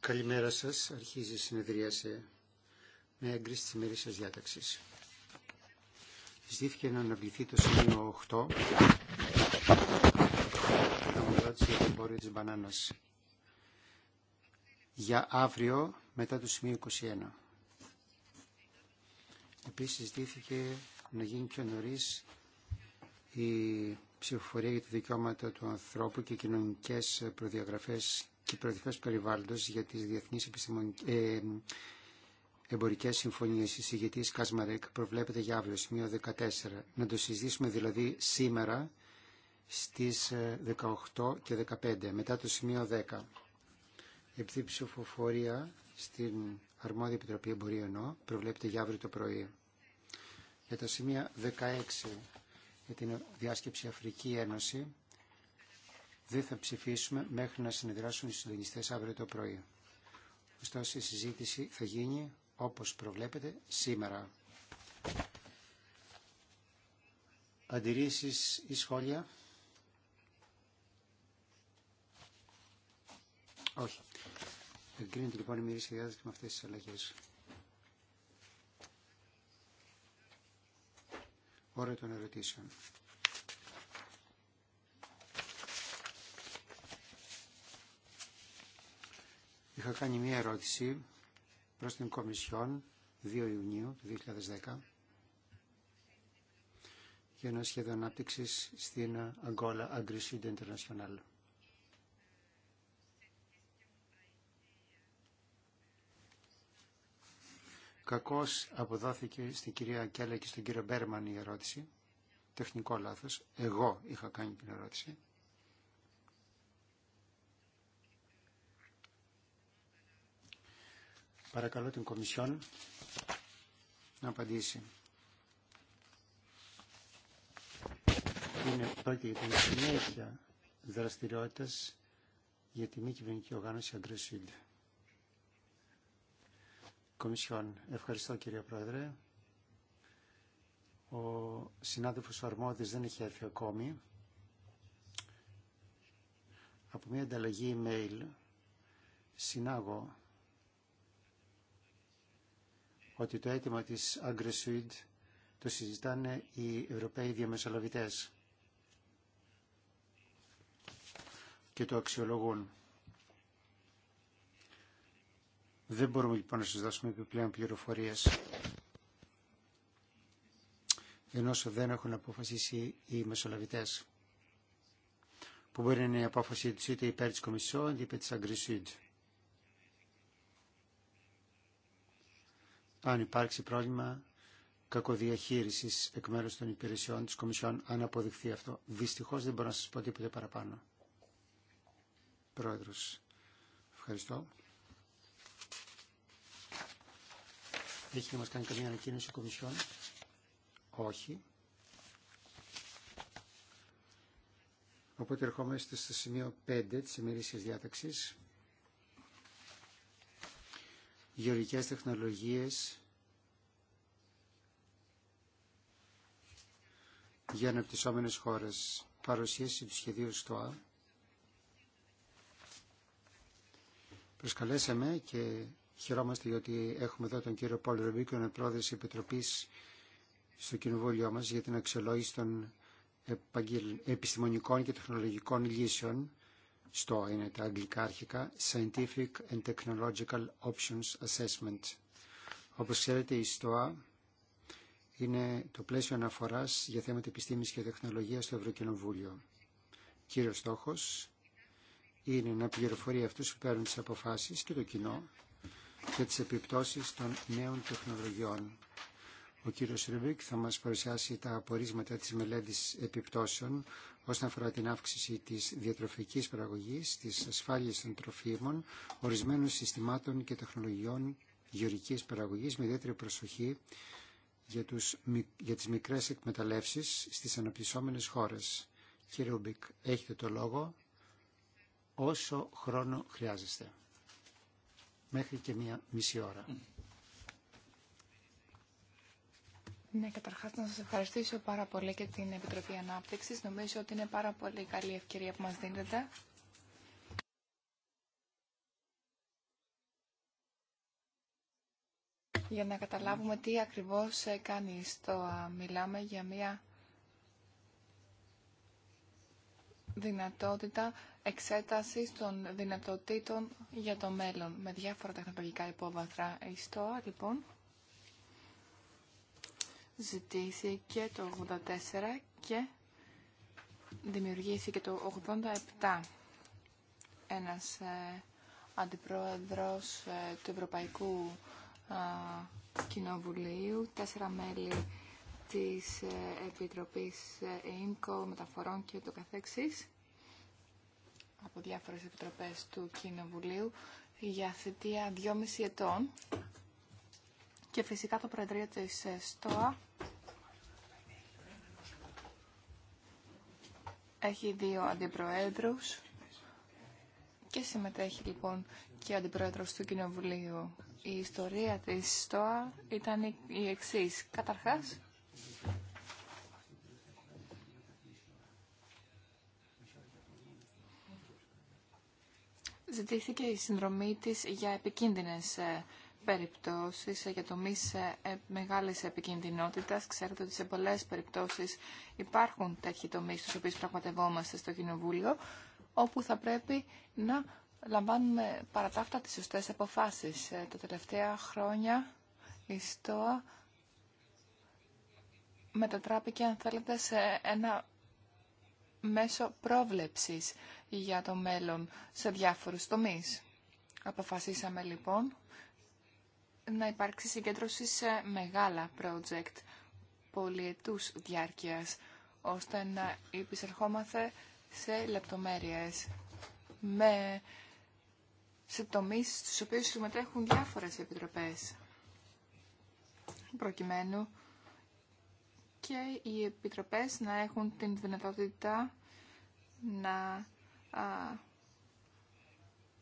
Καλημέρα σας. Αρχίζει η συνεδρία σε με έγκριση της ημερήσιας διάταξης. Ζήθηκε να αναβληθεί το σημείο 8 για το εμπόριο της μπανάνας για αύριο μετά το σημείο 21. Επίσης ζητήθηκε να γίνει πιο νωρίς η ψηφοφορία για τα δικαιώματα του ανθρώπου και κοινωνικέ προδιαγραφέ και προδιαγραφέ περιβάλλοντο για τι διεθνεί επιστημονικέ. Ε, Εμπορικέ συμφωνίε συγγετή Κασμαρέκ προβλέπεται για αύριο, σημείο 14. Να το συζητήσουμε δηλαδή σήμερα στι 18 ε, και 15, μετά το σημείο 10. Επειδή ψηφοφορία στην αρμόδια επιτροπή εμπορίου προβλέπεται για αύριο το πρωί. Για τα σημεία 16 για την διάσκεψη Αφρική Ένωση δεν θα ψηφίσουμε μέχρι να συνεδράσουν οι συντονιστές αύριο το πρωί. Ωστόσο η συζήτηση θα γίνει όπως προβλέπετε σήμερα. Αντιρρήσεις ή σχόλια. Όχι. Εγκρίνεται λοιπόν η μυρίσια η μυρισια και με αυτές τις αλλαγές. ώρα των ερωτήσεων. Είχα κάνει μία ερώτηση προς την Κομισιόν 2 Ιουνίου του 2010 για ένα σχέδιο ανάπτυξης στην Αγκόλα Agri International. Κακώς αποδόθηκε στην κυρία Κέλλα και στον κύριο Μπέρμαν η ερώτηση. Τεχνικό λάθος. Εγώ είχα κάνει την ερώτηση. Παρακαλώ την Κομισιόν να απαντήσει. Είναι πρόκειται για την συνέχεια δραστηριότητας για τη μη κυβερνητική οργάνωση Αγκρεσίντε. Κομισιόν. Ευχαριστώ κύριε Πρόεδρε. Ο συνάδελφος ο Αρμόδης δεν έχει έρθει ακόμη. Από μια ανταλλαγή email συνάγω ότι το αίτημα της Αγκρεσουίντ το συζητάνε οι Ευρωπαίοι διαμεσολαβητές και το αξιολογούν. Δεν μπορούμε λοιπόν να σας δώσουμε επιπλέον πληροφορίες. Ενώ δεν έχουν αποφασίσει οι μεσολαβητές. Που μπορεί να είναι η απόφαση του είτε υπέρ της Κομισιόν είτε υπέρ της Αγκρισίδ. Αν υπάρξει πρόβλημα κακοδιαχείριση εκ μέρου των υπηρεσιών τη Κομισιόν, αν αποδειχθεί αυτό. Δυστυχώ, δεν μπορώ να σα πω τίποτε παραπάνω. Προέδρο. ευχαριστώ. Έχει να μας κάνει καμία ανακοίνωση η Κομισιόν. Όχι. Οπότε ερχόμαστε στο σημείο 5 της ημερήσιας διάταξης. Γεωργικές τεχνολογίες για αναπτυσσόμενες χώρες. Παρουσίαση του σχεδίου στο ΣΤΟΑ. Προσκαλέσαμε και Χαιρόμαστε γιατί έχουμε εδώ τον κύριο Πολ Ρεμπίκον, πρόεδρο τη Επιτροπή στο Κοινοβούλιο μα για την αξιολόγηση των επιστημονικών και τεχνολογικών λύσεων. Στο είναι τα αγγλικά αρχικά Scientific and Technological Options Assessment. Όπως ξέρετε η ΣΤΟΑ είναι το πλαίσιο αναφοράς για θέματα επιστήμης και τεχνολογίας στο Ευρωκοινοβούλιο. Κύριο στόχος είναι να πληροφορεί αυτούς που παίρνουν τις αποφάσεις και το κοινό και τις επιπτώσεις των νέων τεχνολογιών. Ο κύριος Ρουμπίκ θα μας παρουσιάσει τα απορίσματα της μελέτης επιπτώσεων όσον αφορά την αύξηση της διατροφικής παραγωγής, της ασφάλειας των τροφίμων, ορισμένων συστημάτων και τεχνολογιών γεωρικής παραγωγής με ιδιαίτερη προσοχή για, τους, για τις μικρές εκμεταλλεύσεις στις αναπτυσσόμενες χώρες. Κύριε Ρουμπίκ, έχετε το λόγο όσο χρόνο χρειάζεστε μέχρι και μία μισή ώρα. Ναι, καταρχά να σα ευχαριστήσω πάρα πολύ και την Επιτροπή Ανάπτυξη. Νομίζω ότι είναι πάρα πολύ καλή ευκαιρία που μα δίνετε. Για να καταλάβουμε τι ακριβώς κάνει το μιλάμε για μια δυνατότητα εξέταση των δυνατοτήτων για το μέλλον με διάφορα τεχνολογικά υπόβαθρα. Η ΣΤΟΑ, λοιπόν, ζητήσει και το 84 και δημιουργήσει και το 87 ένας ε, αντιπρόεδρος ε, του Ευρωπαϊκού ε, Κοινοβουλίου, τέσσερα μέλη της ε, Επιτροπής ΕΙΜΚΟ, Μεταφορών και το καθεξής από διάφορες επιτροπές του Κοινοβουλίου για θητεία 2,5 ετών και φυσικά το Προεδρείο της ε, ΣΤΟΑ έχει δύο αντιπροέδρους και συμμετέχει λοιπόν και ο αντιπρόεδρος του Κοινοβουλίου. Η ιστορία της ΣΤΟΑ ήταν η εξής. Καταρχάς, ζητήθηκε η συνδρομή της για επικίνδυνες ε, περιπτώσεις, ε, για τομείς ε, μεγάλης επικίνδυνοτητας. Ξέρετε ότι σε πολλές περιπτώσεις υπάρχουν τέτοιοι τομείς στους οποίους πραγματευόμαστε στο Κοινοβούλιο, όπου θα πρέπει να λαμβάνουμε παρατάφτα τις σωστές αποφάσεις. Τα τελευταία χρόνια η ΣΤΟΑ μετατράπηκε, αν θέλετε, σε ένα μέσο πρόβλεψης για το μέλλον σε διάφορους τομείς. Αποφασίσαμε λοιπόν να υπάρξει συγκέντρωση σε μεγάλα project πολυετούς διάρκειας, ώστε να υπησερχόμαστε σε λεπτομέρειες, με... σε τομείς στους οποίους συμμετέχουν διάφορες επιτροπές, προκειμένου και οι επιτροπές να έχουν την δυνατότητα να α,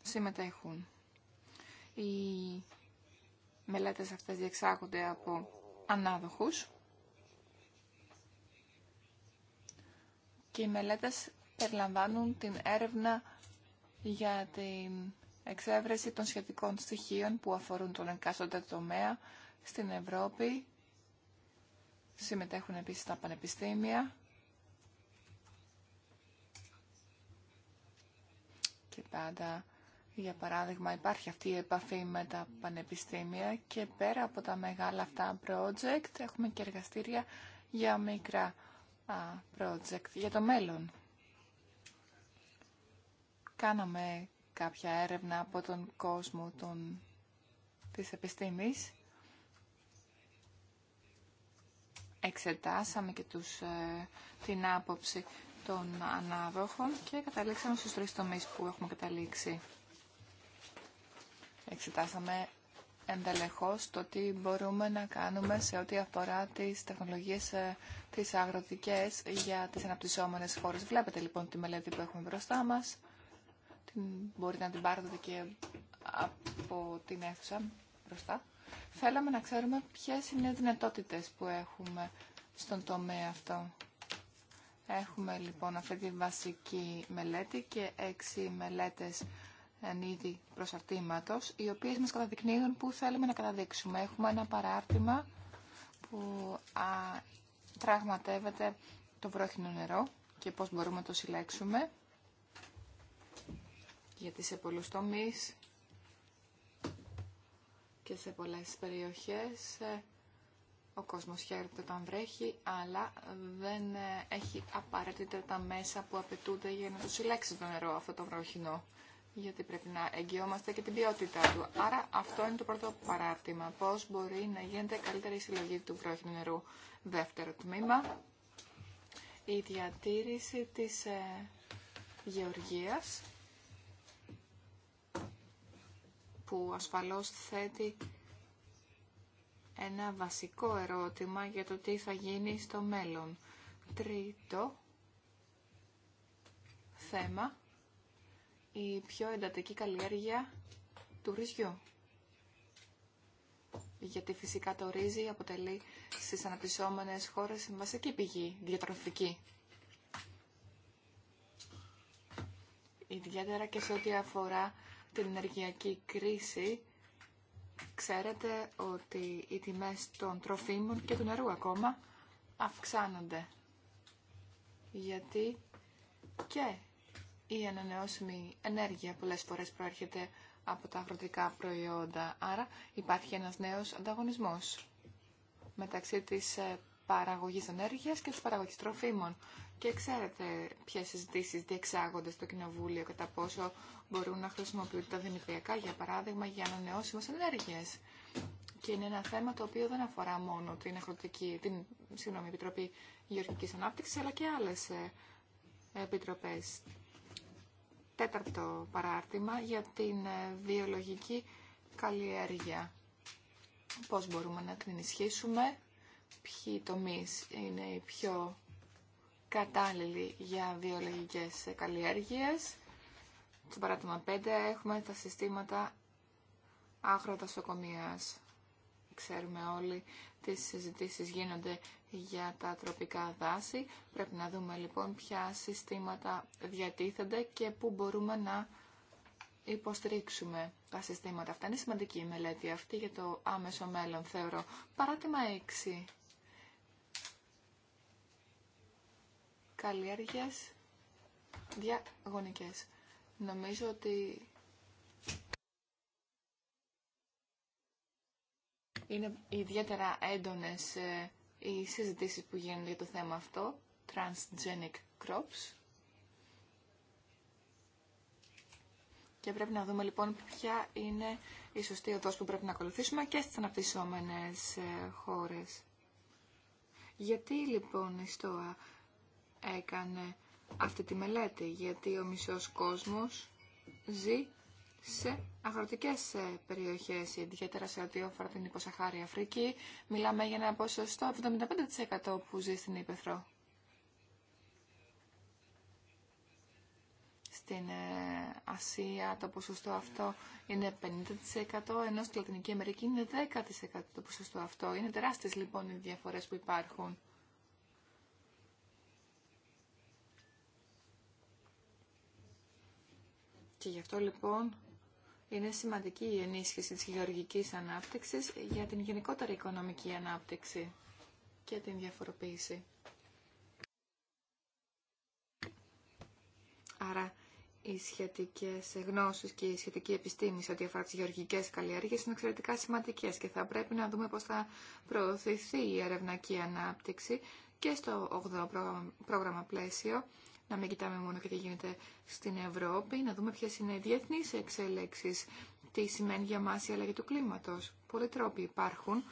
συμμετέχουν. Οι μελέτες αυτές διεξάγονται από ανάδοχους και οι μελέτες περιλαμβάνουν την έρευνα για την εξέβρεση των σχετικών στοιχείων που αφορούν τον εκάστοτε τομέα στην Ευρώπη. Συμμετέχουν επίσης τα πανεπιστήμια και πάντα. Για παράδειγμα, υπάρχει αυτή η επαφή με τα πανεπιστήμια και πέρα από τα μεγάλα αυτά project έχουμε και εργαστήρια για μικρά project για το μέλλον. Κάναμε κάποια έρευνα από τον κόσμο των, της επιστήμης. Εξετάσαμε και τους, ε, την άποψη των ανάδοχων και καταλήξαμε στους τρεις τομείς που έχουμε καταλήξει. Εξετάσαμε εντελεχώς το τι μπορούμε να κάνουμε σε ό,τι αφορά τις τεχνολογίες ε, τις αγροτικές για τις αναπτυσσόμενες χώρες. Βλέπετε λοιπόν τη μελέτη που έχουμε μπροστά μας. Την, μπορείτε να την πάρετε και από την αίθουσα μπροστά. Θέλαμε να ξέρουμε ποιες είναι οι δυνατότητες που έχουμε στον τομέα αυτό. Έχουμε λοιπόν αυτή τη βασική μελέτη και έξι μελέτες εν είδη προσαρτήματος, οι οποίες μας καταδεικνύουν πού θέλουμε να καταδείξουμε. Έχουμε ένα παράρτημα που α, τραγματεύεται το βρόχινο νερό και πώς μπορούμε να το συλλέξουμε. Γιατί σε πολλούς τομείς και σε πολλές περιοχές ε, ο κόσμος χαίρεται όταν βρέχει, αλλά δεν ε, έχει απαραίτητα τα μέσα που απαιτούνται για να του συλλέξει το νερό αυτό το βροχινό. Γιατί πρέπει να εγγυόμαστε και την ποιότητά του. Άρα αυτό είναι το πρώτο παράρτημα. Πώς μπορεί να γίνεται καλύτερη η συλλογή του βρόχινου νερού. Δεύτερο τμήμα, η διατήρηση της ε, γεωργίας που ασφαλώς θέτει ένα βασικό ερώτημα για το τι θα γίνει στο μέλλον. Τρίτο θέμα, η πιο εντατική καλλιέργεια του ρυζιού. Γιατί φυσικά το ρύζι αποτελεί στις αναπτυσσόμενες χώρες βασική πηγή διατροφική. Ιδιαίτερα και σε ό,τι αφορά την ενεργειακή κρίση, Ξέρετε ότι οι τιμές των τροφίμων και του νερού ακόμα αυξάνονται. Γιατί και η ανανεώσιμη ενέργεια πολλές φορές προέρχεται από τα αγροτικά προϊόντα. Άρα υπάρχει ένας νέος ανταγωνισμός μεταξύ της ε, παραγωγής ενέργειας και της παραγωγής τροφίμων. Και ξέρετε ποιε συζητήσει διεξάγονται στο Κοινοβούλιο, κατά πόσο μπορούν να χρησιμοποιούνται τα δημητριακά, για παράδειγμα, για ανανεώσιμε ενέργειε. Και είναι ένα θέμα το οποίο δεν αφορά μόνο την, αγροτική, την συγγνώμη, Επιτροπή Γεωργική ανάπτυξη αλλά και άλλε επιτροπέ. Τέταρτο παράρτημα για την ε, βιολογική καλλιέργεια. Πώς μπορούμε να την ενισχύσουμε, ποιοι τομείς είναι οι πιο κατάλληλη για βιολογικές καλλιέργειες. Στο παράδειγμα 5 έχουμε τα συστήματα σοκομιάς. Ξέρουμε όλοι τι συζητήσει γίνονται για τα τροπικά δάση. Πρέπει να δούμε λοιπόν ποια συστήματα διατίθενται και πού μπορούμε να υποστηρίξουμε τα συστήματα αυτά. Είναι σημαντική η μελέτη αυτή για το άμεσο μέλλον, θεωρώ. Παράτημα 6. καλλιέργειες διαγωνικές. Νομίζω ότι είναι ιδιαίτερα έντονες ε, οι συζητήσεις που γίνονται για το θέμα αυτό, transgenic crops. Και πρέπει να δούμε λοιπόν ποια είναι η σωστή οδός που πρέπει να ακολουθήσουμε και στις αναπτυσσόμενες ε, χώρες. Γιατί λοιπόν η ΣΤΟΑ έκανε αυτή τη μελέτη, γιατί ο μισός κόσμος ζει σε αγροτικές ε, περιοχές, ιδιαίτερα σε ό,τι αφορά την υποσαχάρη Αφρική. Μιλάμε για ένα ποσοστό 75% που ζει στην Ήπεθρο. Στην ε, Ασία το ποσοστό αυτό είναι 50%, ενώ στη Λατινική Αμερική είναι 10% το ποσοστό αυτό. Είναι τεράστιες λοιπόν οι διαφορές που υπάρχουν. Και γι' αυτό λοιπόν είναι σημαντική η ενίσχυση της γεωργικής ανάπτυξης για την γενικότερη οικονομική ανάπτυξη και την διαφοροποίηση. Άρα οι σχετικές γνώσεις και η σχετική επιστήμη σε ό,τι αφορά τι γεωργικές καλλιέργειε είναι εξαιρετικά σημαντικές και θα πρέπει να δούμε πώς θα προωθηθεί η ερευνακή ανάπτυξη και στο 8ο πρόγραμμα πλαίσιο να μην κοιτάμε μόνο και τι γίνεται στην Ευρώπη, να δούμε ποιε είναι οι διεθνεί εξελέξει, τι σημαίνει για μα η αλλαγή του κλίματο. Πολλοί τρόποι υπάρχουν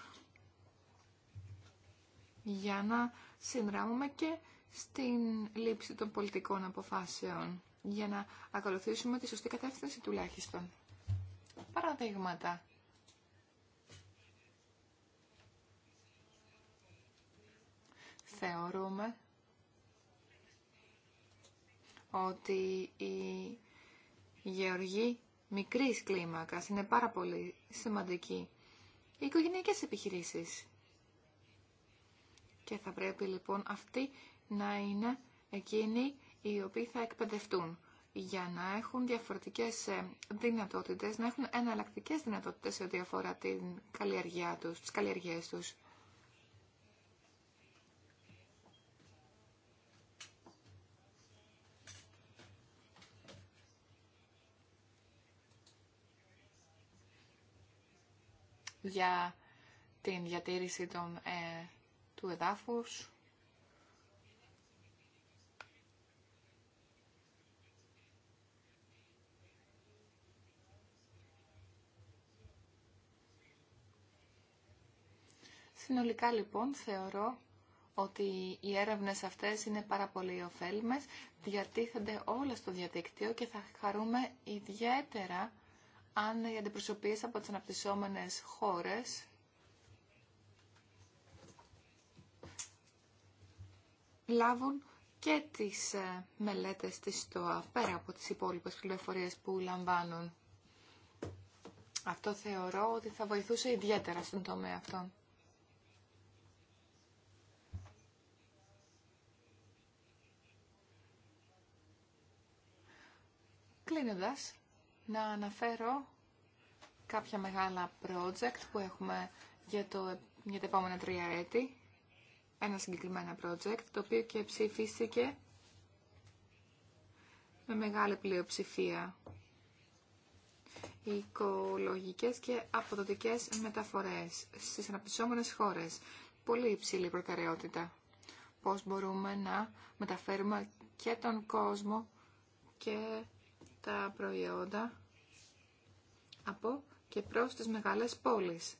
για να συνδράμουμε και στην λήψη των πολιτικών αποφάσεων, για να ακολουθήσουμε τη σωστή κατεύθυνση τουλάχιστον. Παραδείγματα. Θεωρούμε ότι η γεωργή μικρής κλίμακας είναι πάρα πολύ σημαντική. Οι οικογενειακές επιχειρήσεις. Και θα πρέπει λοιπόν αυτοί να είναι εκείνοι οι οποίοι θα εκπαιδευτούν για να έχουν διαφορετικές ε, δυνατότητες, να έχουν εναλλακτικές δυνατότητες σε ό,τι αφορά την καλλιεργία τους, τις καλλιεργίες τους. για την διατήρηση των, ε, του εδάφους. Συνολικά λοιπόν θεωρώ ότι οι έρευνες αυτές είναι πάρα πολύ ωφέλιμες, διατίθενται όλα στο διαδίκτυο και θα χαρούμε ιδιαίτερα αν οι αντιπροσωπείες από τις αναπτυσσόμενες χώρες λάβουν και τις ε, μελέτες της ΣΤΟΑ πέρα από τις υπόλοιπες πληροφορίες που λαμβάνουν. Αυτό θεωρώ ότι θα βοηθούσε ιδιαίτερα στον τομέα αυτό. Κλείνοντας, να αναφέρω κάποια μεγάλα project που έχουμε για, το, για τα επόμενα τρία έτη. Ένα συγκεκριμένο project, το οποίο και ψηφίστηκε με μεγάλη πλειοψηφία. οικολογικές και αποδοτικές μεταφορές στις αναπτυσσόμενες χώρες. Πολύ υψηλή προτεραιότητα. Πώς μπορούμε να μεταφέρουμε και τον κόσμο και τα προϊόντα από και προς τις μεγάλες πόλεις.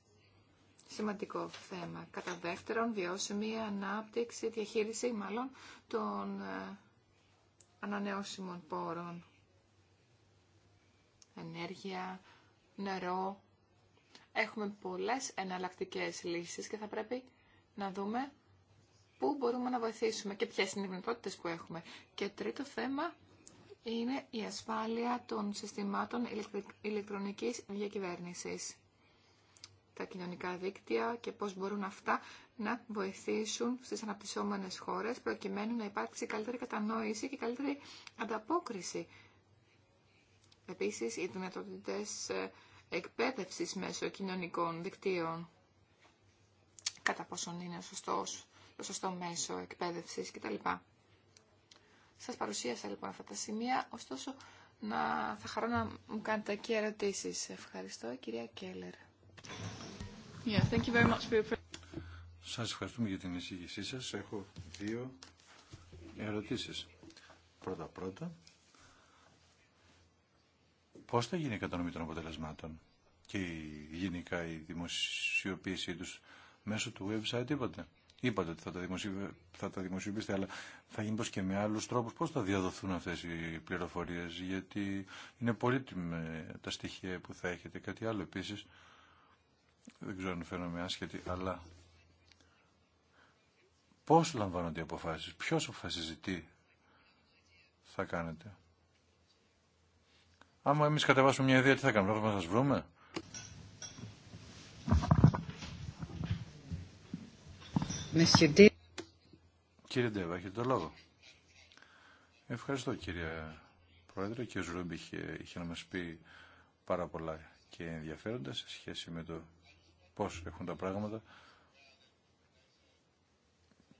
Σημαντικό θέμα. Κατά δεύτερον, βιώσιμη ανάπτυξη, διαχείριση μάλλον των ε, ανανεώσιμων πόρων. Ενέργεια, νερό. Έχουμε πολλές εναλλακτικές λύσεις και θα πρέπει να δούμε πού μπορούμε να βοηθήσουμε και ποιες είναι οι δυνατότητες που έχουμε. Και τρίτο θέμα, είναι η ασφάλεια των συστημάτων ηλεκτρονικής διακυβέρνησης. Τα κοινωνικά δίκτυα και πώς μπορούν αυτά να βοηθήσουν στις αναπτυσσόμενες χώρες προκειμένου να υπάρξει καλύτερη κατανόηση και καλύτερη ανταπόκριση. Επίσης, οι δυνατότητες ε, εκπαίδευσης μέσω κοινωνικών δικτύων, κατά πόσον είναι σωστός, το σωστό μέσο εκπαίδευσης κτλ. Σας παρουσίασα λοιπόν αυτά τα σημεία, ωστόσο να, θα χαρώ να μου κάνετε και ερωτήσει. Ευχαριστώ, κυρία Κέλλερ. Yeah, your... Σας ευχαριστούμε για την εισήγησή σας. Έχω δύο ερωτήσεις. Πρώτα-πρώτα, πώς θα γίνει η κατανομή των αποτελεσμάτων και γενικά η δημοσιοποίησή τους μέσω του website, είπατε. Είπατε ότι θα τα, θα δημοσιοποιήσετε, αλλά θα γίνει πως και με άλλους τρόπους. Πώς θα διαδοθούν αυτές οι πληροφορίες, γιατί είναι πολύτιμα τα στοιχεία που θα έχετε. Κάτι άλλο επίσης, δεν ξέρω αν φαίνομαι άσχετη, αλλά πώς λαμβάνονται οι αποφάσεις, ποιος αποφασίζει τι θα κάνετε. Άμα εμείς κατεβάσουμε μια ιδέα, τι θα κάνουμε, θα σας βρούμε. Κύριε Ντέβα, έχετε το λόγο. Ευχαριστώ κύριε Πρόεδρε. Και ο Ρούμπι είχε, είχε να μας πει πάρα πολλά και ενδιαφέροντα σε σχέση με το πώς έχουν τα πράγματα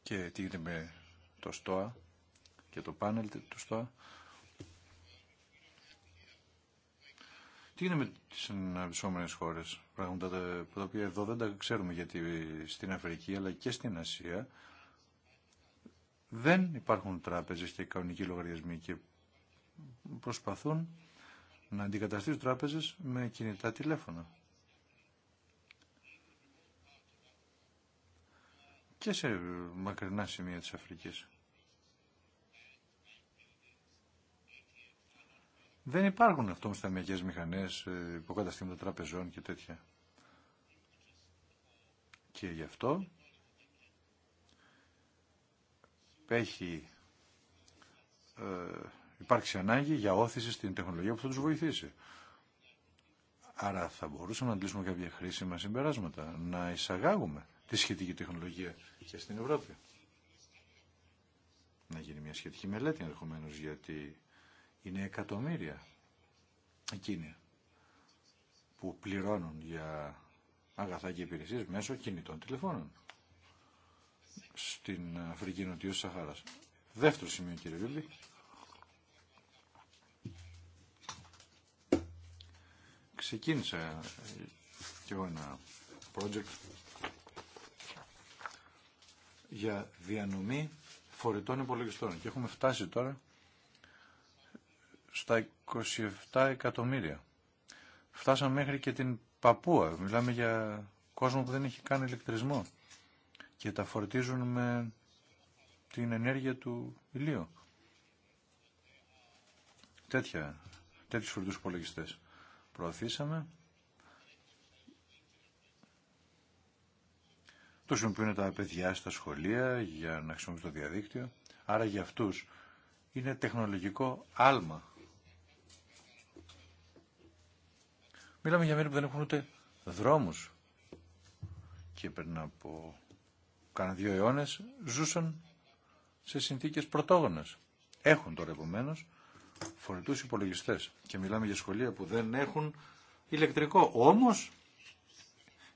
και τι γίνεται με το ΣΤΟΑ και το πάνελ του ΣΤΟΑ. Τι είναι με τι αναπτυσσόμενες χώρες, πράγματα τα οποία εδώ δεν τα ξέρουμε γιατί στην Αφρική αλλά και στην Ασία δεν υπάρχουν τράπεζε και κανονικοί λογαριασμοί και προσπαθούν να αντικαταστήσουν τράπεζες με κινητά τηλέφωνα. Και σε μακρινά σημεία της Αφρικής. Δεν υπάρχουν αυτό μηχανές, ε, υποκαταστήματα τραπεζών και τέτοια. Και γι' αυτό έχει ε, υπάρξει ανάγκη για όθηση στην τεχνολογία που θα τους βοηθήσει. Άρα θα μπορούσαμε να αντλήσουμε κάποια χρήσιμα συμπεράσματα, να εισαγάγουμε τη σχετική τεχνολογία και στην Ευρώπη. Να γίνει μια σχετική μελέτη ενδεχομένω γιατί είναι εκατομμύρια εκείνοι που πληρώνουν για αγαθά και υπηρεσίες μέσω κινητών τηλεφώνων στην Αφρική Νοτιού Σαχάρας. Δεύτερο σημείο κύριε Βίλη. Ξεκίνησα και εγώ ένα project για διανομή φορητών υπολογιστών και έχουμε φτάσει τώρα στα 27 εκατομμύρια. Φτάσαμε μέχρι και την Παπούα. Μιλάμε για κόσμο που δεν έχει καν ηλεκτρισμό και τα φορτίζουν με την ενέργεια του ηλίου. Τέτοια, τέτοιους φορτούς υπολογιστέ προωθήσαμε. Το χρησιμοποιούν τα παιδιά στα σχολεία για να χρησιμοποιήσουν το διαδίκτυο. Άρα για αυτούς είναι τεχνολογικό άλμα Μιλάμε για μέρη που δεν έχουν ούτε δρόμους. Και πριν από κάνα δύο αιώνε ζούσαν σε συνθήκε πρωτόγονες. Έχουν τώρα επομένω φορητούς υπολογιστέ. και μιλάμε για σχολεία που δεν έχουν ηλεκτρικό. Όμως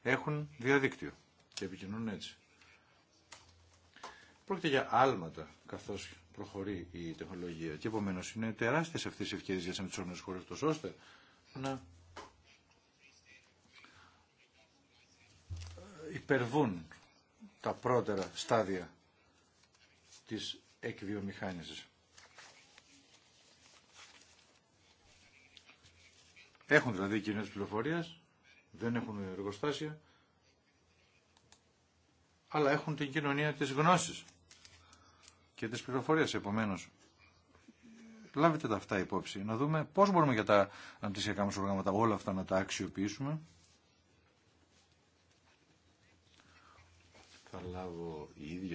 έχουν διαδίκτυο και επικοινωνούν έτσι. Πρόκειται για άλματα καθώ προχωρεί η τεχνολογία και επομένω είναι τεράστιε αυτέ οι ευκαιρίε για χώρε, χώρες ώστε να υπερβούν τα πρώτερα στάδια της εκβιομηχάνησης. Έχουν δηλαδή κοινέ πληροφορίε, δεν έχουν εργοστάσια, αλλά έχουν την κοινωνία της γνώσης και της πληροφορίας επομένως. Λάβετε τα αυτά υπόψη, να δούμε πώς μπορούμε για τα αντισιακά μας προγραμματα όλα αυτά να τα αξιοποιήσουμε. θα λάβω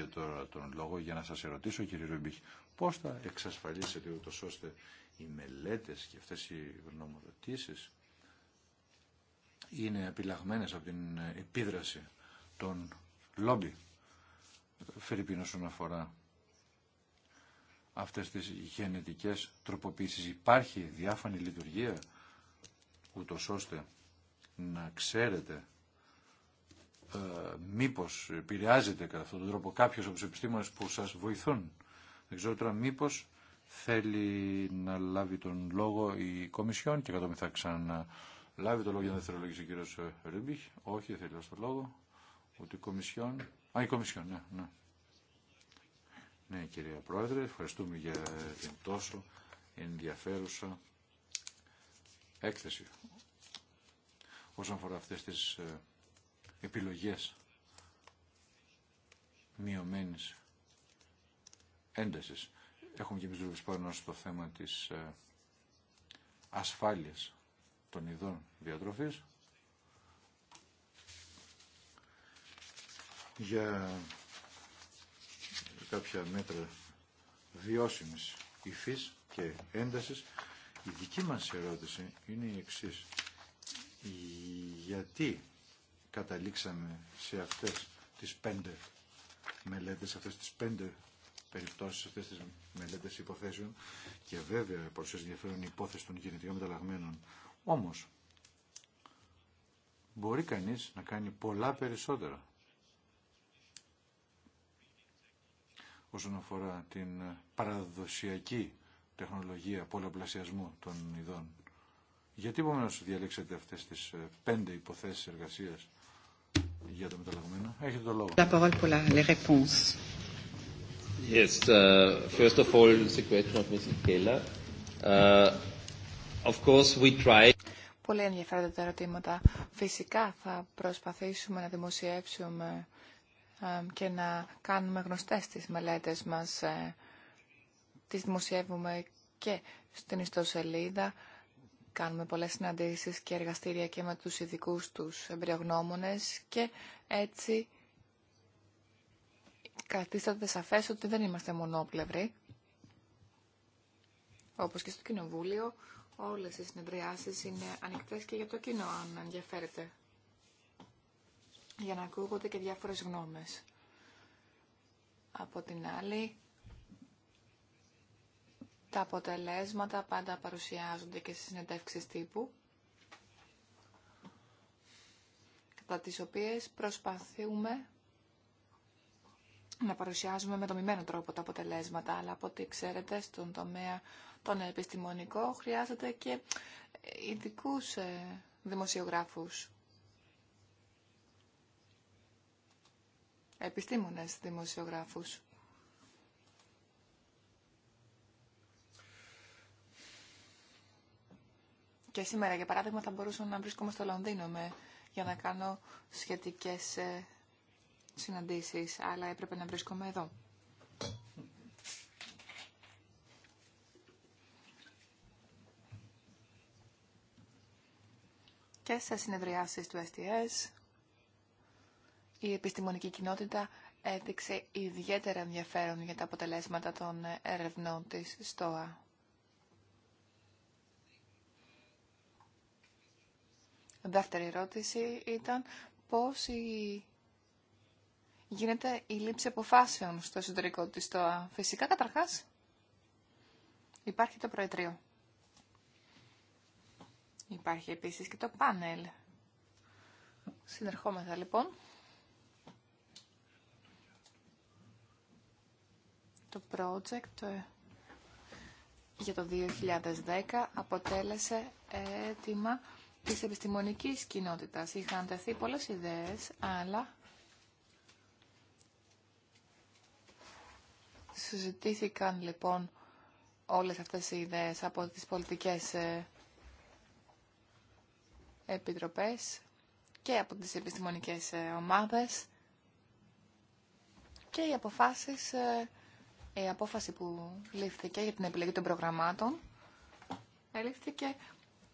τώρα τον λόγο για να σας ερωτήσω κύριε Ρουμπίχη, πώς θα εξασφαλίσετε ούτω ώστε οι μελέτες και αυτές οι γνωμοδοτήσεις είναι επιλαγμένες από την επίδραση των λόμπι Φερρυπίν αφορά αυτές τις γενετικές τροποποίησεις. Υπάρχει διάφανη λειτουργία ούτω ώστε να ξέρετε ε, μήπως επηρεάζεται κατά αυτόν τον τρόπο κάποιος από τους επιστήμονες που σας βοηθούν. Δεν ξέρω τώρα μήπως θέλει να λάβει τον λόγο η Κομισιόν και κατόπιν θα ξαναλάβει τον λόγο για να δευτερολογήσει ο κύριος Ρίμπιχ. Όχι, δεν θέλει τον λόγο. Ούτε η Κομισιόν. Α, η Κομισιόν, ναι, ναι. Ναι, κυρία Πρόεδρε, ευχαριστούμε για την τόσο ενδιαφέρουσα έκθεση όσον αφορά αυτές τις ε, επιλογές μειωμένης έντασης. Έχουμε και επιστροφές πάνω στο θέμα της ε, ασφάλειας των ειδών διατροφής. Για κάποια μέτρα βιώσιμης υφής και έντασης. Η δική μας ερώτηση είναι η εξής. Γιατί καταλήξαμε σε αυτές τις πέντε μελέτες, αυτές τις πέντε περιπτώσεις, αυτές τις μελέτες υποθέσεων και βέβαια προσθέσει ενδιαφέρον η υπόθεση των γενετικών μεταλλαγμένων. Όμως, μπορεί κανείς να κάνει πολλά περισσότερα όσον αφορά την παραδοσιακή τεχνολογία πολλαπλασιασμού των ειδών. Γιατί σου διαλέξετε αυτές τις ε, πέντε υποθέσεις εργασίας για Έχετε το λόγο. La parole pour la, les réponses. Yes, uh, first of all, the question of Mrs. Keller. Uh, of course, we try... Πολύ ενδιαφέροντα τα ερωτήματα. Φυσικά θα προσπαθήσουμε να δημοσιεύσουμε και να κάνουμε γνωστές τις μελέτες μας. Ε, τις δημοσιεύουμε και στην ιστοσελίδα Κάνουμε πολλές συναντήσεις και εργαστήρια και με τους ειδικού τους εμπειρογνώμονες και έτσι καθίσταται σαφές ότι δεν είμαστε μονόπλευροι. Όπως και στο Κοινοβούλιο, όλες οι συνεδριάσεις είναι ανοιχτές και για το κοινό, αν ενδιαφέρεται. Για να ακούγονται και διάφορες γνώμες. Από την άλλη, τα αποτελέσματα πάντα παρουσιάζονται και στις συνεντεύξεις τύπου, κατά τις οποίες προσπαθούμε να παρουσιάζουμε με δομημένο τρόπο τα αποτελέσματα, αλλά από ό,τι ξέρετε στον τομέα τον επιστημονικό χρειάζεται και ειδικού ε, δημοσιογράφους. Επιστήμονες δημοσιογράφους. Και σήμερα, για παράδειγμα, θα μπορούσα να βρίσκομαι στο Λονδίνο με, για να κάνω σχετικές ε, συναντήσεις, αλλά έπρεπε να βρίσκομαι εδώ. Και σε συνεδριάσεις του STS, η επιστημονική κοινότητα έδειξε ιδιαίτερα ενδιαφέρον για τα αποτελέσματα των ερευνών της ΣΤΟΑ. Δεύτερη ερώτηση ήταν πώς η... γίνεται η λήψη αποφάσεων στο εσωτερικό της ΤΟΑ. Φυσικά, καταρχάς, υπάρχει το Προεδρείο. Υπάρχει επίσης και το πάνελ. Συνερχόμεθα λοιπόν. Το project ε, για το 2010 αποτέλεσε έτοιμα της επιστημονικής κοινότητας. Είχαν τεθεί πολλές ιδέες, αλλά συζητήθηκαν λοιπόν όλες αυτές οι ιδέες από τις πολιτικές ε, επιτροπές και από τις επιστημονικές ε, ομάδες και οι αποφάσεις, ε, η απόφαση που λήφθηκε για την επιλογή των προγραμμάτων λήφθηκε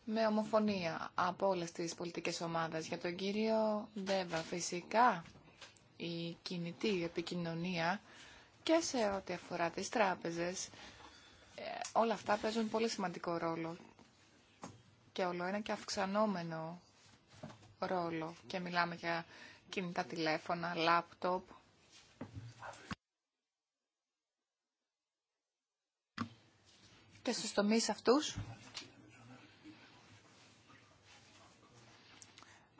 με ομοφωνία από όλες τις πολιτικές ομάδες. Για τον κύριο Ντέβα, φυσικά η κινητή επικοινωνία και σε ό,τι αφορά τις τράπεζες, ε, όλα αυτά παίζουν πολύ σημαντικό ρόλο και όλο ένα και αυξανόμενο ρόλο και μιλάμε για κινητά τηλέφωνα, λάπτοπ. Και στους τομείς αυτούς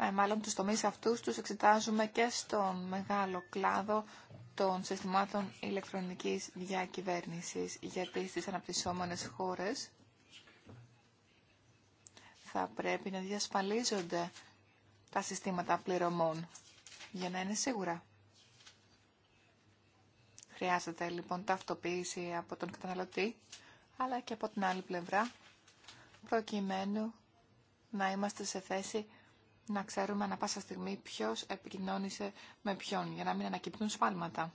Ε, μάλλον τους τομείς αυτούς τους εξετάζουμε και στον μεγάλο κλάδο των συστημάτων ηλεκτρονικής διακυβέρνησης, γιατί στις αναπτυσσόμενες χώρες θα πρέπει να διασφαλίζονται τα συστήματα πληρωμών για να είναι σίγουρα. Χρειάζεται λοιπόν ταυτοποίηση από τον καταναλωτή, αλλά και από την άλλη πλευρά, προκειμένου να είμαστε σε θέση να ξέρουμε ανα πάσα στιγμή ποιος επικοινώνησε με ποιον, για να μην ανακυπτούν σφάλματα.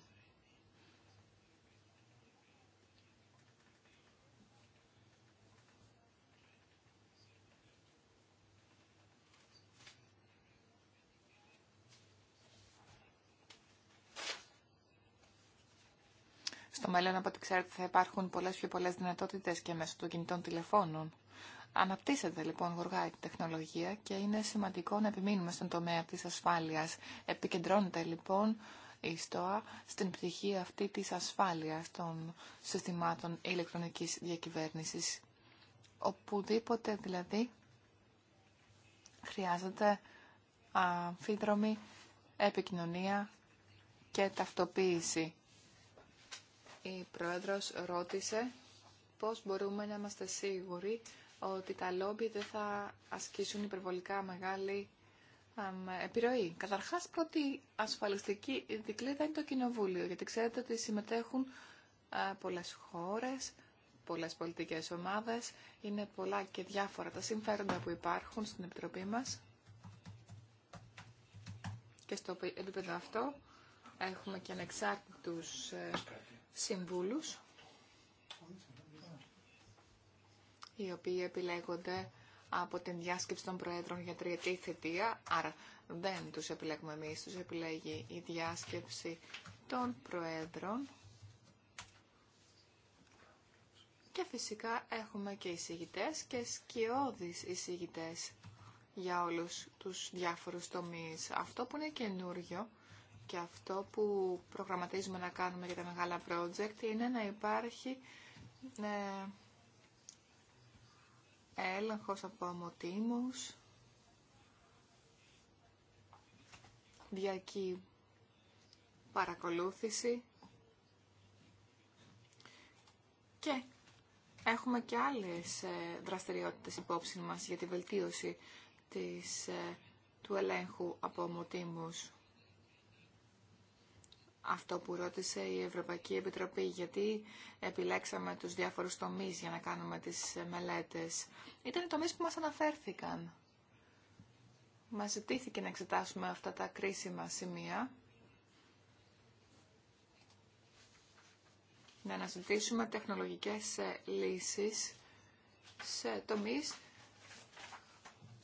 Στο μέλλον, από ό,τι ξέρετε, θα υπάρχουν πολλές πιο πολλές δυνατότητες και μέσω των κινητών τηλεφώνων. Αναπτύσσεται λοιπόν γοργά η τεχνολογία και είναι σημαντικό να επιμείνουμε στον τομέα της ασφάλειας. Επικεντρώνεται λοιπόν η ΣΤΟΑ στην πτυχή αυτή της ασφάλειας των συστημάτων ηλεκτρονικής διακυβέρνησης. Οπουδήποτε δηλαδή χρειάζεται αμφίδρομη επικοινωνία και ταυτοποίηση. Η Πρόεδρος ρώτησε πώς μπορούμε να είμαστε σίγουροι ότι τα λόμπι δεν θα ασκήσουν υπερβολικά μεγάλη επιρροή. Καταρχάς, πρώτη ασφαλιστική δικλίδα είναι το Κοινοβούλιο, γιατί ξέρετε ότι συμμετέχουν πολλές χώρες, πολλές πολιτικές ομάδες, είναι πολλά και διάφορα τα συμφέροντα που υπάρχουν στην Επιτροπή μας. Και στο επίπεδο αυτό έχουμε και ανεξάρτητους ε, συμβούλους οι οποίοι επιλέγονται από την διάσκεψη των Προέδρων για τριετή θετία, άρα δεν τους επιλέγουμε εμείς, τους επιλέγει η διάσκεψη των Προέδρων. Και φυσικά έχουμε και εισηγητές και σκιώδεις εισηγητές για όλους τους διάφορους τομείς. Αυτό που είναι καινούριο και αυτό που προγραμματίζουμε να κάνουμε για τα μεγάλα project είναι να υπάρχει ε, έλεγχος από αμοτήμους, διακή παρακολούθηση και έχουμε και άλλες ε, δραστηριότητες υπόψη μας για τη βελτίωση της, ε, του ελέγχου από αμοτίμους αυτό που ρώτησε η Ευρωπαϊκή Επιτροπή, γιατί επιλέξαμε τους διάφορους τομείς για να κάνουμε τις μελέτες. Ήταν οι τομείς που μας αναφέρθηκαν. Μας ζητήθηκε να εξετάσουμε αυτά τα κρίσιμα σημεία. Να αναζητήσουμε τεχνολογικές λύσεις σε τομείς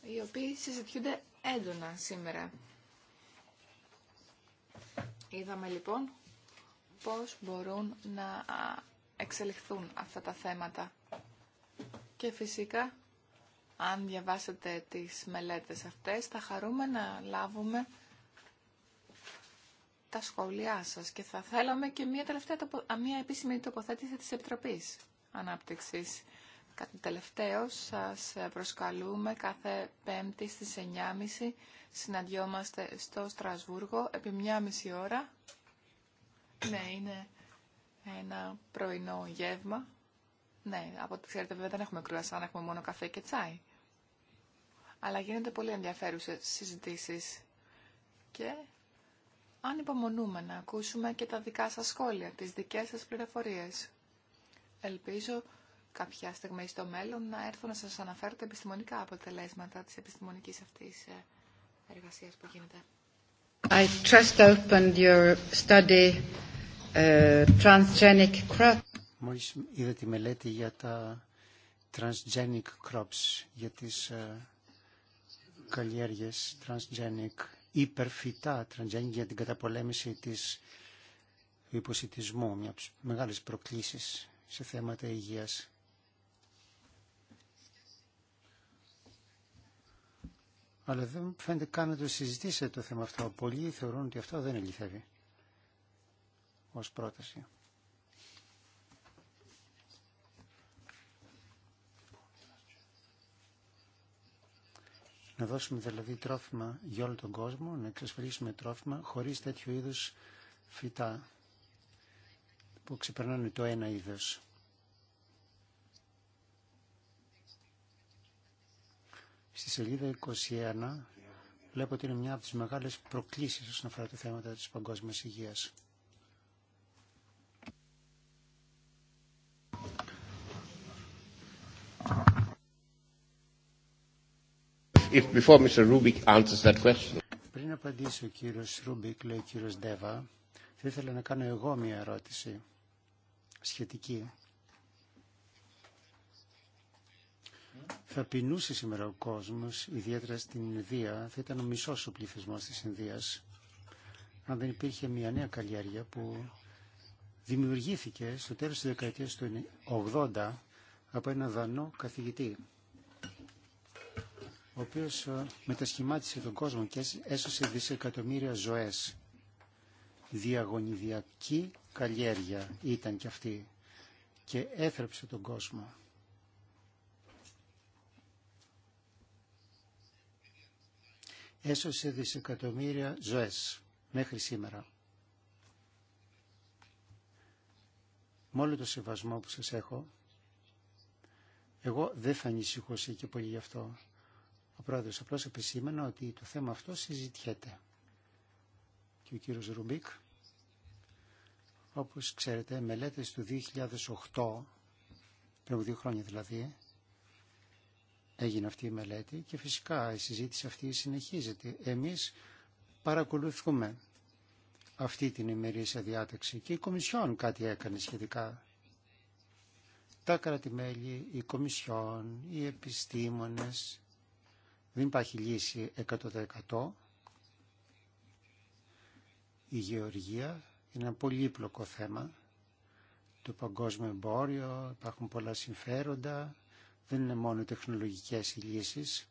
οι οποίοι συζητιούνται έντονα σήμερα. Είδαμε λοιπόν πώς μπορούν να εξελιχθούν αυτά τα θέματα. Και φυσικά, αν διαβάσετε τις μελέτες αυτές, θα χαρούμε να λάβουμε τα σχόλιά σας και θα θέλαμε και μια, τελευταία, μια επίσημη τοποθέτηση της Επιτροπής Ανάπτυξης. Κατά τελευταίο σας προσκαλούμε κάθε πέμπτη στις 9.30 συναντιόμαστε στο Στρασβούργο επί μία μισή ώρα. Ναι, είναι ένα πρωινό γεύμα. Ναι, από ό,τι ξέρετε βέβαια δεν έχουμε κρουασάν, έχουμε μόνο καφέ και τσάι. Αλλά γίνονται πολύ ενδιαφέρουσες συζητήσεις και αν υπομονούμε να ακούσουμε και τα δικά σας σχόλια, τις δικές σας πληροφορίες. Ελπίζω κάποια στιγμή στο μέλλον να έρθω να σας αναφέρω τα επιστημονικά αποτελέσματα της επιστημονικής αυτής ε, εργασίας που γίνεται. I just opened your study uh, transgenic crops. Μόλις είδα τη μελέτη για τα transgenic crops, για τις uh, καλλιέργειες transgenic, υπερφυτά transgenic για την καταπολέμηση της υποσυτισμού, μια από τις προκλήσεις σε θέματα υγείας. αλλά δεν φαίνεται καν να το συζητήσετε το θέμα αυτό. Πολλοί θεωρούν ότι αυτό δεν ελυθεύει ως πρόταση. Να δώσουμε δηλαδή τρόφιμα για όλο τον κόσμο, να εξασφαλίσουμε τρόφιμα χωρίς τέτοιου είδους φυτά που ξεπερνάνε το ένα είδος. Στη σελίδα 21 βλέπω ότι είναι μια από τις μεγάλες προκλήσεις όσον αφορά τα θέματα της παγκόσμιας υγείας. If before Mr. Rubik answers that question. Πριν απαντήσει ο κύριος Ρούμπικ, λέει ο κύριος Ντέβα, θα ήθελα να κάνω εγώ μια ερώτηση σχετική θα πεινούσε σήμερα ο κόσμος, ιδιαίτερα στην Ινδία, θα ήταν ο μισός ο πληθυσμός της Ινδίας, αν δεν υπήρχε μια νέα καλλιέργεια που δημιουργήθηκε στο τέλος της δεκαετίας του 80 από ένα δανό καθηγητή, ο οποίος ε, μετασχημάτισε τον κόσμο και έσωσε δισεκατομμύρια ζωές. Διαγωνιδιακή καλλιέργεια ήταν κι αυτή και έθρεψε τον κόσμο. έσωσε δισεκατομμύρια ζωές μέχρι σήμερα. Με όλο το σεβασμό που σας έχω, εγώ δεν θα ανησυχούσα και πολύ γι' αυτό. Ο πρόεδρος απλώς επισήμενα ότι το θέμα αυτό συζητιέται. Και ο κύριος Ρουμπίκ, όπως ξέρετε, μελέτες του 2008, πριν από δύο χρόνια δηλαδή, έγινε αυτή η μελέτη και φυσικά η συζήτηση αυτή συνεχίζεται. Εμείς παρακολουθούμε αυτή την ημερήσια διάταξη και η Κομισιόν κάτι έκανε σχετικά. Τα κρατημέλη, η Κομισιόν, οι επιστήμονες, δεν υπάρχει λύση 100%. Η γεωργία είναι ένα πολύπλοκο θέμα. Το παγκόσμιο εμπόριο, υπάρχουν πολλά συμφέροντα, δεν είναι μόνο τεχνολογικές λύσεις.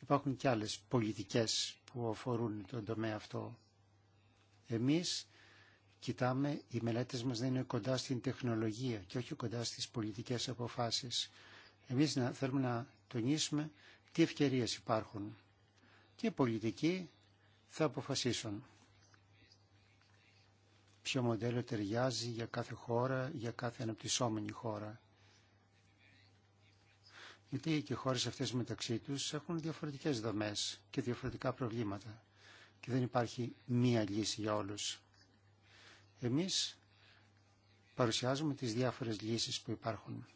Υπάρχουν και άλλες πολιτικές που αφορούν τον τομέα αυτό. Εμείς κοιτάμε, οι μελέτες μας δεν είναι κοντά στην τεχνολογία και όχι κοντά στις πολιτικές αποφάσεις. Εμείς να, θέλουμε να τονίσουμε τι ευκαιρίες υπάρχουν και οι πολιτικοί θα αποφασίσουν ποιο μοντέλο ταιριάζει για κάθε χώρα, για κάθε αναπτυσσόμενη χώρα. Γιατί και οι χώρες αυτές μεταξύ τους έχουν διαφορετικές δομές και διαφορετικά προβλήματα και δεν υπάρχει μία λύση για όλους. Εμείς παρουσιάζουμε τις διάφορες λύσεις που υπάρχουν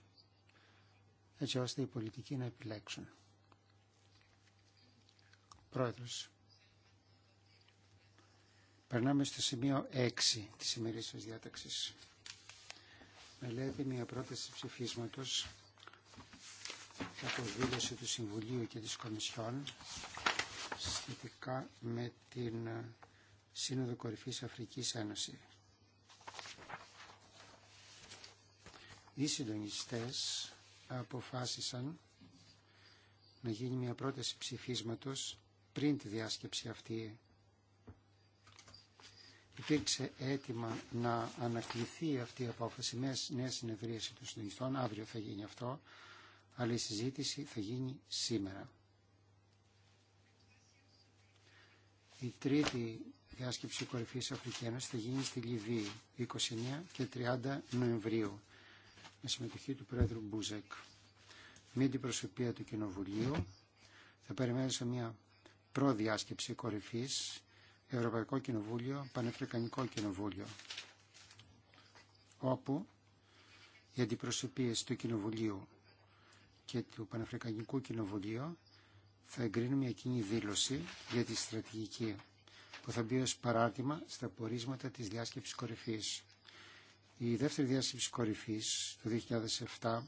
έτσι ώστε οι πολιτικοί να επιλέξουν. Πρόεδρος. Περνάμε στο σημείο 6 της ημερήσιας διάταξης. Μελέτη μια πρόταση ψηφίσματος από δήλωση του Συμβουλίου και της Κομισιόν σχετικά με την ε, Σύνοδο Κορυφής Αφρικής Ένωση. Οι συντονιστές αποφάσισαν να γίνει μια πρόταση ψηφίσματος πριν τη διάσκεψη αυτή υπήρξε ετοιμα να ανακληθεί αυτή η απόφαση με νέα συνεδρίαση των συντονιστών. Αύριο θα γίνει αυτό, αλλά η συζήτηση θα γίνει σήμερα. Η τρίτη διάσκεψη κορυφής Ένωση θα γίνει στη Λιβύη 29 και 30 Νοεμβρίου με συμμετοχή του Πρόεδρου Μπούζεκ. Με την προσωπία του Κοινοβουλίου θα περιμένουμε σε μια προδιάσκεψη κορυφής Ευρωπαϊκό Κοινοβούλιο, Πανεφρικανικό Κοινοβούλιο, όπου οι αντιπροσωπείες του Κοινοβουλίου και του Πανεφρικανικού Κοινοβουλίου θα εγκρίνουν μια κοινή δήλωση για τη στρατηγική που θα μπει ως παράδειγμα στα πορίσματα της διάσκεψης κορυφής. Η δεύτερη διάσκεψη κορυφής το 2007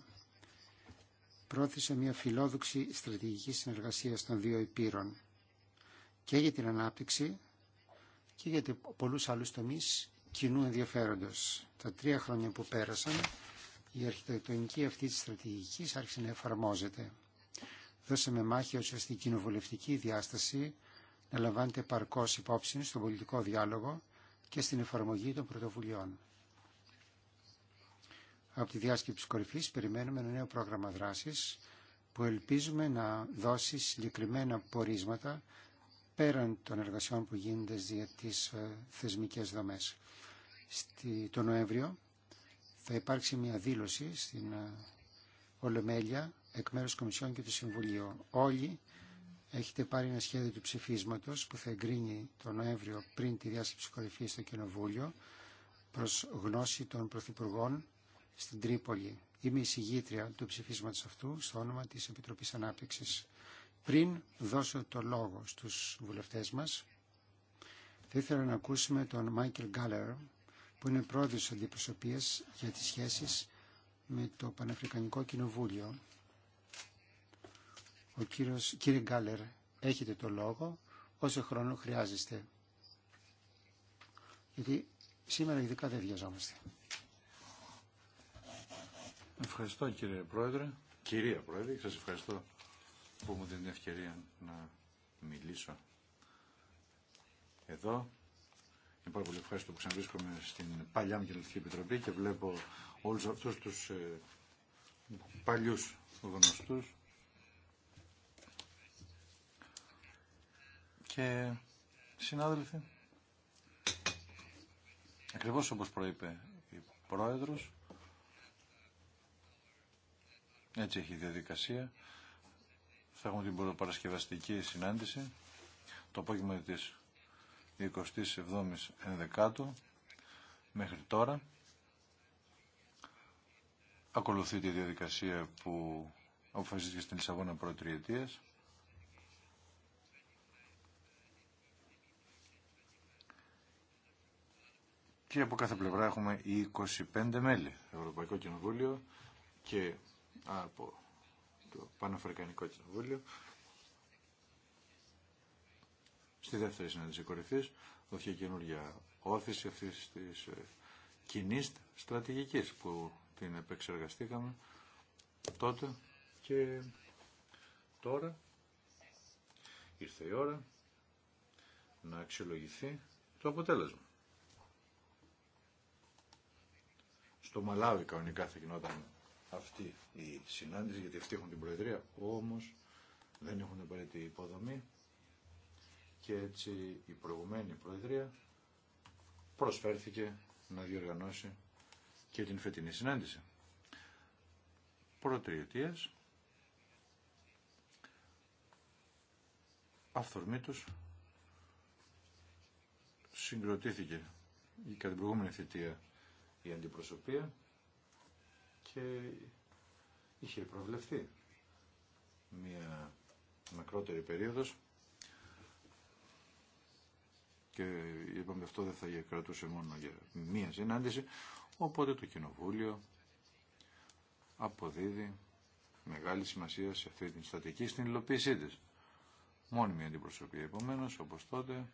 πρόθεσε μια φιλόδοξη στρατηγική συνεργασία των δύο υπήρων και για την ανάπτυξη και για πολλούς άλλους τομείς κοινού ενδιαφέροντος. Τα τρία χρόνια που πέρασαν, η αρχιτεκτονική αυτή της στρατηγικής άρχισε να εφαρμόζεται. Δώσαμε μάχη ώστε στην κοινοβουλευτική διάσταση να λαμβάνεται παρκώς υπόψη στον πολιτικό διάλογο και στην εφαρμογή των πρωτοβουλειών. Από τη διάσκεψη κορυφής περιμένουμε ένα νέο πρόγραμμα δράσης που ελπίζουμε να δώσει συγκεκριμένα πορίσματα πέραν των εργασιών που γίνονται για τις ε, θεσμικές δομές. Στη, το Νοέμβριο θα υπάρξει μια δήλωση στην ε, Ολομέλεια εκ μέρους Κομισιόν και του Συμβουλίου. Όλοι έχετε πάρει ένα σχέδιο του ψηφίσματος που θα εγκρίνει το Νοέμβριο πριν τη διάσκεψη κορυφή στο Κοινοβούλιο προς γνώση των Πρωθυπουργών στην Τρίπολη. Είμαι η συγγήτρια του ψηφίσματος αυτού στο όνομα της Επιτροπής Ανάπτυξης. Πριν δώσω το λόγο στους βουλευτές μας, θα ήθελα να ακούσουμε τον Μάικελ Γκάλερ, που είναι πρόεδρος αντιπροσωπείας για τις σχέσεις με το Πανεφρικανικό Κοινοβούλιο. Ο κύριος, κύριε Γκάλερ, έχετε το λόγο όσο χρόνο χρειάζεστε. Γιατί σήμερα ειδικά δεν βιαζόμαστε. Ευχαριστώ κύριε Πρόεδρε. Κυρία Πρόεδρε, σας ευχαριστώ που μου δίνει την ευκαιρία να μιλήσω εδώ. Είναι λοιπόν, πάρα πολύ ευχαριστώ που ξαναβρίσκομαι στην παλιά μου κοινωνική επιτροπή και βλέπω όλους αυτούς τους ε, παλιούς γνωστούς και συνάδελφοι ακριβώς όπως προείπε η πρόεδρος έτσι έχει η διαδικασία θα έχουμε την προπαρασκευαστική συνάντηση το απόγευμα της 27ης ενδεκάτου μέχρι τώρα. Ακολουθεί τη διαδικασία που αποφασίστηκε στην Λισαβόνα προτριετία. Και από κάθε πλευρά έχουμε 25 μέλη. Ευρωπαϊκό Κοινοβούλιο και από το Παναφρικανικό Κοινοβούλιο στη δεύτερη συνάντηση κορυφή δόθηκε καινούργια όθηση αυτή τη ε, κοινή στρατηγική που την επεξεργαστήκαμε τότε και τώρα ήρθε η ώρα να αξιολογηθεί το αποτέλεσμα. Στο Μαλάβι κανονικά θα γινόταν αυτή η συνάντηση, γιατί αυτοί έχουν την Προεδρία, όμως δεν έχουν απαραίτητη υποδομή και έτσι η προηγουμένη Προεδρία προσφέρθηκε να διοργανώσει και την φετινή συνάντηση. Πρώτη αυθορμήτως συγκροτήθηκε κατά την προηγούμενη θητεία η αντιπροσωπεία και είχε προβλεφθεί μια μακρότερη περίοδος και είπαμε αυτό δεν θα κρατούσε μόνο για μία συνάντηση οπότε το Κοινοβούλιο αποδίδει μεγάλη σημασία σε αυτή την στατική στην υλοποίησή τη. Μόνιμη αντιπροσωπή επομένω, όπως τότε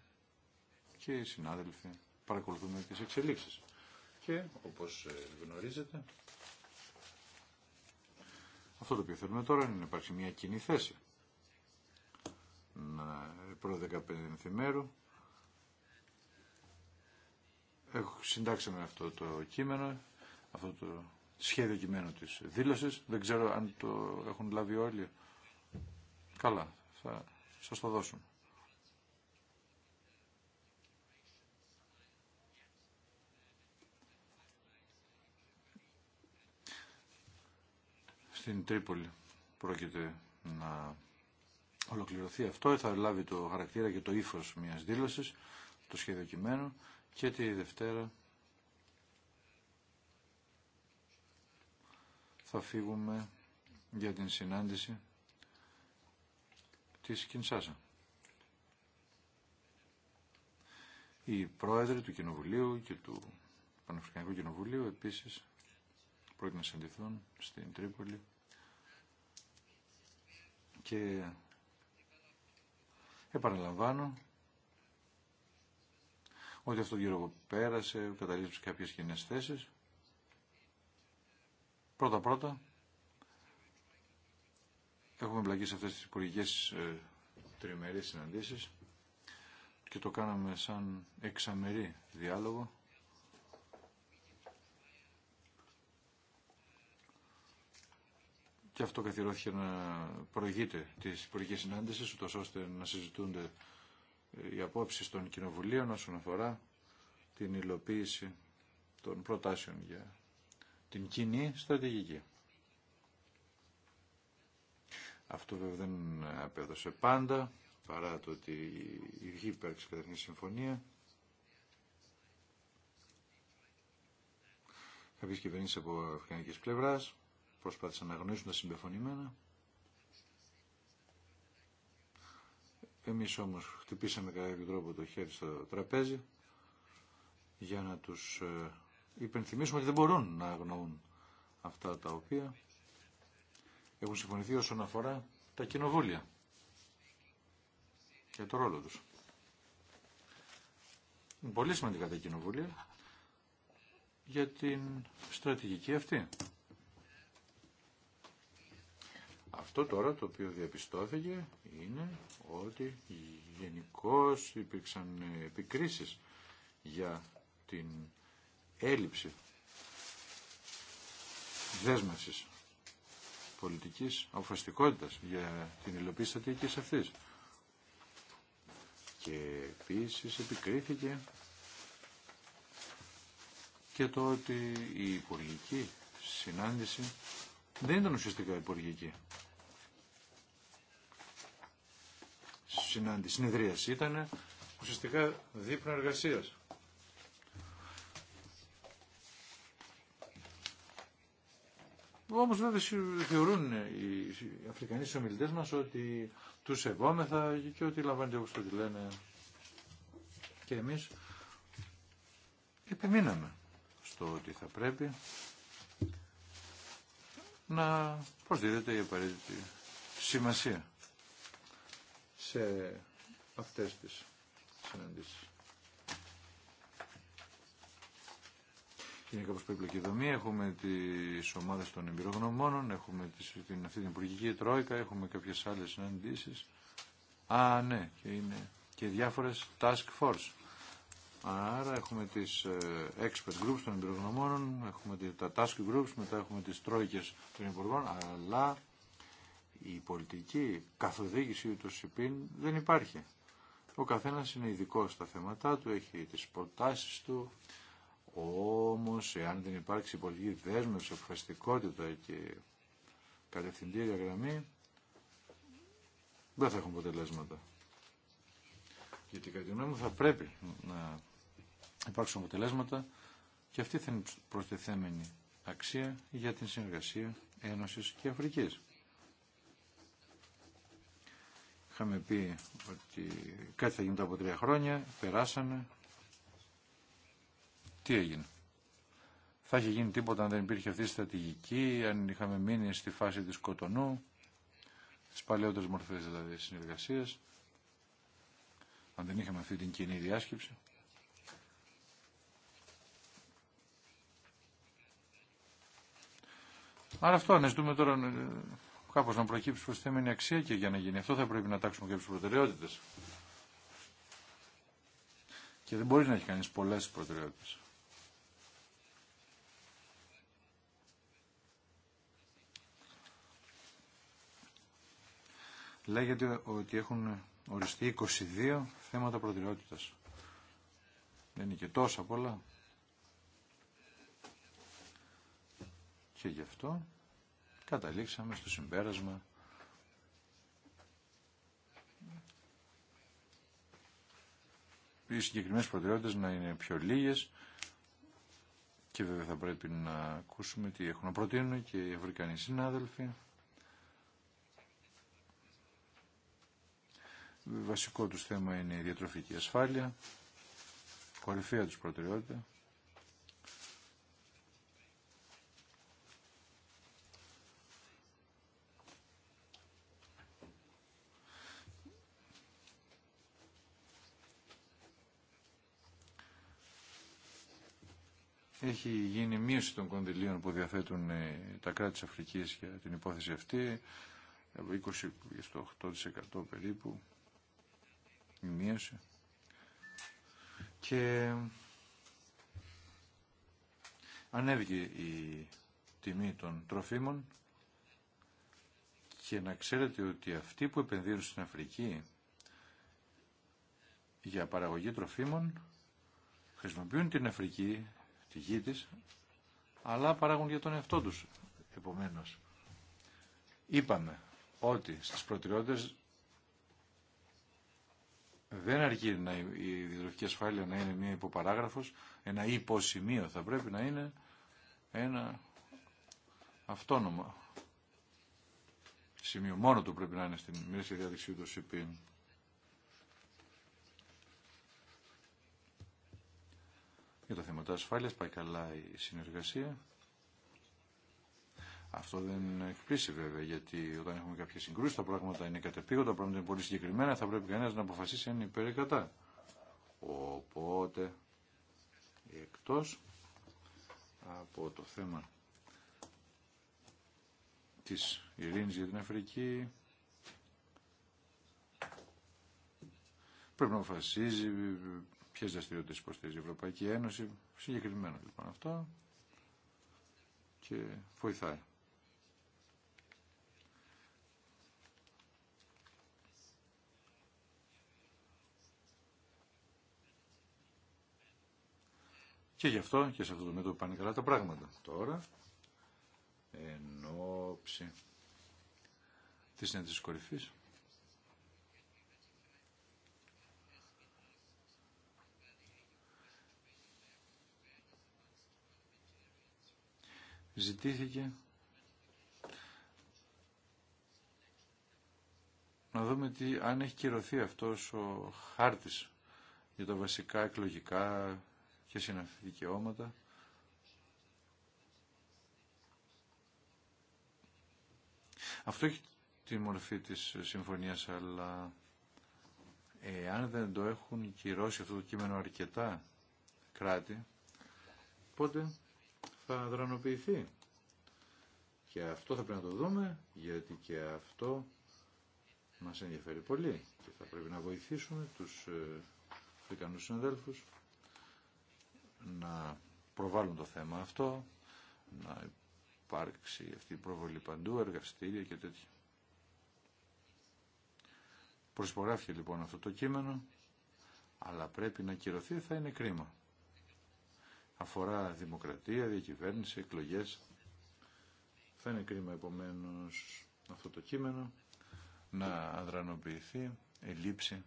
και οι συνάδελφοι παρακολουθούμε τις εξελίξεις. Και όπως ε, γνωρίζετε αυτό το οποίο θέλουμε τώρα είναι να υπάρξει μια κοινή θέση. Να, προ 15 ημέρου συντάξαμε αυτό το κείμενο, αυτό το σχέδιο κειμένου της δήλωσης. Δεν ξέρω αν το έχουν λάβει όλοι. Καλά, θα σας το δώσουν. στην Τρίπολη πρόκειται να ολοκληρωθεί αυτό. Θα λάβει το χαρακτήρα και το ύφος μιας δήλωσης, το σχέδιο κειμένου και τη Δευτέρα θα φύγουμε για την συνάντηση της Κινσάσα. Οι πρόεδροι του Κοινοβουλίου και του Πανεφρικανικού Κοινοβουλίου επίσης πρόκειται να συναντηθούν στην Τρίπολη και επαναλαμβάνω ότι αυτό το γύρο πέρασε, καταλήξαμε κάποιες κοινέ θέσεις. Πρώτα-πρώτα, έχουμε εμπλακεί σε αυτές τις υπουργικέ ε, τριμερείς συναντήσεις και το κάναμε σαν εξαμερή διάλογο Και αυτό καθιερώθηκε να προηγείται τη υπουργική συνάντηση, ούτω ώστε να συζητούνται ε, οι απόψει των κοινοβουλίων όσον αφορά την υλοποίηση των προτάσεων για την κοινή στρατηγική. Αυτό βέβαια δεν απέδωσε πάντα, παρά το ότι η καταρχήν συμφωνία. Κάποιες κυβερνήσεις από αφγανικής πλευράς προσπάθησαν να γνωρίσουν τα συμπεφωνημένα. Εμείς όμως χτυπήσαμε κατά κάποιο τρόπο το χέρι στο τραπέζι για να τους ε, υπενθυμίσουμε ότι δεν μπορούν να αγνοούν αυτά τα οποία έχουν συμφωνηθεί όσον αφορά τα κοινοβούλια και το ρόλο τους. Είναι πολύ σημαντικά τα κοινοβούλια για την στρατηγική αυτή. Αυτό τώρα το οποίο διαπιστώθηκε είναι ότι γενικώ υπήρξαν επικρίσεις για την έλλειψη δέσμευσης πολιτικής αποφασιστικότητας για την υλοποίηση στρατηγικής αυτής. Και επίσης επικρίθηκε και το ότι η πολιτική συνάντηση δεν ήταν ουσιαστικά υπουργική. Συνάντηση, συνεδρίαση ήταν ουσιαστικά δίπλα εργασίας. Όμως βέβαια θεωρούν οι Αφρικανοί συνομιλητές μας ότι τους σεβόμεθα και ότι λαμβάνεται όπως το λένε και εμείς επιμείναμε στο ότι θα πρέπει να προσδίδεται η απαραίτητη σημασία σε αυτές τις συναντήσεις. Είναι κάπως περιπλοκή δομή, έχουμε τις ομάδες των εμπειρογνωμόνων, έχουμε την, αυτή την υπουργική τρόικα, έχουμε κάποιες άλλες συναντήσεις. Α, ναι, και είναι και διάφορες task force. Άρα έχουμε τις ε, expert groups των εμπειρογνωμόνων, έχουμε τα task groups, μετά έχουμε τις τρόικες των υπουργών, αλλά η πολιτική καθοδήγηση του ΣΥΠΗΝ δεν υπάρχει. Ο καθένας είναι ειδικό στα θέματα του, έχει τις προτάσεις του, όμως εάν δεν υπάρξει πολιτική δέσμευση, αποφασιστικότητα και κατευθυντήρια γραμμή, δεν θα έχουν αποτελέσματα. Γιατί κατά τη γνώμη μου θα πρέπει να υπάρξουν αποτελέσματα και αυτή θα είναι προστιθέμενη αξία για την συνεργασία Ένωσης και Αφρικής. Είχαμε πει ότι κάτι θα γίνεται από τρία χρόνια, περάσανε. Τι έγινε. Θα είχε γίνει τίποτα αν δεν υπήρχε αυτή η στρατηγική, αν είχαμε μείνει στη φάση της Κοτονού, στις παλαιότερες μορφές δηλαδή συνεργασίας, αν δεν είχαμε αυτή την κοινή διάσκεψη. Άρα αυτό ανεστούμε τώρα ε, κάπως να προκύψει είναι αξία και για να γίνει αυτό θα πρέπει να τάξουμε και τις προτεραιότητες. Και δεν μπορεί να έχει κανείς πολλές προτεραιότητες. Λέγεται ότι έχουν οριστεί 22 θέματα προτεραιότητας. Δεν είναι και τόσα πολλά. και γι' αυτό καταλήξαμε στο συμπέρασμα οι συγκεκριμένες προτεραιότητες να είναι πιο λίγες και βέβαια θα πρέπει να ακούσουμε τι έχουν να προτείνουν και οι Αφρικανοί συνάδελφοι. Βασικό τους θέμα είναι η διατροφική ασφάλεια, κορυφαία τους προτεραιότητα. έχει γίνει μείωση των κονδυλίων που διαθέτουν ε, τα κράτη της Αφρικής για την υπόθεση αυτή, από 20% στο περίπου, η μείωση. Και ανέβηκε η τιμή των τροφίμων και να ξέρετε ότι αυτοί που επενδύουν στην Αφρική για παραγωγή τροφίμων χρησιμοποιούν την Αφρική τη γη τη, αλλά παράγουν για τον εαυτό τους. Επομένως, είπαμε ότι στις προτεραιότητες δεν αρκεί να η διδροφική ασφάλεια να είναι μια υποπαράγραφος, ένα υποσημείο θα πρέπει να είναι ένα αυτόνομο σημείο. Μόνο του πρέπει να είναι στην μέση διάδειξη του ΣΥΠΗΝ. Για τα θέματα ασφάλειας πάει καλά η συνεργασία. Αυτό δεν εκπλήσει βέβαια, γιατί όταν έχουμε κάποια συγκρούσει τα πράγματα είναι κατεπίγοντα, τα πράγματα είναι πολύ συγκεκριμένα, θα πρέπει κανένα να αποφασίσει αν είναι υπέρ ή κατά. Οπότε, εκτό από το θέμα τη ειρήνη για την Αφρική, πρέπει να αποφασίζει ποιε δραστηριότητε υποστηρίζει η Ευρωπαϊκή Ένωση, συγκεκριμένα λοιπόν αυτό και βοηθάει. Και γι' αυτό και σε αυτό το μέτωπο πάνε καλά τα πράγματα. Τώρα, εν ώψη της συνέντευξης κορυφής, ζητήθηκε να δούμε τι, αν έχει κυρωθεί αυτός ο χάρτης για τα βασικά εκλογικά και συναφή δικαιώματα. Αυτό έχει τη μορφή της συμφωνίας, αλλά αν δεν το έχουν κυρώσει αυτό το κείμενο αρκετά κράτη, πότε θα δρανοποιηθεί. Και αυτό θα πρέπει να το δούμε, γιατί και αυτό μας ενδιαφέρει πολύ και θα πρέπει να βοηθήσουμε τους Αφρικανούς ε, συναδέλφους να προβάλλουν το θέμα αυτό, να υπάρξει αυτή η προβολή παντού, εργαστήρια και τέτοια. Προσπογράφηκε λοιπόν αυτό το κείμενο, αλλά πρέπει να κυρωθεί, θα είναι κρίμα αφορά δημοκρατία, διακυβέρνηση, εκλογές. Θα είναι κρίμα επομένως αυτό το κείμενο να αδρανοποιηθεί ελήψη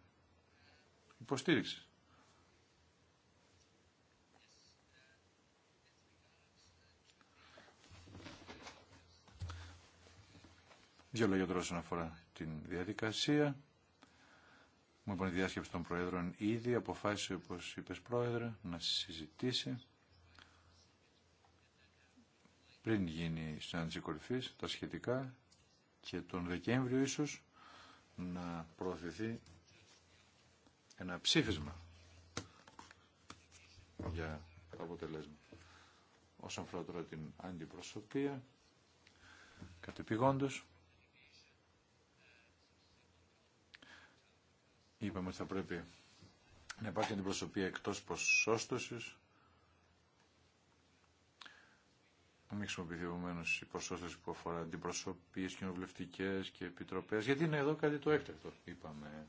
υποστήριξη. Δύο λόγια τώρα όσον αφορά την διαδικασία. Μου είπαν η διάσκεψη των Προέδρων ήδη αποφάσισε, όπως είπες Πρόεδρε, να συζητήσει πριν γίνει η συνάντηση κορυφή, τα σχετικά και τον Δεκέμβριο ίσως να προωθηθεί ένα ψήφισμα για το αποτελέσμα. Όσον αφορά τώρα την αντιπροσωπεία, κατεπηγόντως, είπαμε ότι θα πρέπει να υπάρχει αντιπροσωπεία εκτός προσώστοσης, να μην χρησιμοποιηθεί επομένω η ποσότητα που αφορά αντιπροσωπείε, κοινοβουλευτικέ και επιτροπέ, γιατί είναι εδώ κάτι το έκτακτο, είπαμε.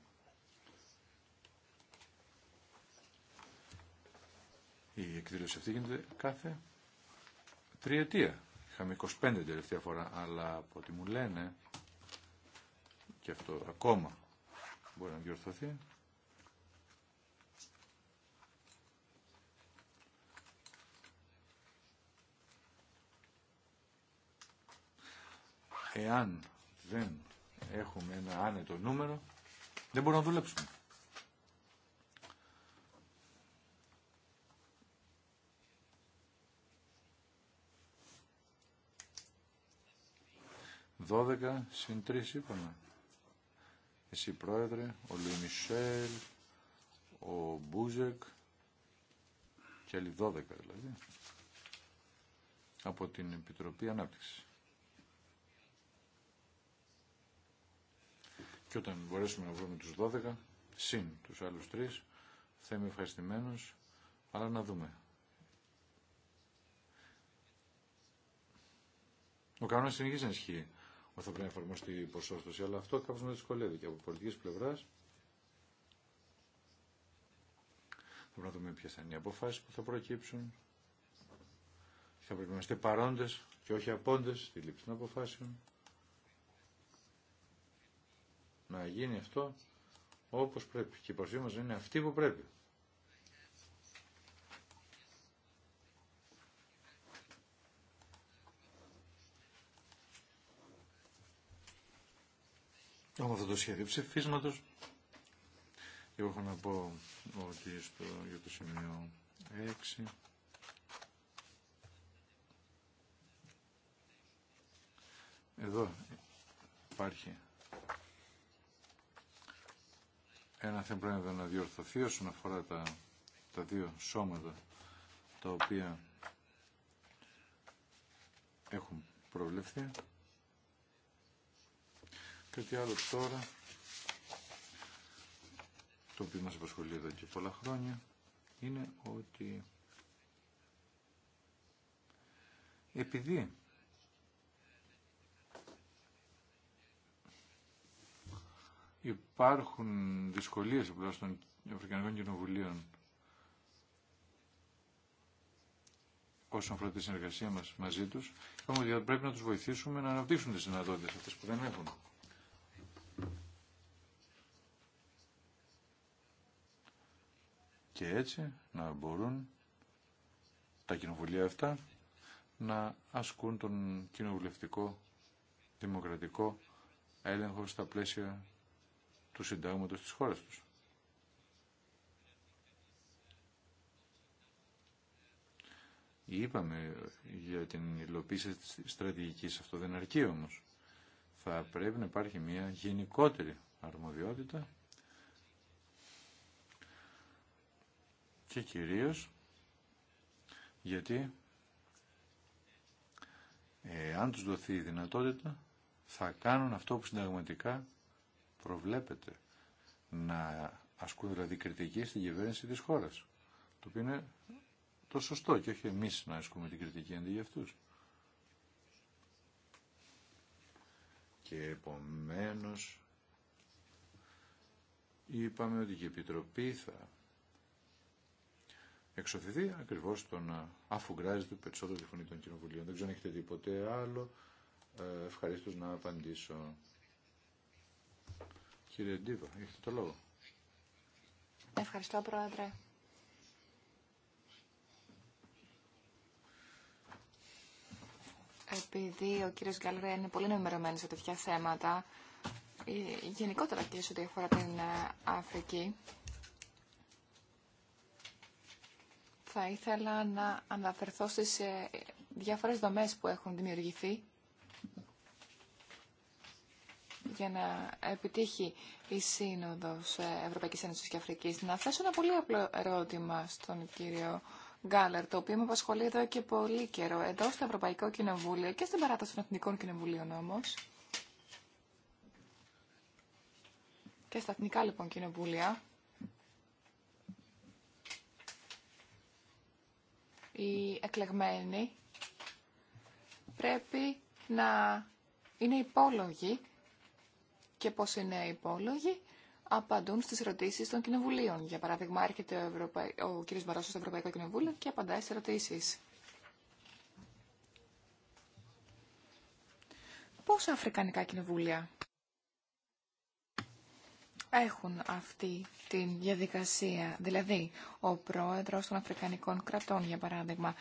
Η εκδήλωση αυτή γίνεται κάθε τριετία. Είχαμε 25 τελευταία φορά, αλλά από ό,τι μου λένε, και αυτό ακόμα μπορεί να διορθωθεί, εάν δεν έχουμε ένα άνετο νούμερο, δεν μπορούμε να δουλέψουμε. Δώδεκα συν τρεις είπαμε. Εσύ πρόεδρε, ο Λουιμισελ, ο Μπούζεκ και άλλοι δώδεκα δηλαδή από την Επιτροπή Ανάπτυξης. Και όταν μπορέσουμε να βρούμε τους 12, συν τους άλλους τρεις, θα είμαι ευχαριστημένος, αλλά να δούμε. Ο κανόνα συνεχίζει να ισχύει ότι θα πρέπει να εφαρμοστεί η ποσόστοση, αλλά αυτό κάπως με δυσκολεύει και από πολιτική πλευρά. Θα πρέπει να δούμε ποιε θα είναι οι αποφάσει που θα προκύψουν. Θα πρέπει να είμαστε παρόντε και όχι απόντε στη λήψη των αποφάσεων να γίνει αυτό όπως πρέπει. Και η προσοχή είναι αυτή που πρέπει. Έχουμε αυτό το σχέδιο ψηφίσματος. Εγώ έχω να πω ότι στο, για το σημείο 6... Εδώ υπάρχει ένα θέμα πρέπει να διορθωθεί όσον αφορά τα, τα δύο σώματα τα οποία έχουν προβλεφθεί. Κάτι άλλο τώρα, το οποίο μας απασχολεί εδώ και πολλά χρόνια, είναι ότι επειδή υπάρχουν δυσκολίες από των Αφρικανικών Κοινοβουλίων όσον αφορά τη συνεργασία μας μαζί τους. Είπαμε πρέπει να τους βοηθήσουμε να αναπτύξουν τις δυνατότητες αυτές που δεν έχουν. Και έτσι να μπορούν τα κοινοβουλία αυτά να ασκούν τον κοινοβουλευτικό δημοκρατικό έλεγχο στα πλαίσια του συντάγματος της χώρας τους. Είπαμε για την υλοποίηση της στρατηγικής, αυτό δεν αρκεί όμως. Θα πρέπει να υπάρχει μια γενικότερη αρμοδιότητα και κυρίως γιατί ε, αν τους δοθεί η δυνατότητα θα κάνουν αυτό που συνταγματικά προβλέπεται να ασκούν δηλαδή κριτική στην κυβέρνηση της χώρας. Το οποίο είναι το σωστό και όχι εμείς να ασκούμε την κριτική αντί για αυτούς. Και επομένως είπαμε ότι η Επιτροπή θα εξοφηθεί ακριβώς το να αφουγκράζεται περισσότερο τη φωνή των κοινοβουλίων. Δεν ξέρω αν έχετε τίποτε άλλο. Ε, Ευχαριστώ να απαντήσω. Κύριε Ντίβα, έχετε το λόγο. Ευχαριστώ, Πρόεδρε. Επειδή ο κύριος Γκαλρέ είναι πολύ ενημερωμένο σε τέτοια θέματα, ε, γενικότερα και σε ό,τι αφορά την ε, Αφρική, θα ήθελα να αναφερθώ στις ε, διάφορες δομές που έχουν δημιουργηθεί για να επιτύχει η Σύνοδος ε, Ευρωπαϊκής Ένωσης και Αφρικής. Να θέσω ένα πολύ απλό ερώτημα στον κύριο Γκάλερ, το οποίο με απασχολεί εδώ και πολύ καιρό, εδώ στο Ευρωπαϊκό Κοινοβούλιο και στην παράταση των Εθνικών Κοινοβουλίων όμως. Και στα Εθνικά λοιπόν Κοινοβούλια. Οι εκλεγμένοι πρέπει να είναι υπόλογοι και πώς είναι υπόλογοι απαντούν στις ερωτήσεις των κοινοβουλίων. Για παράδειγμα, έρχεται ο, Ευρωπα... ο κ. Μπαρόσο στο Ευρωπαϊκό Κοινοβούλιο και απαντάει σε ερωτήσεις. Πόσα αφρικανικά κοινοβούλια έχουν αυτή τη διαδικασία. Δηλαδή, ο πρόεδρος των Αφρικανικών κρατών, για παράδειγμα,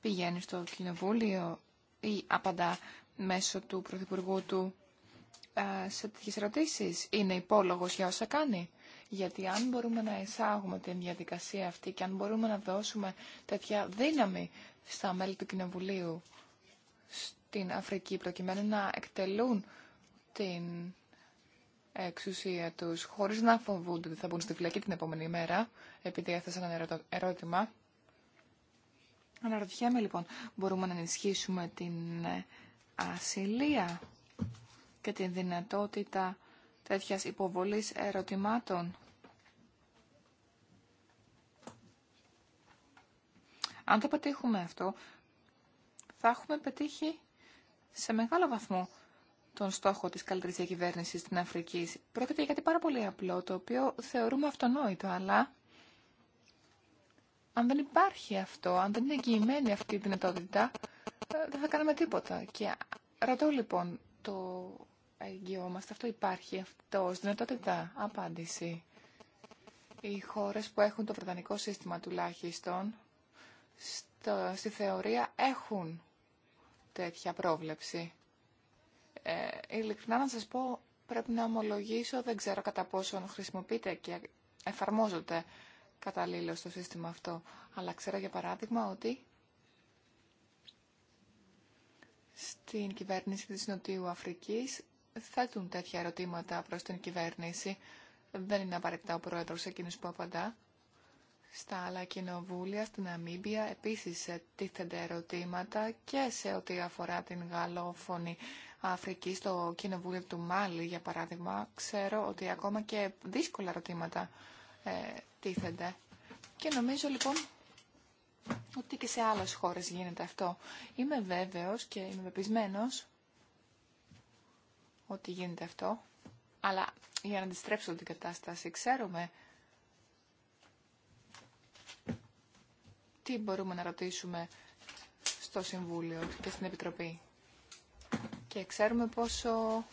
πηγαίνει στο κοινοβούλιο ή απαντά μέσω του Πρωθυπουργού του ε, σε τέτοιες ερωτήσεις. Είναι υπόλογος για όσα κάνει. Γιατί αν μπορούμε να εισάγουμε την διαδικασία αυτή και αν μπορούμε να δώσουμε τέτοια δύναμη στα μέλη του Κοινοβουλίου στην Αφρική προκειμένου να εκτελούν την εξουσία τους χωρίς να φοβούνται ότι θα μπουν στη φυλακή την επόμενη μέρα επειδή έθεσαν ένα ερώτημα. Αναρωτιέμαι λοιπόν, μπορούμε να ενισχύσουμε την ε, ασυλία και την δυνατότητα τέτοιας υποβολής ερωτημάτων. Αν το πετύχουμε αυτό, θα έχουμε πετύχει σε μεγάλο βαθμό τον στόχο της καλύτερης διακυβέρνησης στην Αφρική. Πρόκειται για κάτι πάρα πολύ απλό, το οποίο θεωρούμε αυτονόητο, αλλά αν δεν υπάρχει αυτό, αν δεν είναι εγγυημένη αυτή η δυνατότητα, ε, δεν θα κάναμε τίποτα. Και ρωτώ λοιπόν το μας. αυτό υπάρχει, αυτό δυνατότητα, απάντηση. Οι χώρες που έχουν το βρετανικό σύστημα τουλάχιστον, στο, στη θεωρία έχουν τέτοια πρόβλεψη. Ε, ειλικρινά να σας πω, πρέπει να ομολογήσω, δεν ξέρω κατά πόσον χρησιμοποιείται και εφαρμόζονται καταλήλως το σύστημα αυτό. Αλλά ξέρω για παράδειγμα ότι στην κυβέρνηση της Νοτιού Αφρικής θέτουν τέτοια ερωτήματα προς την κυβέρνηση. Δεν είναι απαραίτητα ο πρόεδρος εκείνος που απαντά. Στα άλλα κοινοβούλια, στην Αμίμπια, επίσης τίθενται ερωτήματα και σε ό,τι αφορά την γαλλόφωνη Αφρική, στο κοινοβούλιο του Μάλι, για παράδειγμα, ξέρω ότι ακόμα και δύσκολα ερωτήματα ε, τίθενται. Και νομίζω λοιπόν ότι και σε άλλες χώρες γίνεται αυτό. Είμαι βέβαιος και είμαι πεπισμένος ότι γίνεται αυτό. Αλλά για να αντιστρέψω την κατάσταση, ξέρουμε τι μπορούμε να ρωτήσουμε στο Συμβούλιο και στην Επιτροπή. Και ξέρουμε πόσο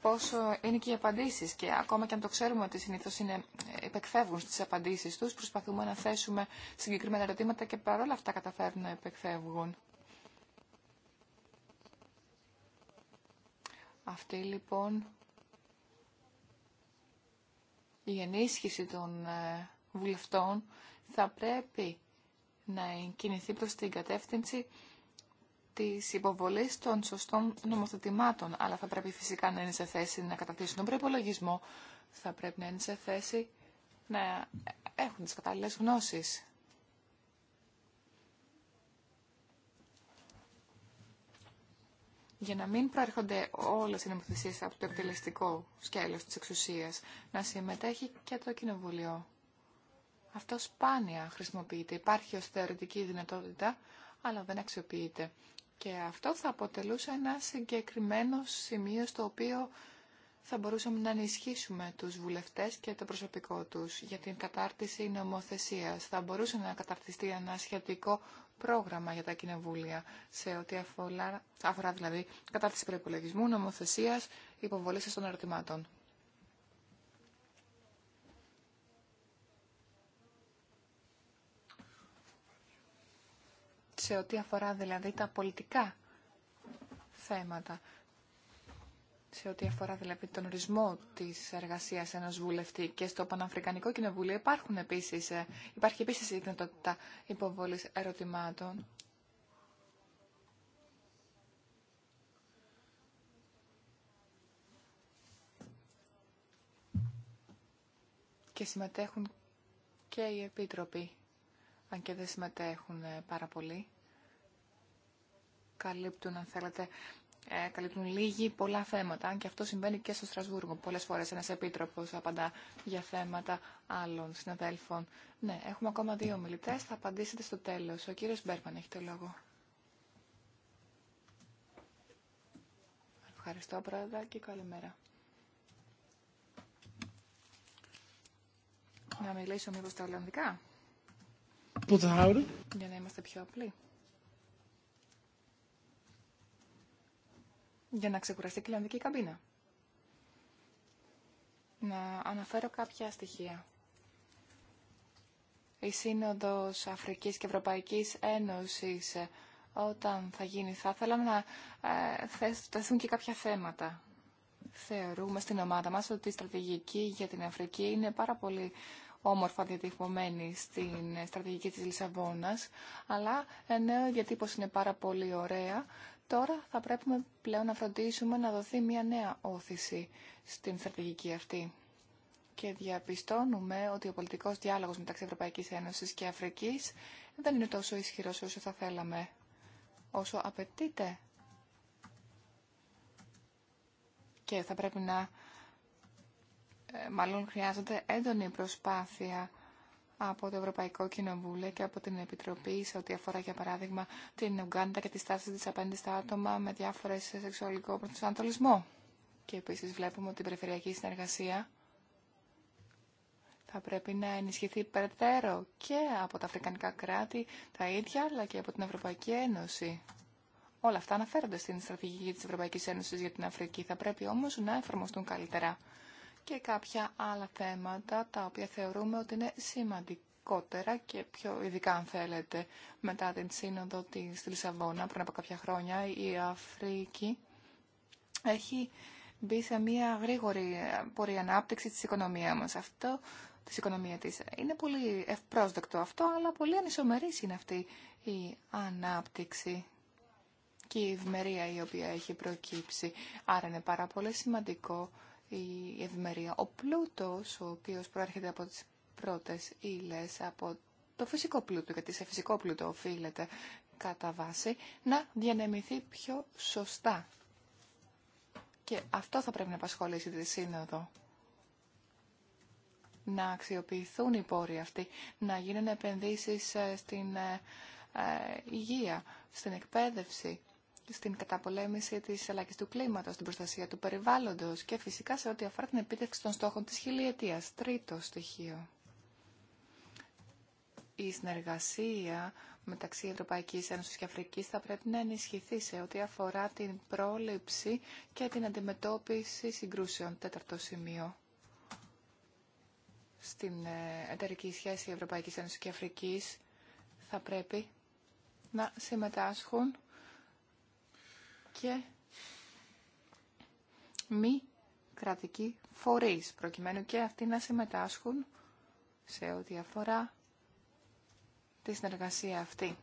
πόσο είναι και οι απαντήσεις και ακόμα και αν το ξέρουμε ότι συνήθω είναι, υπεκφεύγουν ε, στι απαντήσεις τους, προσπαθούμε να θέσουμε συγκεκριμένα ερωτήματα και παρόλα αυτά καταφέρνουν να υπεκφεύγουν. Αυτή λοιπόν η ενίσχυση των ε, βουλευτών θα πρέπει να κινηθεί προς την κατεύθυνση τη υποβολή των σωστών νομοθετημάτων, αλλά θα πρέπει φυσικά να είναι σε θέση να καταθέσουν τον προπολογισμό, θα πρέπει να είναι σε θέση να έχουν τις κατάλληλες γνώσεις. για να μην προέρχονται όλες οι νομοθεσίες από το εκτελεστικό σκέλος της εξουσίας, να συμμετέχει και το κοινοβουλίο. Αυτό σπάνια χρησιμοποιείται. Υπάρχει ω θεωρητική δυνατότητα, αλλά δεν αξιοποιείται. Και αυτό θα αποτελούσε ένα συγκεκριμένο σημείο στο οποίο θα μπορούσαμε να ενισχύσουμε τους βουλευτές και το προσωπικό τους για την κατάρτιση νομοθεσίας. Θα μπορούσε να καταρτιστεί ένα σχετικό πρόγραμμα για τα κοινοβούλια σε ό,τι αφορά, αφορά δηλαδή κατάρτιση προπολογισμού, νομοθεσίας, υποβολή των ερωτημάτων. σε ό,τι αφορά δηλαδή τα πολιτικά θέματα, σε ό,τι αφορά δηλαδή τον ορισμό της εργασίας ενός βουλευτή και στο Παναφρικανικό Κοινοβούλιο υπάρχουν επίσης, ε, υπάρχει επίσης η δυνατότητα υποβολής ερωτημάτων. Και συμμετέχουν και οι επίτροποι, αν και δεν συμμετέχουν ε, πάρα πολύ καλύπτουν, αν θέλετε, ε, καλύπτουν λίγοι πολλά θέματα. Και αυτό συμβαίνει και στο Στρασβούργο. Πολλέ φορέ ένα επίτροπο απαντά για θέματα άλλων συναδέλφων. Ναι, έχουμε ακόμα δύο μιλητέ. Θα απαντήσετε στο τέλο. Ο κύριο Μπέρμαν έχει το λόγο. Ευχαριστώ, Πρόεδρε, και καλημέρα. Να μιλήσω μήπως τα Ολλανδικά. Για να είμαστε πιο απλοί. για να ξεκουραστεί η καμπίνα. Να αναφέρω κάποια στοιχεία. Η Σύνοδος Αφρικής και Ευρωπαϊκής Ένωσης ε, όταν θα γίνει θα ήθελα ε, να θέσουν και κάποια θέματα. Θεωρούμε στην ομάδα μας ότι η στρατηγική για την Αφρική είναι πάρα πολύ όμορφα διατυπωμένη στην στρατηγική της Λισαβόνας, αλλά ενώ ναι, η διατύπωση είναι πάρα πολύ ωραία, Τώρα θα πρέπει πλέον να φροντίσουμε να δοθεί μια νέα όθηση στην στρατηγική αυτή. Και διαπιστώνουμε ότι ο πολιτικός διάλογος μεταξύ Ευρωπαϊκής Ένωσης και Αφρικής δεν είναι τόσο ισχυρός όσο θα θέλαμε, όσο απαιτείται. Και θα πρέπει να, ε, μάλλον χρειάζεται έντονη προσπάθεια από το Ευρωπαϊκό Κοινοβούλιο και από την Επιτροπή σε ό,τι αφορά, για παράδειγμα, την Ουγγάντα και τη στάση της απέναντι στα άτομα με διάφορε σεξουαλικό προσανατολισμό. Και επίση βλέπουμε ότι η περιφερειακή συνεργασία θα πρέπει να ενισχυθεί περαιτέρω και από τα αφρικανικά κράτη τα ίδια, αλλά και από την Ευρωπαϊκή Ένωση. Όλα αυτά αναφέρονται στην στρατηγική της Ευρωπαϊκής Ένωσης για την Αφρική. Θα πρέπει όμως να εφαρμοστούν καλύτερα και κάποια άλλα θέματα τα οποία θεωρούμε ότι είναι σημαντικότερα και πιο ειδικά αν θέλετε μετά την σύνοδο της Λισαβόνα πριν από κάποια χρόνια η Αφρική έχει μπει σε μια γρήγορη ε, πορεία ανάπτυξη της οικονομίας μας. Αυτό της οικονομία της. Είναι πολύ ευπρόσδεκτο αυτό, αλλά πολύ ανισομερής είναι αυτή η ανάπτυξη και η ευμερία η οποία έχει προκύψει. Άρα είναι πάρα πολύ σημαντικό η ευημερία. Ο πλούτος, ο οποίος προέρχεται από τις πρώτες ύλες, από το φυσικό πλούτο, γιατί σε φυσικό πλούτο οφείλεται κατά βάση, να διανεμηθεί πιο σωστά. Και αυτό θα πρέπει να απασχολήσει τη Σύνοδο. Να αξιοποιηθούν οι πόροι αυτοί, να γίνουν επενδύσεις ε, στην ε, ε, υγεία, στην εκπαίδευση, στην καταπολέμηση τη αλλαγή του κλίματο, στην προστασία του περιβάλλοντο και φυσικά σε ό,τι αφορά την επίτευξη των στόχων τη χιλιετία. Τρίτο στοιχείο. Η συνεργασία μεταξύ Ευρωπαϊκή Ένωση και Αφρικής θα πρέπει να ενισχυθεί σε ό,τι αφορά την πρόληψη και την αντιμετώπιση συγκρούσεων. Τέταρτο σημείο. Στην ε, εταιρική σχέση Ευρωπαϊκή Ένωση και Αφρική θα πρέπει να συμμετάσχουν και μη κρατικοί φορείς, προκειμένου και αυτοί να συμμετάσχουν σε ό,τι αφορά τη συνεργασία αυτή.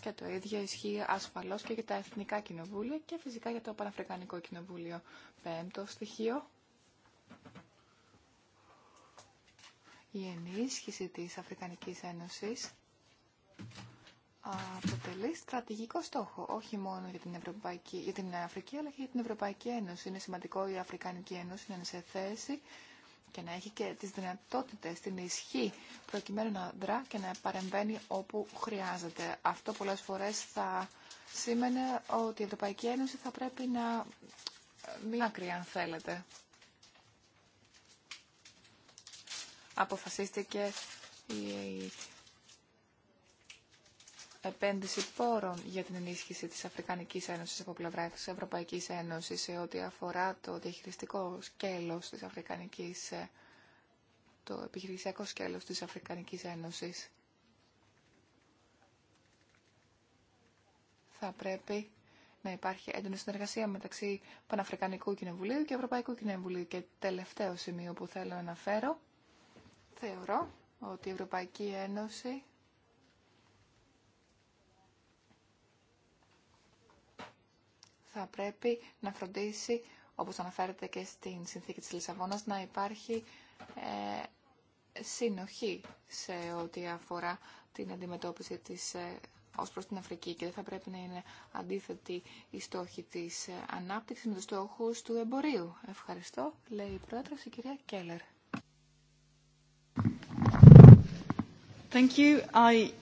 Και το ίδιο ισχύει ασφαλώς και για τα Εθνικά Κοινοβούλια και φυσικά για το Παναφρικανικό Κοινοβούλιο. Πέμπτο στοιχείο. Η ενίσχυση της Αφρικανικής Ένωσης αποτελεί στρατηγικό στόχο, όχι μόνο για την, Ευρωπαϊκή, για την Αφρική, αλλά και για την Ευρωπαϊκή Ένωση. Είναι σημαντικό η Αφρικανική Ένωση να είναι σε θέση και να έχει και τις δυνατότητες, την ισχύ, προκειμένου να δρά και να παρεμβαίνει όπου χρειάζεται. Αυτό πολλές φορές θα σήμαινε ότι η Ευρωπαϊκή Ένωση θα πρέπει να μην άκρη, αν θέλετε. Αποφασίστηκε η επένδυση πόρων για την ενίσχυση της Αφρικανικής Ένωσης από πλευρά της Ευρωπαϊκής Ένωσης σε ό,τι αφορά το διαχειριστικό σκέλος της Αφρικανικής, ε, το επιχειρησιακό σκέλος της Αφρικανικής Ένωσης. Θα πρέπει να υπάρχει έντονη συνεργασία μεταξύ Παναφρικανικού Κοινοβουλίου και Ευρωπαϊκού Κοινοβουλίου. Και τελευταίο σημείο που θέλω να αναφέρω, θεωρώ ότι η Ευρωπαϊκή Ένωση θα πρέπει να φροντίσει, όπως αναφέρεται και στην συνθήκη της Λισαβόνας, να υπάρχει ε, συνοχή σε ό,τι αφορά την αντιμετώπιση της ε, ως προς την Αφρική και δεν θα πρέπει να είναι αντίθετη η στόχη της ε, ανάπτυξης με τους στόχους του εμπορίου. Ευχαριστώ, λέει η πρόεδρος, η κυρία Κέλλερ. Thank you. I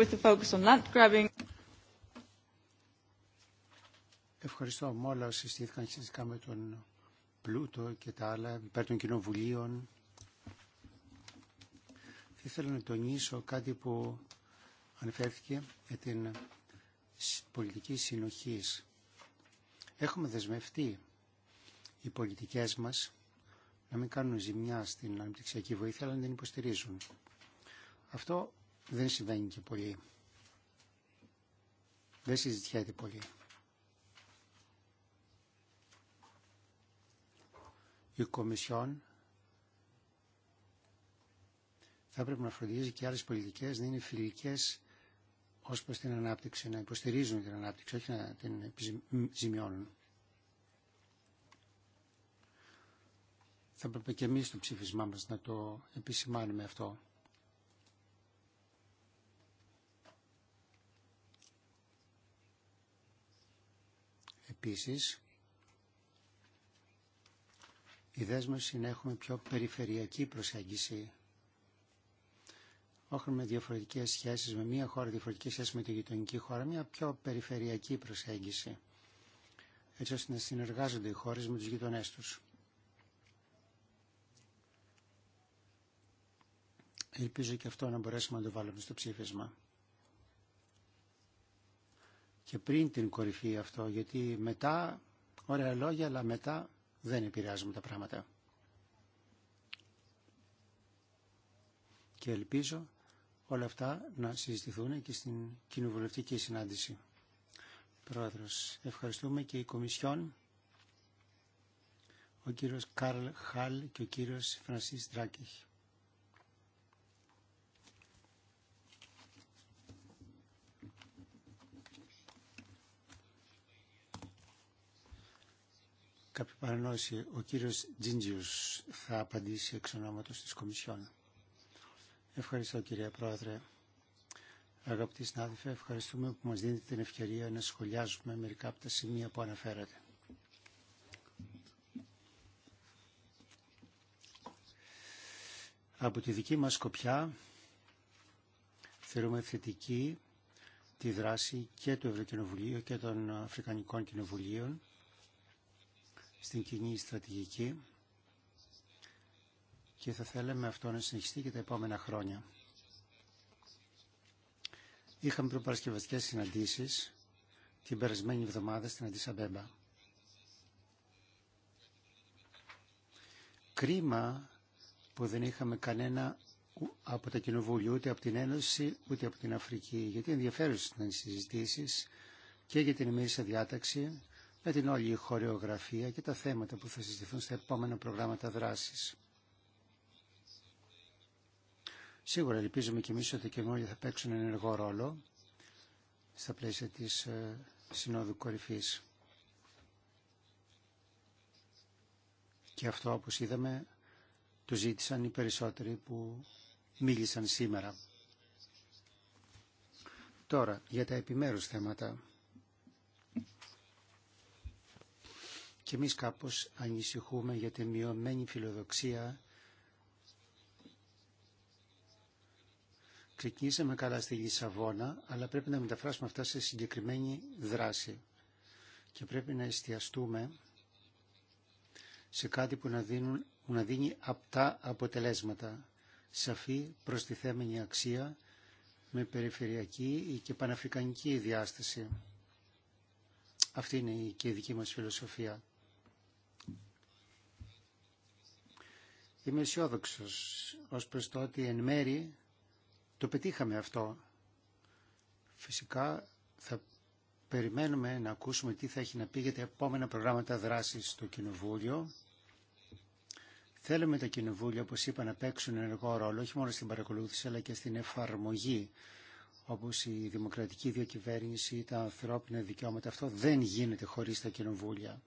with the focus on land grabbing. Ευχαριστώ με όλα όσοι με τον πλούτο και τα άλλα υπέρ των κοινοβουλίων. Θα ήθελα να τονίσω κάτι που ανεφέρθηκε για την πολιτική συνοχής. Έχουμε δεσμευτεί οι πολιτικέ μας να μην κάνουν ζημιά στην αναπτυξιακή βοήθεια, αλλά να την υποστηρίζουν. Αυτό δεν συμβαίνει και πολύ. Δεν συζητιέται πολύ. η Κομισιόν θα έπρεπε να φροντίζει και άλλες πολιτικές να είναι φιλικές ως προς την ανάπτυξη, να υποστηρίζουν την ανάπτυξη, όχι να την επιζημιώνουν. Θα έπρεπε και εμείς το ψήφισμά μας να το επισημάνουμε αυτό. Επίσης, η δέσμευση να έχουμε πιο περιφερειακή προσέγγιση. Όχι με διαφορετικέ σχέσει με μία χώρα, διαφορετικέ σχέσει με τη γειτονική χώρα, μία πιο περιφερειακή προσέγγιση. Έτσι ώστε να συνεργάζονται οι χώρε με του γειτονέ του. Ελπίζω και αυτό να μπορέσουμε να το βάλουμε στο ψήφισμα. Και πριν την κορυφή αυτό, γιατί μετά, ωραία λόγια, αλλά μετά δεν επηρεάζουμε τα πράγματα. Και ελπίζω όλα αυτά να συζητηθούν και στην κοινοβουλευτική συνάντηση. Πρόεδρος, ευχαριστούμε και η Κομισιόν, ο κύριος Καρλ Χαλ και ο κύριος Φρανσίς Τράκη. κάποια παρανόηση. Ο κύριος Τζίντζιος θα απαντήσει εξ ονόματος της Κομισιόν. Ευχαριστώ κυρία Πρόεδρε. Αγαπητοί συνάδελφοι, ευχαριστούμε που μας δίνετε την ευκαιρία να σχολιάζουμε μερικά από τα σημεία που αναφέρατε. Από τη δική μας σκοπιά θεωρούμε θετική τη δράση και του Ευρωκοινοβουλίου και των Αφρικανικών Κοινοβουλίων στην κοινή στρατηγική και θα θέλαμε αυτό να συνεχιστεί και τα επόμενα χρόνια. Είχαμε προπαρασκευαστικές συναντήσεις την περασμένη εβδομάδα στην Αντισαμπέμπα. Κρίμα που δεν είχαμε κανένα από τα κοινοβούλια, ούτε από την Ένωση, ούτε από την Αφρική, γιατί ενδιαφέρουσαν οι συζητήσεις και για την ημερήσια διάταξη με την όλη η χορεογραφία και τα θέματα που θα συζητηθούν στα επόμενα προγράμματα δράσης. Σίγουρα ελπίζουμε και εμείς ότι και όλοι θα παίξουν ενεργό ρόλο στα πλαίσια της ε, Συνόδου Κορυφής. Και αυτό, όπως είδαμε, το ζήτησαν οι περισσότεροι που μίλησαν σήμερα. Τώρα, για τα επιμέρους θέματα. και εμείς κάπως ανησυχούμε για τη μειωμένη φιλοδοξία. Ξεκινήσαμε καλά στη Λισαβόνα, αλλά πρέπει να μεταφράσουμε αυτά σε συγκεκριμένη δράση. Και πρέπει να εστιαστούμε σε κάτι που να, δίνουν, να δίνει απτά αποτελέσματα. Σαφή προστιθέμενη αξία με περιφερειακή και παναφρικανική διάσταση. Αυτή είναι και η δική μας φιλοσοφία. Είμαι αισιόδοξο ως προς το ότι εν μέρη το πετύχαμε αυτό. Φυσικά θα περιμένουμε να ακούσουμε τι θα έχει να πει για τα επόμενα προγράμματα δράσης στο Κοινοβούλιο. Θέλουμε τα Κοινοβούλια, όπως είπα, να παίξουν ενεργό ρόλο, όχι μόνο στην παρακολούθηση, αλλά και στην εφαρμογή, όπως η δημοκρατική διακυβέρνηση, τα ανθρώπινα δικαιώματα. Αυτό δεν γίνεται χωρίς τα Κοινοβούλια.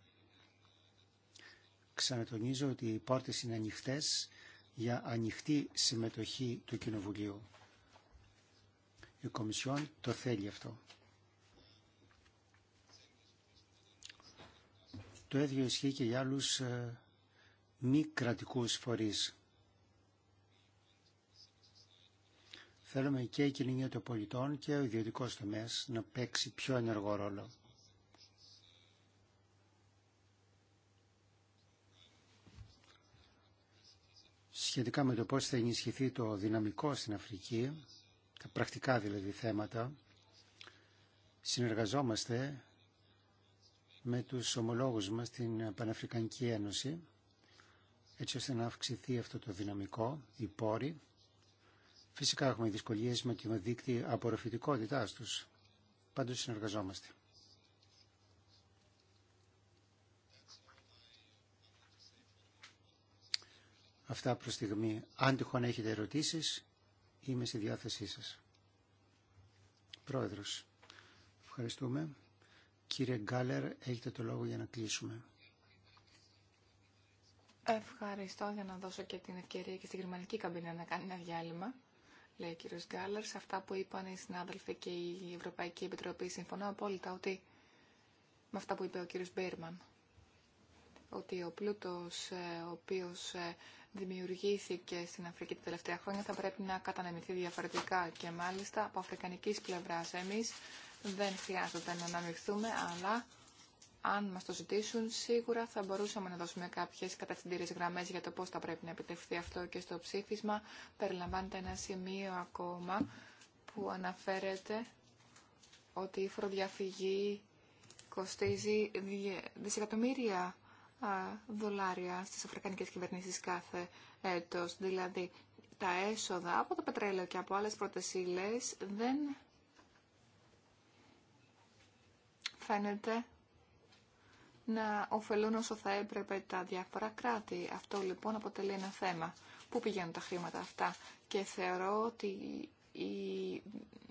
Ξανατονίζω ότι οι πόρτες είναι ανοιχτές για ανοιχτή συμμετοχή του Κοινοβουλίου. Η Κομισιόν το θέλει αυτό. Το ίδιο ισχύει και για άλλους ε, μη κρατικούς φορείς. Θέλουμε και η κοινωνία των πολιτών και ο ιδιωτικό τομέα να παίξει πιο ενεργό ρόλο. σχετικά με το πώς θα ενισχυθεί το δυναμικό στην Αφρική, τα πρακτικά δηλαδή θέματα, συνεργαζόμαστε με τους ομολόγους μας στην Παναφρικανική Ένωση, έτσι ώστε να αυξηθεί αυτό το δυναμικό, η πόροι. Φυσικά έχουμε δυσκολίες με το δίκτυο απορροφητικότητάς τους. Πάντως συνεργαζόμαστε. Αυτά προς στιγμή. Αν τυχόν έχετε ερωτήσεις, είμαι στη διάθεσή σας. Πρόεδρος, ευχαριστούμε. Κύριε Γκάλερ, έχετε το λόγο για να κλείσουμε. Ευχαριστώ για να δώσω και την ευκαιρία και στην γερμανική καμπίνα να κάνει ένα διάλειμμα. Λέει ο κύριο Γκάλερ, σε αυτά που είπαν οι συνάδελφοι και η Ευρωπαϊκή Επιτροπή συμφωνώ απόλυτα ότι με αυτά που είπε ο κύριο Μπέρμαν ότι ο πλούτος ε, ο οποίος ε, δημιουργήθηκε στην Αφρική τα τελευταία χρόνια θα πρέπει να κατανεμηθεί διαφορετικά και μάλιστα από αφρικανικής πλευράς εμείς δεν χρειάζεται να αναμειχθούμε αλλά αν μας το ζητήσουν σίγουρα θα μπορούσαμε να δώσουμε κάποιες κατασυντήρες γραμμές για το πώς θα πρέπει να επιτευχθεί αυτό και στο ψήφισμα περιλαμβάνεται ένα σημείο ακόμα που αναφέρεται ότι η φοροδιαφυγή κοστίζει δισεκατομμύρια δολάρια στις αφρικανικές κυβερνήσεις κάθε έτος. Δηλαδή τα έσοδα από το πετρέλαιο και από άλλες πρώτες δεν φαίνεται να ωφελούν όσο θα έπρεπε τα διάφορα κράτη. Αυτό λοιπόν αποτελεί ένα θέμα. Πού πηγαίνουν τα χρήματα αυτά και θεωρώ ότι οι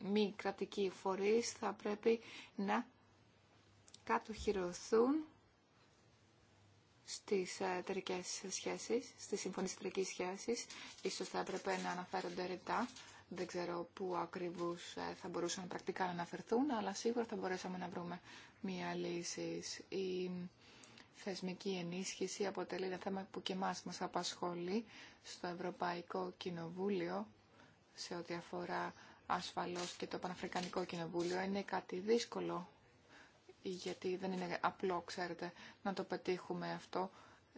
μη κρατικοί φορείς θα πρέπει να κατοχυρωθούν στις εταιρικές σχέσεις, στις σύμφωνες εταιρικής σχέσης. Ίσως θα έπρεπε να αναφέρονται ρητά. Δεν ξέρω πού ακριβώς ε, θα μπορούσαν πρακτικά να αναφερθούν, αλλά σίγουρα θα μπορέσαμε να βρούμε μία λύση. Η θεσμική ενίσχυση αποτελεί ένα θέμα που και εμάς μας απασχολεί στο Ευρωπαϊκό Κοινοβούλιο σε ό,τι αφορά ασφαλώς και το Παναφρικανικό Κοινοβούλιο. Είναι κάτι δύσκολο γιατί δεν είναι απλό, ξέρετε, να το πετύχουμε αυτό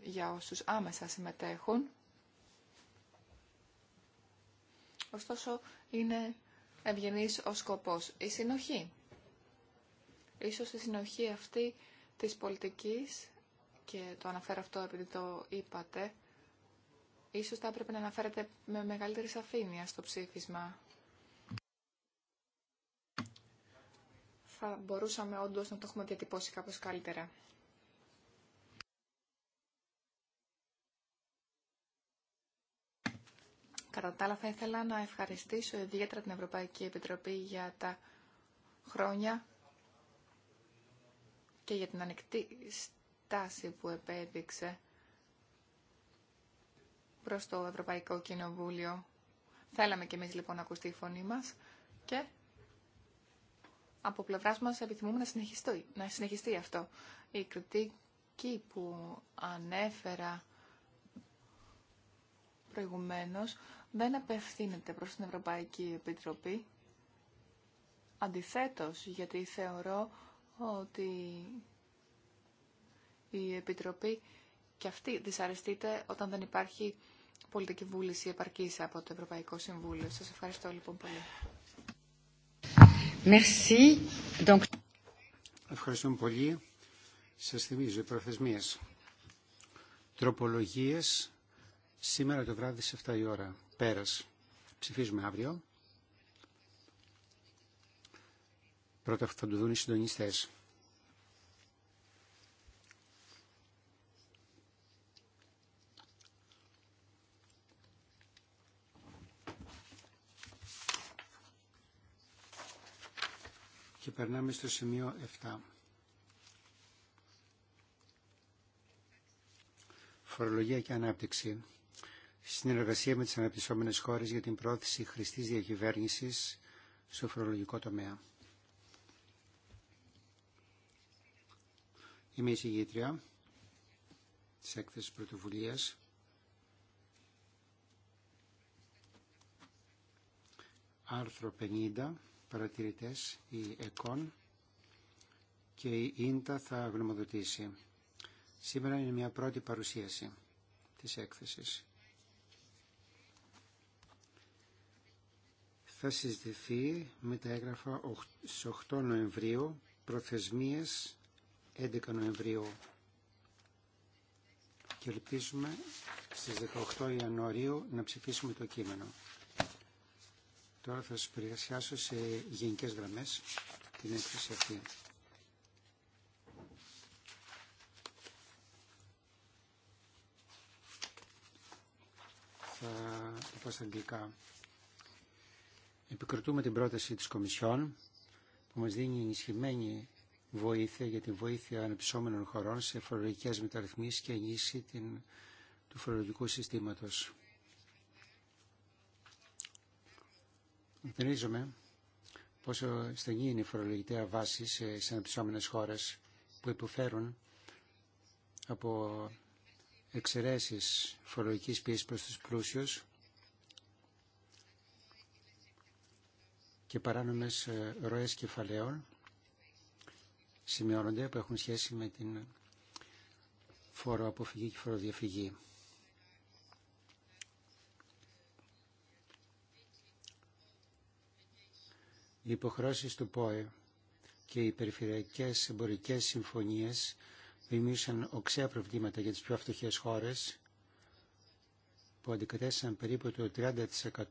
για όσους άμεσα συμμετέχουν. Ωστόσο, είναι ευγενής ο σκοπός. Η συνοχή. Ίσως η συνοχή αυτή της πολιτικής, και το αναφέρω αυτό επειδή το είπατε, ίσως θα έπρεπε να αναφέρεται με μεγαλύτερη σαφήνεια στο ψήφισμα. θα μπορούσαμε όντως να το έχουμε διατυπώσει κάπως καλύτερα. Κατά τα άλλα θα ήθελα να ευχαριστήσω ιδιαίτερα την Ευρωπαϊκή Επιτροπή για τα χρόνια και για την ανοιχτή στάση που επέδειξε προς το Ευρωπαϊκό Κοινοβούλιο. Θέλαμε και εμείς λοιπόν να ακουστεί η φωνή μας και από πλευράς μας επιθυμούμε να συνεχιστεί, να συνεχιστεί αυτό. Η κριτική που ανέφερα προηγουμένως δεν απευθύνεται προς την Ευρωπαϊκή Επιτροπή. Αντιθέτως, γιατί θεωρώ ότι η Επιτροπή και αυτή δυσαρεστείται όταν δεν υπάρχει πολιτική βούληση επαρκής από το Ευρωπαϊκό Συμβούλιο. Σας ευχαριστώ λοιπόν πολύ. Ευχαριστούμε πολύ. Σας θυμίζω οι προθεσμίε Τροπολογίες σήμερα το βράδυ σε 7 η ώρα. Πέρας. Ψηφίζουμε αύριο. Πρώτα θα το δουν οι συντονιστές. περνάμε στο σημείο 7. Φορολογία και ανάπτυξη. Συνεργασία με τις αναπτυσσόμενες χώρες για την πρόθεση χρηστής διακυβέρνησης στο φορολογικό τομέα. Είμαι η συγγήτρια της έκθεσης πρωτοβουλίας άρθρο 50 παρατηρητές, η ΕΚΟΝ και η ΙΝΤΑ θα γνωμοδοτήσει. Σήμερα είναι μια πρώτη παρουσίαση της έκθεσης. Θα συζητηθεί με τα έγγραφα στις 8 Νοεμβρίου, προθεσμίες 11 Νοεμβρίου και ελπίζουμε στις 18 Ιανουαρίου να ψηφίσουμε το κείμενο. Τώρα θα σα περιεργασιάσω σε γενικέ γραμμέ την έκθεση αυτή. Θα το πω στα αγγλικά. Επικροτούμε την πρόταση της Κομισιόν που μας δίνει ενισχυμένη βοήθεια για τη βοήθεια ανεπισόμενων χωρών σε φορολογικές μεταρρυθμίσεις και ενίσχυση του φορολογικού συστήματος. Υπενίζομαι πόσο στενή είναι η φορολογητέα βάση σε αναπτυσσόμενες χώρες που υποφέρουν από εξαιρέσεις φορολογικής πίεσης προς τους πλούσιους και παράνομες ε, ροές κεφαλαίων σημειώνονται που έχουν σχέση με την φοροαποφυγή και φοροδιαφυγή. Οι υποχρώσεις του ΠΟΕ και οι περιφερειακές εμπορικές συμφωνίες δημιούργησαν οξέα προβλήματα για τις πιο φτωχέ χώρες που αντικατέστησαν περίπου το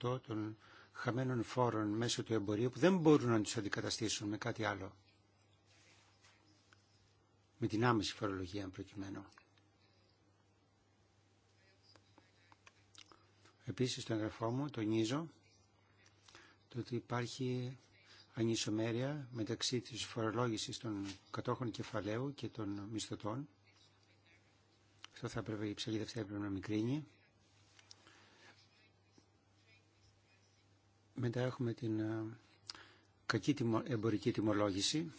30% των χαμένων φόρων μέσω του εμπορίου που δεν μπορούν να τους αντικαταστήσουν με κάτι άλλο. Με την άμεση φορολογία προκειμένου. Επίσης, στο εγγραφό μου τονίζω το ότι υπάρχει ανισομέρεια μεταξύ της φορολόγησης των κατόχων κεφαλαίου και των μισθωτών. Αυτό θα έπρεπε, η ψαλίδα έπρεπε να μικρύνει. Μετά έχουμε την ε, κακή εμπορική τιμολόγηση.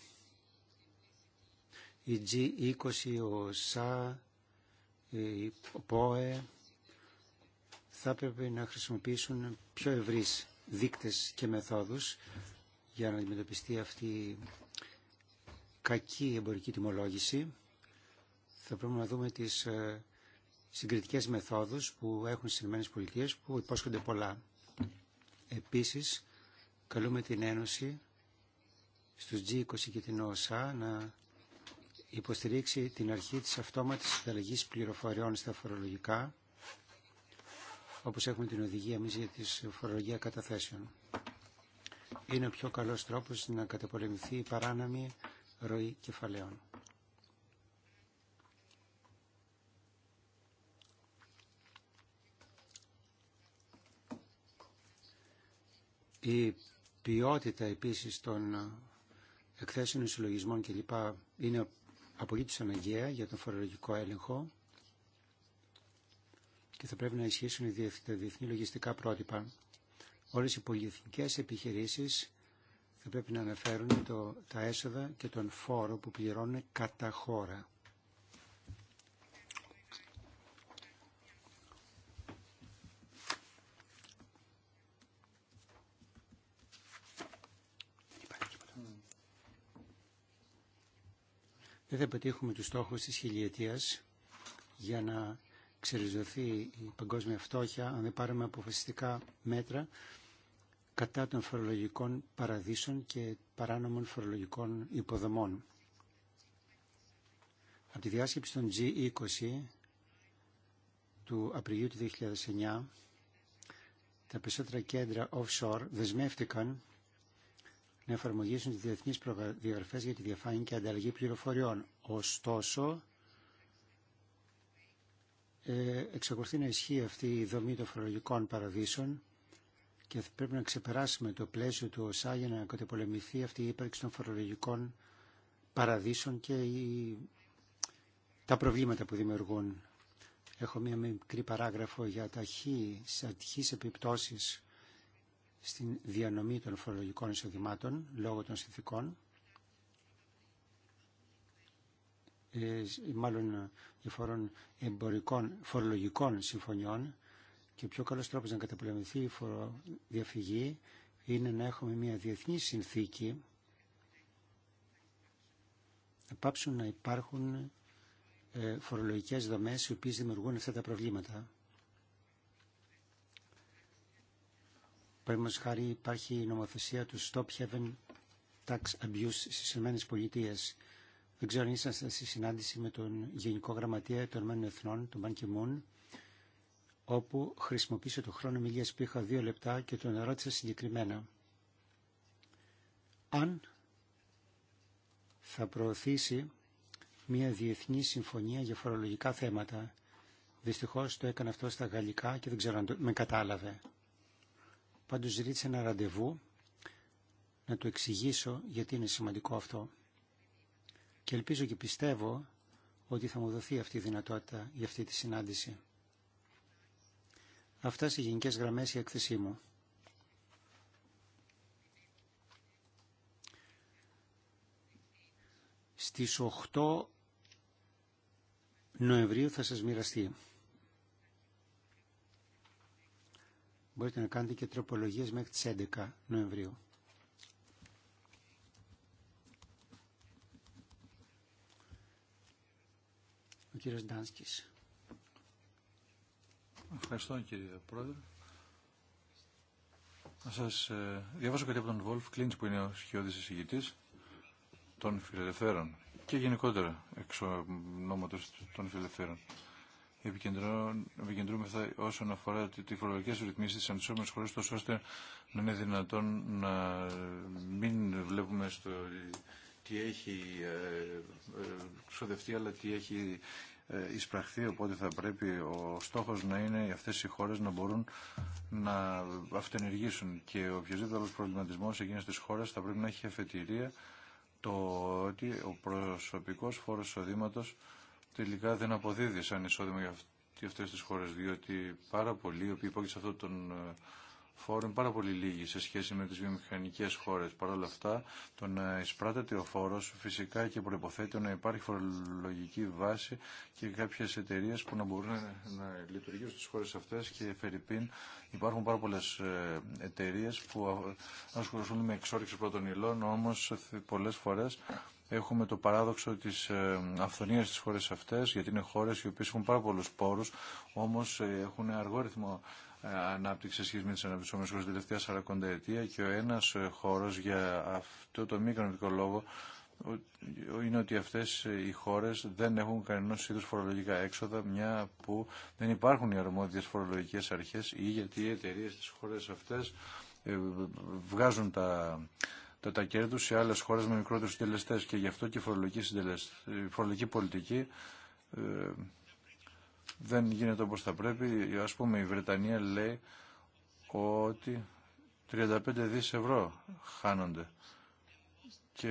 Η G20, ο ΣΑ, ε, η ΠΟΕ θα έπρεπε να χρησιμοποιήσουν πιο ευρύς δείκτες και μεθόδους για να αντιμετωπιστεί αυτή η κακή εμπορική τιμολόγηση. Θα πρέπει να δούμε τις ε, συγκριτικές μεθόδους που έχουν στις ΗΠΑ που υπόσχονται πολλά. Επίσης, καλούμε την Ένωση στους G20 και την ΟΣΑ να υποστηρίξει την αρχή της αυτόματης συνταλλαγής πληροφοριών στα φορολογικά, όπως έχουμε την οδηγία εμείς για τη φορολογία καταθέσεων είναι ο πιο καλός τρόπος να καταπολεμηθεί η παράνομη ροή κεφαλαίων. Η ποιότητα επίσης των εκθέσεων συλλογισμών κλπ. είναι απολύτως αναγκαία για τον φορολογικό έλεγχο και θα πρέπει να ισχύσουν οι διεθνή λογιστικά πρότυπα. Όλες οι πολυεθνικές επιχειρήσεις θα πρέπει να αναφέρουν το, τα έσοδα και τον φόρο που πληρώνουν κατά χώρα. Δεν θα πετύχουμε τους στόχους της χιλιετίας για να ξεριζωθεί η παγκόσμια φτώχεια αν δεν πάρουμε αποφασιστικά μέτρα κατά των φορολογικών παραδείσων και παράνομων φορολογικών υποδομών. Από τη διάσκεψη των G20 του Απριλίου του 2009, τα περισσότερα κέντρα offshore δεσμεύτηκαν να εφαρμογήσουν τις διεθνείς προδιαγραφές για τη διαφάνεια και ανταλλαγή πληροφοριών. Ωστόσο, ε, εξακολουθεί να ισχύει αυτή η δομή των φορολογικών παραδείσων και πρέπει να ξεπεράσουμε το πλαίσιο του ΩΣΑ για να κατεπολεμηθεί αυτή η ύπαρξη των φορολογικών παραδείσων και η... τα προβλήματα που δημιουργούν. Έχω μία μικρή παράγραφο για τα ταχύς, ατυχείς επιπτώσεις στην διανομή των φορολογικών εισοδημάτων λόγω των συνθήκων. Ε, μάλλον διαφορών εμπορικών φορολογικών συμφωνιών και ο πιο καλός τρόπος να καταπολεμηθεί η φοροδιαφυγή είναι να έχουμε μια διεθνή συνθήκη να πάψουν να υπάρχουν ε, φορολογικές δομές οι οποίες δημιουργούν αυτά τα προβλήματα. Παραδείγματος χάρη υπάρχει η νομοθεσία του Stop Heaven Tax Abuse στις Ηνωμένες Πολιτείες. Δεν ξέρω αν ήσασταν στη συνάντηση με τον Γενικό Γραμματεία των ΗΠΑ Εθνών, τον Μπαν Κιμούν, όπου χρησιμοποίησε το χρόνο μιλίας που είχα δύο λεπτά και τον ερώτησα συγκεκριμένα. Αν θα προωθήσει μια διεθνή συμφωνία για φορολογικά θέματα. Δυστυχώς το έκανε αυτό στα γαλλικά και δεν ξέρω αν το... με κατάλαβε. Πάντω ζήτησε ένα ραντεβού να του εξηγήσω γιατί είναι σημαντικό αυτό. Και ελπίζω και πιστεύω ότι θα μου δοθεί αυτή η δυνατότητα για αυτή τη συνάντηση. Αυτά σε γενικές γραμμές η έκθεσή μου. Στις 8 Νοεμβρίου θα σας μοιραστεί. Μπορείτε να κάνετε και τροπολογίες μέχρι τις 11 Νοεμβρίου. Ο κύριος Ντάνσκης. Ευχαριστώ κύριε Πρόεδρε. Να σας ε, διαβάσω κάτι από τον Βολφ Κλίντς που είναι ο σχεδόν εισηγητή των φιλελευθέρων και γενικότερα εξ ονόματο των φιλελευθέρων. Επικεντρούμεθα όσον αφορά τι φορολογικέ ρυθμίσει τη αντισώμενη χώρα, τόσο ώστε να είναι δυνατόν να μην βλέπουμε στο τι έχει ε, ε, ξοδευτεί, αλλά τι έχει ε, εισπραχθεί, οπότε θα πρέπει ο στόχος να είναι αυτές οι χώρες να μπορούν να αυτενεργήσουν και ο οποιοδήποτε άλλος προβληματισμός σε εκείνες τις χώρες θα πρέπει να έχει αφετηρία το ότι ο προσωπικός φόρος εισοδήματο τελικά δεν αποδίδει σαν εισόδημα για αυτές τις χώρες, διότι πάρα πολλοί οι οποίοι υπόκειται σε αυτόν τον ε, είναι πάρα πολύ λίγη σε σχέση με τις βιομηχανικές χώρες. Παρ' όλα αυτά, το να εισπράτεται ο φόρος φυσικά και προποθέτει να υπάρχει φορολογική βάση και κάποιες εταιρείε που να μπορούν να λειτουργήσουν στις χώρες αυτές και φερειπίν υπάρχουν πάρα πολλές ε, εταιρείε που ασχολούνται με εξόριξη πρώτων υλών, όμως πολλές φορές Έχουμε το παράδοξο τη ε, αυθονία στι χώρε αυτέ, γιατί είναι χώρε οι οποίε έχουν πάρα πολλού πόρου, όμω ε, έχουν αργό ρυθμό ε, ανάπτυξη σχέση με τι αναπτυσσόμενε χώρε τελευταία 40 ετία και ο ένα ε, χώρο για αυτό το μη οικονομικό λόγο είναι ότι αυτέ ε, οι χώρε δεν έχουν κανένα είδου φορολογικά έξοδα, μια που δεν υπάρχουν οι αρμόδιε φορολογικέ αρχέ ή γιατί οι εταιρείε στι χώρε αυτέ βγάζουν τα, τα, τα κέρδη σε άλλες χώρες με μικρότερους συντελεστές και γι' αυτό και η φορολογική, η φορολογική πολιτική δεν γίνεται όπως θα πρέπει. Ας πούμε η Βρετανία λέει ότι 35 δις ευρώ χάνονται και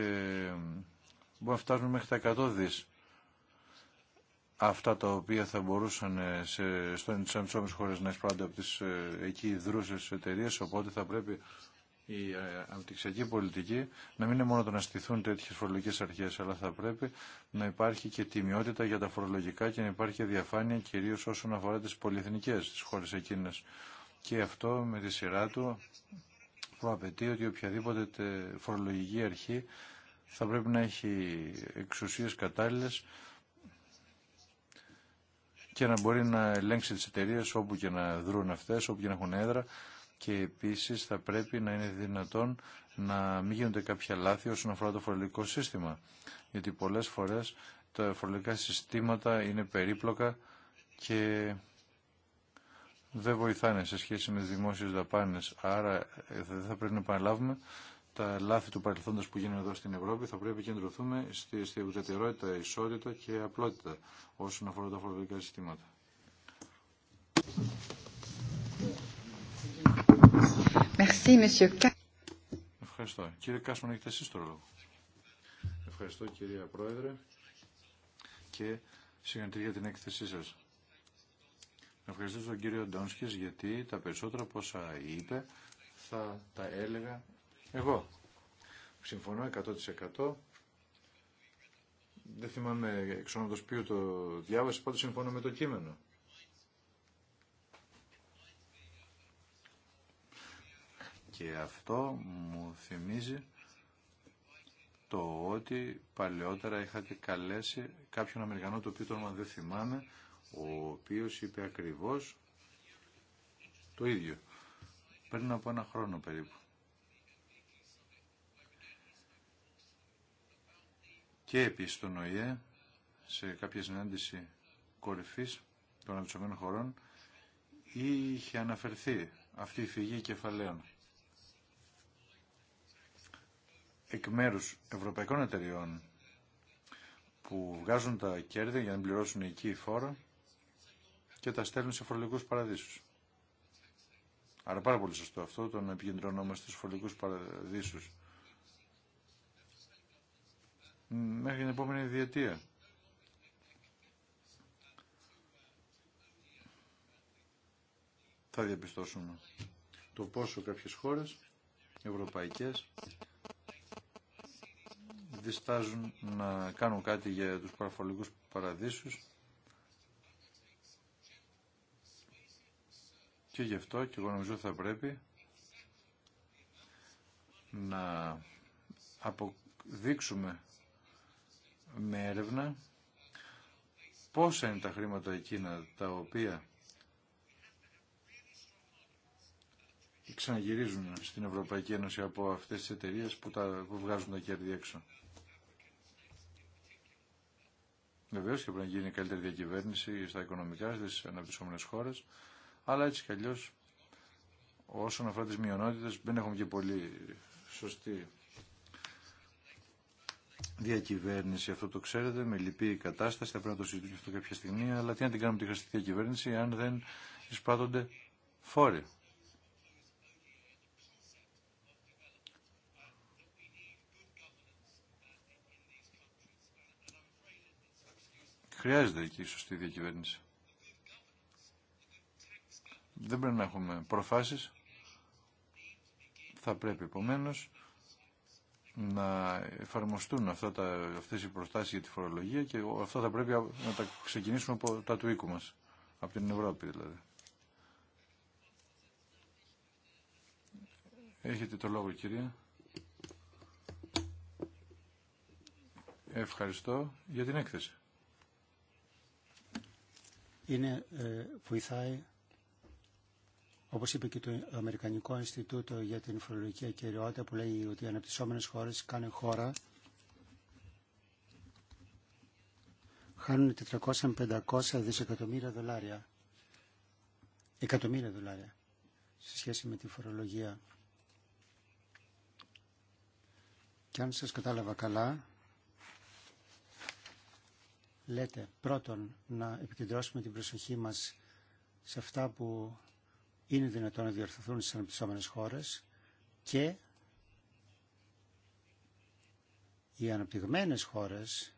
μπορεί να φτάσουν μέχρι τα 100 δις αυτά τα οποία θα μπορούσαν ε, σε, στον, χώρε χώρες να εισπράττουν από τις ε, εκεί δρούσες εταιρείες οπότε θα πρέπει η ε, αναπτυξιακή πολιτική να μην είναι μόνο το να στηθούν τέτοιε φορολογικέ αρχέ, αλλά θα πρέπει να υπάρχει και τιμιότητα για τα φορολογικά και να υπάρχει διαφάνεια κυρίω όσον αφορά τι πολυεθνικέ, τι χώρε εκείνε. Και αυτό με τη σειρά του προαπαιτεί ότι οποιαδήποτε φορολογική αρχή θα πρέπει να έχει εξουσίες κατάλληλες και να μπορεί να ελέγξει τις εταιρείε όπου και να δρούν αυτές, όπου και να έχουν έδρα και επίσης θα πρέπει να είναι δυνατόν να μην γίνονται κάποια λάθη όσον αφορά το φορολογικό σύστημα. Γιατί πολλές φορές τα φορολογικά συστήματα είναι περίπλοκα και δεν βοηθάνε σε σχέση με τις δημόσιες δαπάνες. Άρα ε, δεν θα πρέπει να επαναλάβουμε τα λάθη του παρελθόντος που γίνονται εδώ στην Ευρώπη. Θα πρέπει να κεντρωθούμε στη, στη ισότητα και απλότητα όσον αφορά τα φορολογικά συστήματα. Ευχαριστώ. Κύριε Κάσμαν, έχετε εσείς το λόγο. Ευχαριστώ κυρία Πρόεδρε και συγχαρητήρια για την έκθεσή σας. Να ευχαριστήσω τον κύριο Ντόνσκης γιατί τα περισσότερα από όσα είπε θα τα έλεγα εγώ. Συμφωνώ 100%. Δεν θυμάμαι εξ ονόματος ποιου το διάβασε, πάντως συμφωνώ με το κείμενο. και αυτό μου θυμίζει το ότι παλαιότερα είχατε καλέσει κάποιον Αμερικανό, το οποίο το όνομα δεν θυμάμαι, ο οποίος είπε ακριβώς το ίδιο. Πριν από ένα χρόνο περίπου. Και επίσης τον ΟΗΕ, σε κάποια συνάντηση κορυφής των αναπτυσσομένων χωρών, είχε αναφερθεί αυτή η φυγή κεφαλαίων. εκ μέρους ευρωπαϊκών εταιριών που βγάζουν τα κέρδη για να πληρώσουν εκεί φόρα και τα στέλνουν σε φορολογικούς παραδείσους. Άρα πάρα πολύ σωστό αυτό το να επικεντρωνόμαστε στους φορολογικούς παραδείσους. Μέχρι την επόμενη διετία. Θα διαπιστώσουμε το πόσο κάποιες χώρες ευρωπαϊκές διστάζουν να κάνουν κάτι για τους παραφορικούς παραδείσους και γι' αυτό και εγώ νομίζω θα πρέπει να αποδείξουμε με έρευνα πόσα είναι τα χρήματα εκείνα τα οποία ξαναγυρίζουν στην Ευρωπαϊκή Ένωση από αυτές τις εταιρείες που, τα, που βγάζουν τα κέρδη έξω. Βεβαίω και πρέπει να γίνει καλύτερη διακυβέρνηση στα οικονομικά στις αναπτυσσόμενες χώρες. Αλλά έτσι κι αλλιώς όσον αφορά τι μειονότητες δεν έχουμε και πολύ σωστή διακυβέρνηση. Αυτό το ξέρετε, με λυπή κατάσταση. Θα πρέπει να το συζητήσουμε αυτό κάποια στιγμή. Αλλά τι να την κάνουμε τη χρηστική διακυβέρνηση, αν δεν εισπάτονται φόροι. Χρειάζεται εκεί η σωστή διακυβέρνηση. Δεν πρέπει να έχουμε προφάσεις. Θα πρέπει επομένως να εφαρμοστούν αυτά τα, αυτές οι προστάσεις για τη φορολογία και αυτό θα πρέπει να τα ξεκινήσουμε από τα του οίκου μας, από την Ευρώπη δηλαδή. Έχετε το λόγο κυρία. Ευχαριστώ για την έκθεση είναι, ε, βοηθάει, όπως είπε και το Αμερικανικό Ινστιτούτο για την Φορολογική Ακαιριότητα, που λέει ότι οι αναπτυσσόμενες χώρες κάνουν χώρα χάνουν 400-500 δισεκατομμύρια δολάρια. Εκατομμύρια δολάρια σε σχέση με τη φορολογία. Και αν σας κατάλαβα καλά, λέτε πρώτον να επικεντρώσουμε την προσοχή μας σε αυτά που είναι δυνατόν να διορθωθούν στις αναπτυσσόμενες χώρες και οι αναπτυγμένες χώρες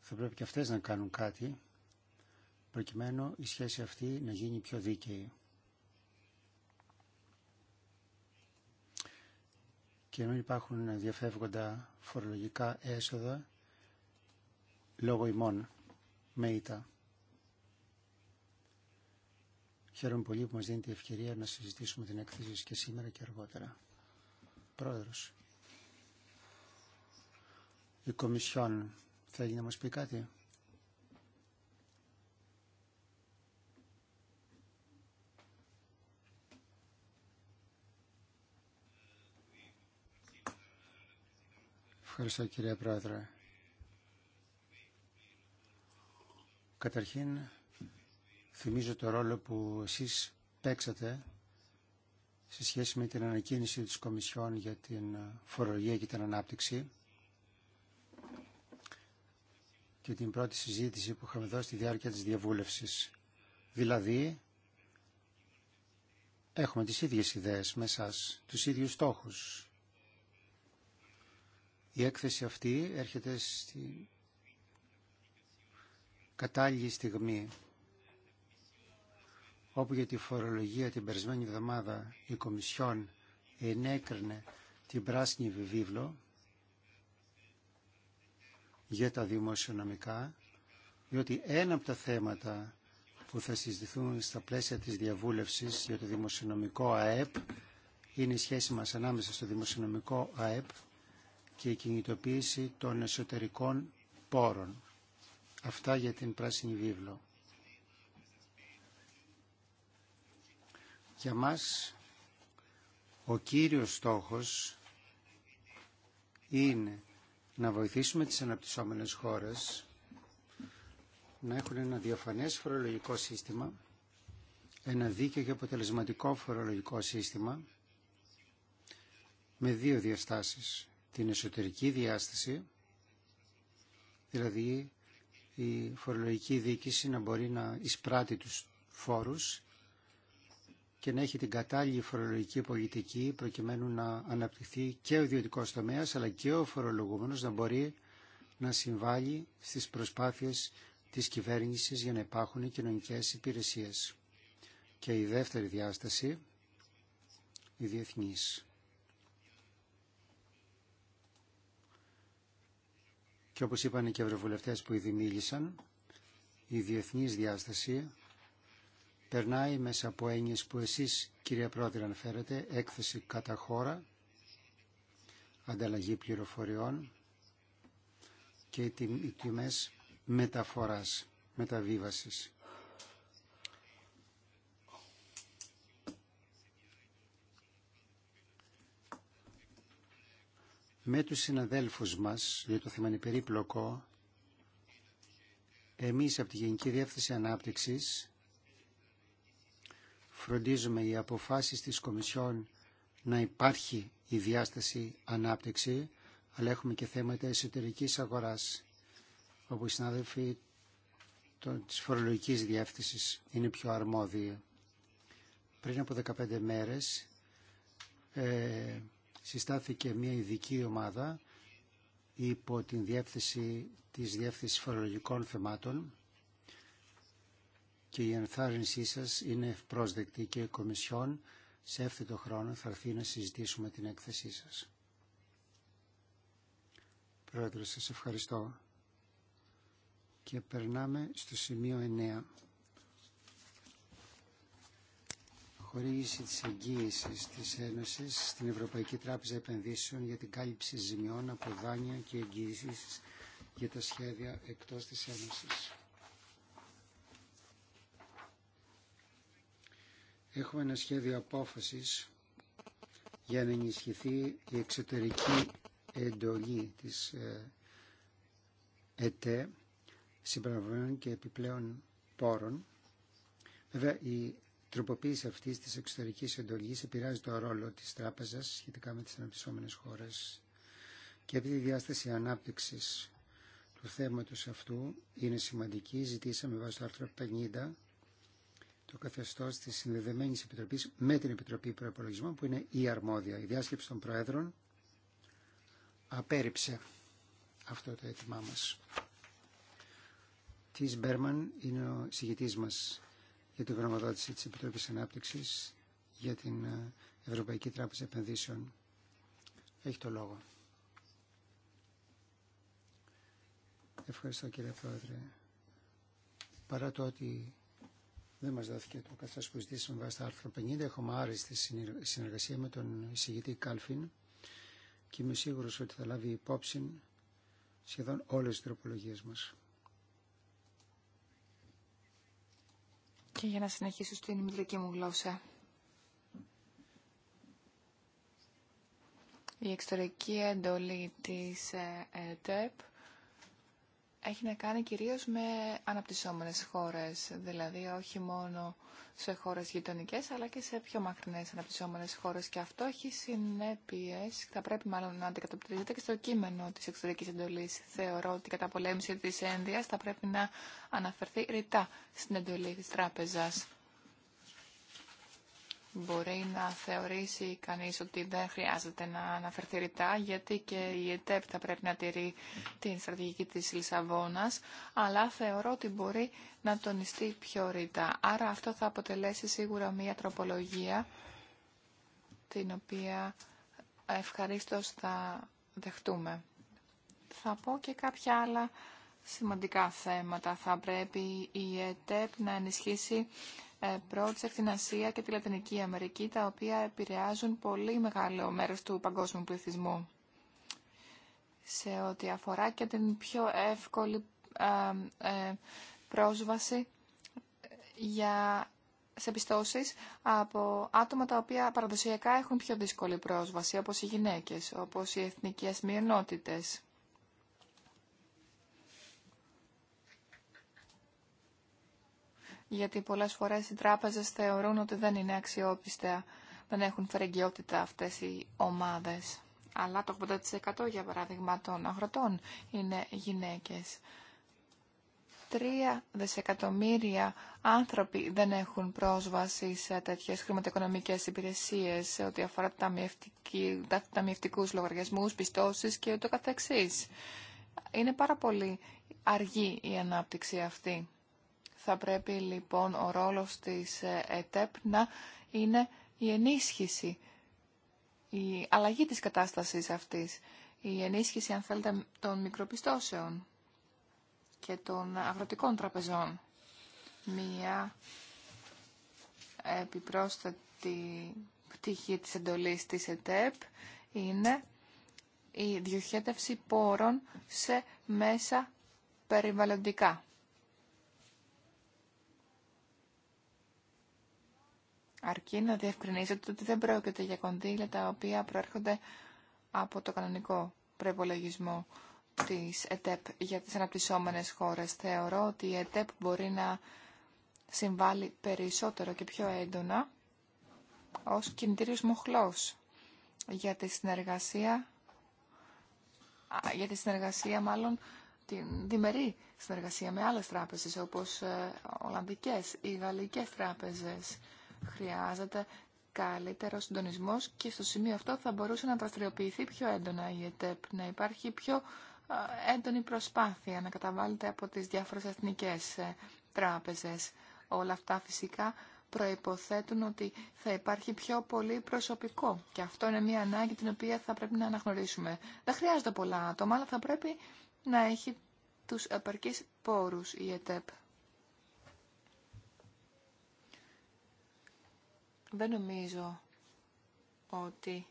θα πρέπει και αυτές να κάνουν κάτι προκειμένου η σχέση αυτή να γίνει πιο δίκαιη. Και ενώ υπάρχουν διαφεύγοντα φορολογικά έσοδα λόγω ημών με Χαίρομαι πολύ που μας δίνει τη ευκαιρία να συζητήσουμε την έκθεση και σήμερα και αργότερα. Πρόεδρος, η Κομισιόν θέλει να μας πει κάτι. Ευχαριστώ κύριε Πρόεδρε. Καταρχήν, θυμίζω το ρόλο που εσείς παίξατε σε σχέση με την ανακοίνηση της Κομισιόν για την φορολογία και την ανάπτυξη και την πρώτη συζήτηση που είχαμε δώσει στη διάρκεια της διαβούλευσης. Δηλαδή, έχουμε τις ίδιες ιδέες με σας, τους ίδιους στόχους. Η έκθεση αυτή έρχεται στη κατάλληλη στιγμή όπου για τη φορολογία την περισμένη εβδομάδα η Κομισιόν ενέκρινε την πράσινη βιβλίο για τα δημοσιονομικά, διότι ένα από τα θέματα που θα συζητηθούν στα πλαίσια της διαβούλευσης για το δημοσιονομικό ΑΕΠ είναι η σχέση μας ανάμεσα στο δημοσιονομικό ΑΕΠ και η κινητοποίηση των εσωτερικών πόρων. Αυτά για την πράσινη βίβλο. Για μας ο κύριος στόχος είναι να βοηθήσουμε τις αναπτυσσόμενες χώρες να έχουν ένα διαφανές φορολογικό σύστημα, ένα δίκαιο και αποτελεσματικό φορολογικό σύστημα με δύο διαστάσεις. Την εσωτερική διάσταση, δηλαδή η φορολογική διοίκηση να μπορεί να εισπράττει τους φόρους και να έχει την κατάλληλη φορολογική πολιτική προκειμένου να αναπτυχθεί και ο ιδιωτικό τομέα αλλά και ο φορολογούμενος να μπορεί να συμβάλλει στις προσπάθειες της κυβέρνησης για να υπάρχουν κοινωνικές υπηρεσίες. Και η δεύτερη διάσταση, η διεθνής. και όπως είπαν και οι ευρωβουλευτές που ήδη μίλησαν, η διεθνής διάσταση περνάει μέσα από έννοιες που εσείς, κυρία Πρόεδρε, αναφέρετε, έκθεση κατά χώρα, ανταλλαγή πληροφοριών και οι τιμές μεταφοράς, μεταβίβασης. με τους συναδέλφους μας, για το θέμα είναι περίπλοκο, εμείς από τη Γενική Διεύθυνση Ανάπτυξης φροντίζουμε οι αποφάσεις της Κομισιόν να υπάρχει η διάσταση ανάπτυξη, αλλά έχουμε και θέματα εσωτερικής αγοράς, όπου οι συνάδελφοι της φορολογικής διεύθυνσης είναι πιο αρμόδιοι. Πριν από 15 μέρες ε, συστάθηκε μια ειδική ομάδα υπό την διεύθυνση της Διεύθυνσης Φορολογικών Θεμάτων και η ενθάρρυνσή σας είναι ευπρόσδεκτη και η Κομισιόν σε το χρόνο θα έρθει να συζητήσουμε την έκθεσή σας. Πρόεδρε, σας ευχαριστώ. Και περνάμε στο σημείο 9. χορήγηση της εγγύησης της Ένωσης στην Ευρωπαϊκή Τράπεζα Επενδύσεων για την κάλυψη ζημιών από δάνεια και εγγύηση για τα σχέδια εκτός της Ένωσης. Έχουμε ένα σχέδιο απόφασης για να ενισχυθεί η εξωτερική εντολή της ε, ΕΤΕ συμπεριλαμβανομένων και επιπλέον πόρων. Βέβαια, η τροποποίηση αυτή τη εξωτερική εντολή επηρεάζει το ρόλο τη τράπεζα σχετικά με τι αναπτυσσόμενε χώρε. Και επειδή η διάσταση ανάπτυξη του θέματο αυτού είναι σημαντική, ζητήσαμε βάσει το άρθρο 50 το καθεστώ τη συνδεδεμένη επιτροπή με την Επιτροπή Προεπολογισμού, που είναι η αρμόδια. Η διάσκεψη των Προέδρων απέρριψε αυτό το αίτημά μας. Τις Μπέρμαν είναι ο συγητής μας για την γνωμοδότηση της Επιτροπής Ανάπτυξης για την ε, Ευρωπαϊκή Τράπεζα Επενδύσεων. Έχει το λόγο. Ευχαριστώ κύριε Πρόεδρε. Παρά το ότι δεν μας δόθηκε το καθώς που ζητήσαμε βάσει τα άρθρα 50, έχουμε άριστη συνεργασία με τον εισηγητή Κάλφιν και είμαι σίγουρος ότι θα λάβει υπόψη σχεδόν όλες τις τροπολογίες μας. Και για να συνεχίσω στην μητρική μου γλώσσα. Η εξωτερική εντολή της ΕΤΕΠ ε, έχει να κάνει κυρίως με αναπτυσσόμενες χώρες, δηλαδή όχι μόνο σε χώρες γειτονικέ, αλλά και σε πιο μακρινές αναπτυσσόμενες χώρες και αυτό έχει συνέπειες, θα πρέπει μάλλον να αντικατοπτρίζεται και στο κείμενο της εξωτερικής εντολής. Θεωρώ ότι η καταπολέμηση της ένδυας θα πρέπει να αναφερθεί ρητά στην εντολή της τράπεζας. Μπορεί να θεωρήσει κανείς ότι δεν χρειάζεται να αναφερθεί ρητά, γιατί και η ΕΤΕΠ θα πρέπει να τηρεί την στρατηγική της Λισαβόνας, αλλά θεωρώ ότι μπορεί να τονιστεί πιο ρητά. Άρα αυτό θα αποτελέσει σίγουρα μία τροπολογία, την οποία ευχαρίστως θα δεχτούμε. Θα πω και κάποια άλλα σημαντικά θέματα. Θα πρέπει η ΕΤΕΠ να ενισχύσει ε, project στην Ασία και τη Λατινική Αμερική, τα οποία επηρεάζουν πολύ μεγάλο μέρος του παγκόσμιου πληθυσμού. Σε ό,τι αφορά και την πιο εύκολη ε, ε, πρόσβαση για σε πιστώσεις από άτομα τα οποία παραδοσιακά έχουν πιο δύσκολη πρόσβαση, όπως οι γυναίκες, όπως οι εθνικές μειονότητες. γιατί πολλές φορές οι τράπεζες θεωρούν ότι δεν είναι αξιόπιστα, δεν έχουν φερεγγιότητα αυτές οι ομάδες. Αλλά το 80% για παράδειγμα των αγροτών είναι γυναίκες. Τρία δισεκατομμύρια άνθρωποι δεν έχουν πρόσβαση σε τέτοιες χρηματοοικονομικές υπηρεσίες σε ό,τι αφορά τα ταμιευτικούς λογαριασμούς, πιστώσεις και ούτω καθεξής. Είναι πάρα πολύ αργή η ανάπτυξη αυτή. Θα πρέπει λοιπόν ο ρόλος της ε, ΕΤΕΠ να είναι η ενίσχυση, η αλλαγή της κατάστασης αυτής, η ενίσχυση αν θέλετε των μικροπιστώσεων και των αγροτικών τραπεζών. Μία επιπρόσθετη πτυχή της εντολής της ΕΤΕΠ είναι η διοχέτευση πόρων σε μέσα περιβαλλοντικά. αρκεί να διευκρινίζεται ότι δεν πρόκειται για κονδύλια τα οποία προέρχονται από το κανονικό προπολογισμό της ΕΤΕΠ για τις αναπτυσσόμενες χώρες. Θεωρώ ότι η ΕΤΕΠ μπορεί να συμβάλλει περισσότερο και πιο έντονα ως κινητήριος μοχλός για τη συνεργασία, για τη συνεργασία μάλλον την διμερή συνεργασία με άλλες τράπεζες όπως ε, ολλανδικές ή γαλλικές τράπεζες Χρειάζεται καλύτερο συντονισμό και στο σημείο αυτό θα μπορούσε να δραστηριοποιηθεί πιο έντονα η ΕΤΕΠ, να υπάρχει πιο έντονη προσπάθεια να καταβάλλεται από τις διάφορες εθνικές ε, τράπεζες. Όλα αυτά φυσικά προϋποθέτουν ότι θα υπάρχει πιο πολύ προσωπικό και αυτό είναι μια ανάγκη την οποία θα πρέπει να αναγνωρίσουμε. Δεν χρειάζεται πολλά άτομα, αλλά θα πρέπει να έχει τους επαρκείς πόρους η ΕΤΕΠ. Δεν νομίζω ότι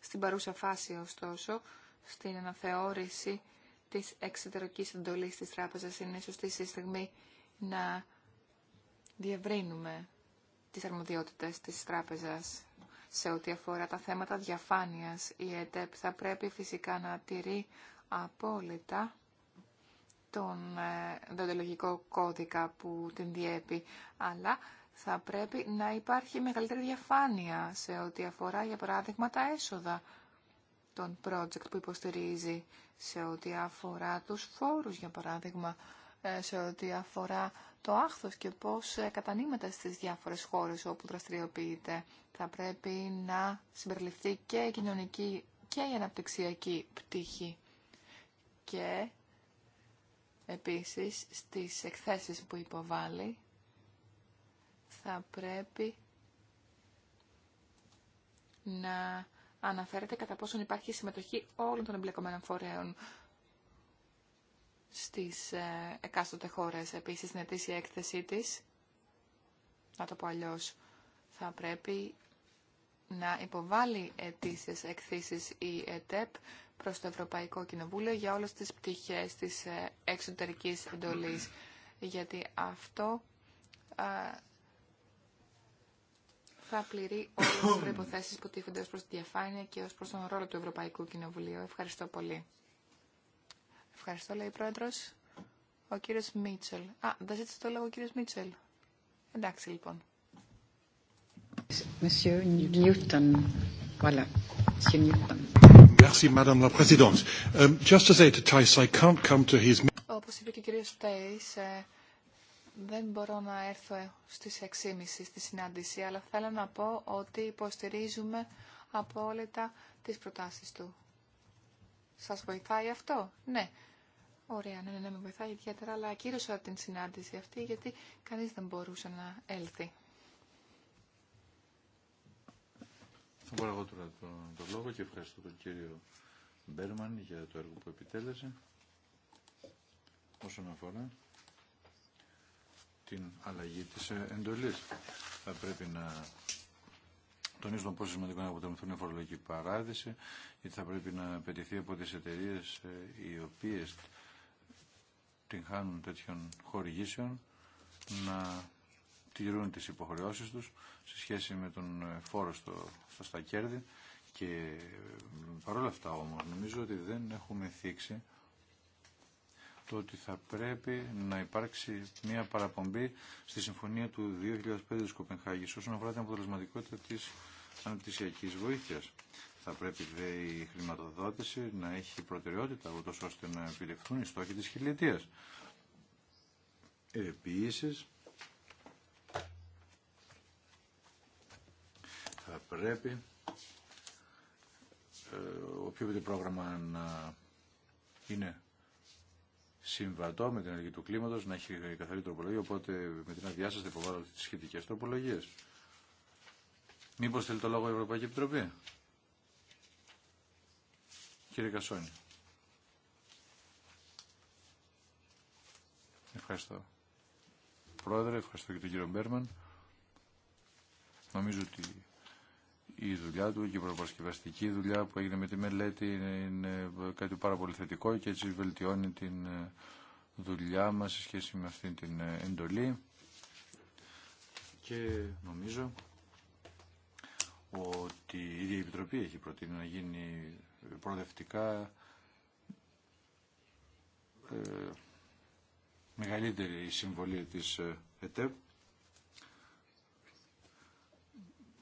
στην παρούσα φάση, ωστόσο, στην αναθεώρηση της εξωτερικής εντολής της τράπεζας είναι σωστή στη στιγμή να διευρύνουμε τις αρμοδιότητες της τράπεζας σε ό,τι αφορά τα θέματα διαφάνειας. Η ΕΤΕΠ θα πρέπει φυσικά να τηρεί απόλυτα τον ε, δοντολογικό κώδικα που την διέπει, αλλά θα πρέπει να υπάρχει μεγαλύτερη διαφάνεια σε ό,τι αφορά, για παράδειγμα, τα έσοδα των project που υποστηρίζει, σε ό,τι αφορά τους φόρους, για παράδειγμα, ε, σε ό,τι αφορά το άχθος και πώς ε, κατανείμεται στις διάφορες χώρες όπου δραστηριοποιείται. Θα πρέπει να συμπεριληφθεί και η κοινωνική και η αναπτυξιακή πτυχή. Και Επίσης, στις εκθέσεις που υποβάλλει, θα πρέπει να αναφέρεται κατά πόσον υπάρχει συμμετοχή όλων των εμπλεκομένων φορέων στις ε, εκάστοτε χώρες. Επίσης, στην ετήσια έκθεσή της, να το πω θα πρέπει να υποβάλει ετήσιες εκθήσεις η ΕΤΕΠ προς το Ευρωπαϊκό Κοινοβούλιο για όλες τις πτυχές της ε, εξωτερικής εντολής. Γιατί αυτό θα πληρεί όλες τις προϋποθέσεις που τύφονται ως προς τη διαφάνεια και ως προς τον ρόλο του Ευρωπαϊκού Κοινοβουλίου. Ευχαριστώ πολύ. Ευχαριστώ, λέει η Πρόεδρος. Ο κύριος Μίτσελ. Α, δεν ζήτησε το λόγο ο κύριος Μίτσελ. Εντάξει, λοιπόν. Monsieur Newton. Voilà. Monsieur Newton. Όπως είπε και ο κύριος Στέις, ε, δεν μπορώ να έρθω στις 6.30 στη συνάντηση, αλλά θέλω να πω ότι υποστηρίζουμε απόλυτα τις προτάσεις του. Σας βοηθάει αυτό? Ναι. Ωραία, ναι, ναι, ναι με βοηθάει ιδιαίτερα, αλλά ακύρωσα την συνάντηση αυτή γιατί κανείς δεν μπορούσε να έλθει. Θα πάρω τώρα τον, τον λόγο και ευχαριστώ τον κύριο Μπέρμαν για το έργο που επιτέλεσε όσον αφορά την αλλαγή της εντολής. Θα πρέπει να τονίζουμε πόσο σημαντικό είναι να αποτελούν η φορολογική παράδειση, γιατί θα πρέπει να πετυχθεί από τις εταιρείε ε, οι οποίες την χάνουν τέτοιων χορηγήσεων να τηρούν τις υποχρεώσεις τους σε σχέση με τον ε, φόρο στο, στο στα κέρδη και ε, παρόλα αυτά όμως νομίζω ότι δεν έχουμε θίξει το ότι θα πρέπει να υπάρξει μια παραπομπή στη συμφωνία του 2005 της Κοπενχάγης όσον αφορά την αποτελεσματικότητα της αναπτυσιακής βοήθειας. Θα πρέπει δε η χρηματοδότηση να έχει προτεραιότητα ούτως ώστε να επιλεχθούν οι στόχοι της χιλιετίας. Επίσης, πρέπει ε, οποιοδήποτε πρόγραμμα να είναι συμβατό με την αλλαγή του κλίματος, να έχει καθαρή τροπολογία, οπότε με την αδειά σας θα υποβάλλω τις σχετικές τροπολογίες. Μήπως θέλει το λόγο η Ευρωπαϊκή Επιτροπή. Κύριε Κασόνη. Ευχαριστώ. Πρόεδρε, ευχαριστώ και τον κύριο Μπέρμαν. Νομίζω ότι η δουλειά του και η προπαρασκευαστική δουλειά που έγινε με τη μελέτη είναι κάτι πάρα πολύ θετικό και έτσι βελτιώνει την ε, δουλειά μας σε σχέση με αυτή την ε, εντολή και νομίζω ότι η ίδια η Επιτροπή έχει προτείνει να γίνει προοδευτικά ε, μεγαλύτερη η συμβολή της ΕΤΕΠ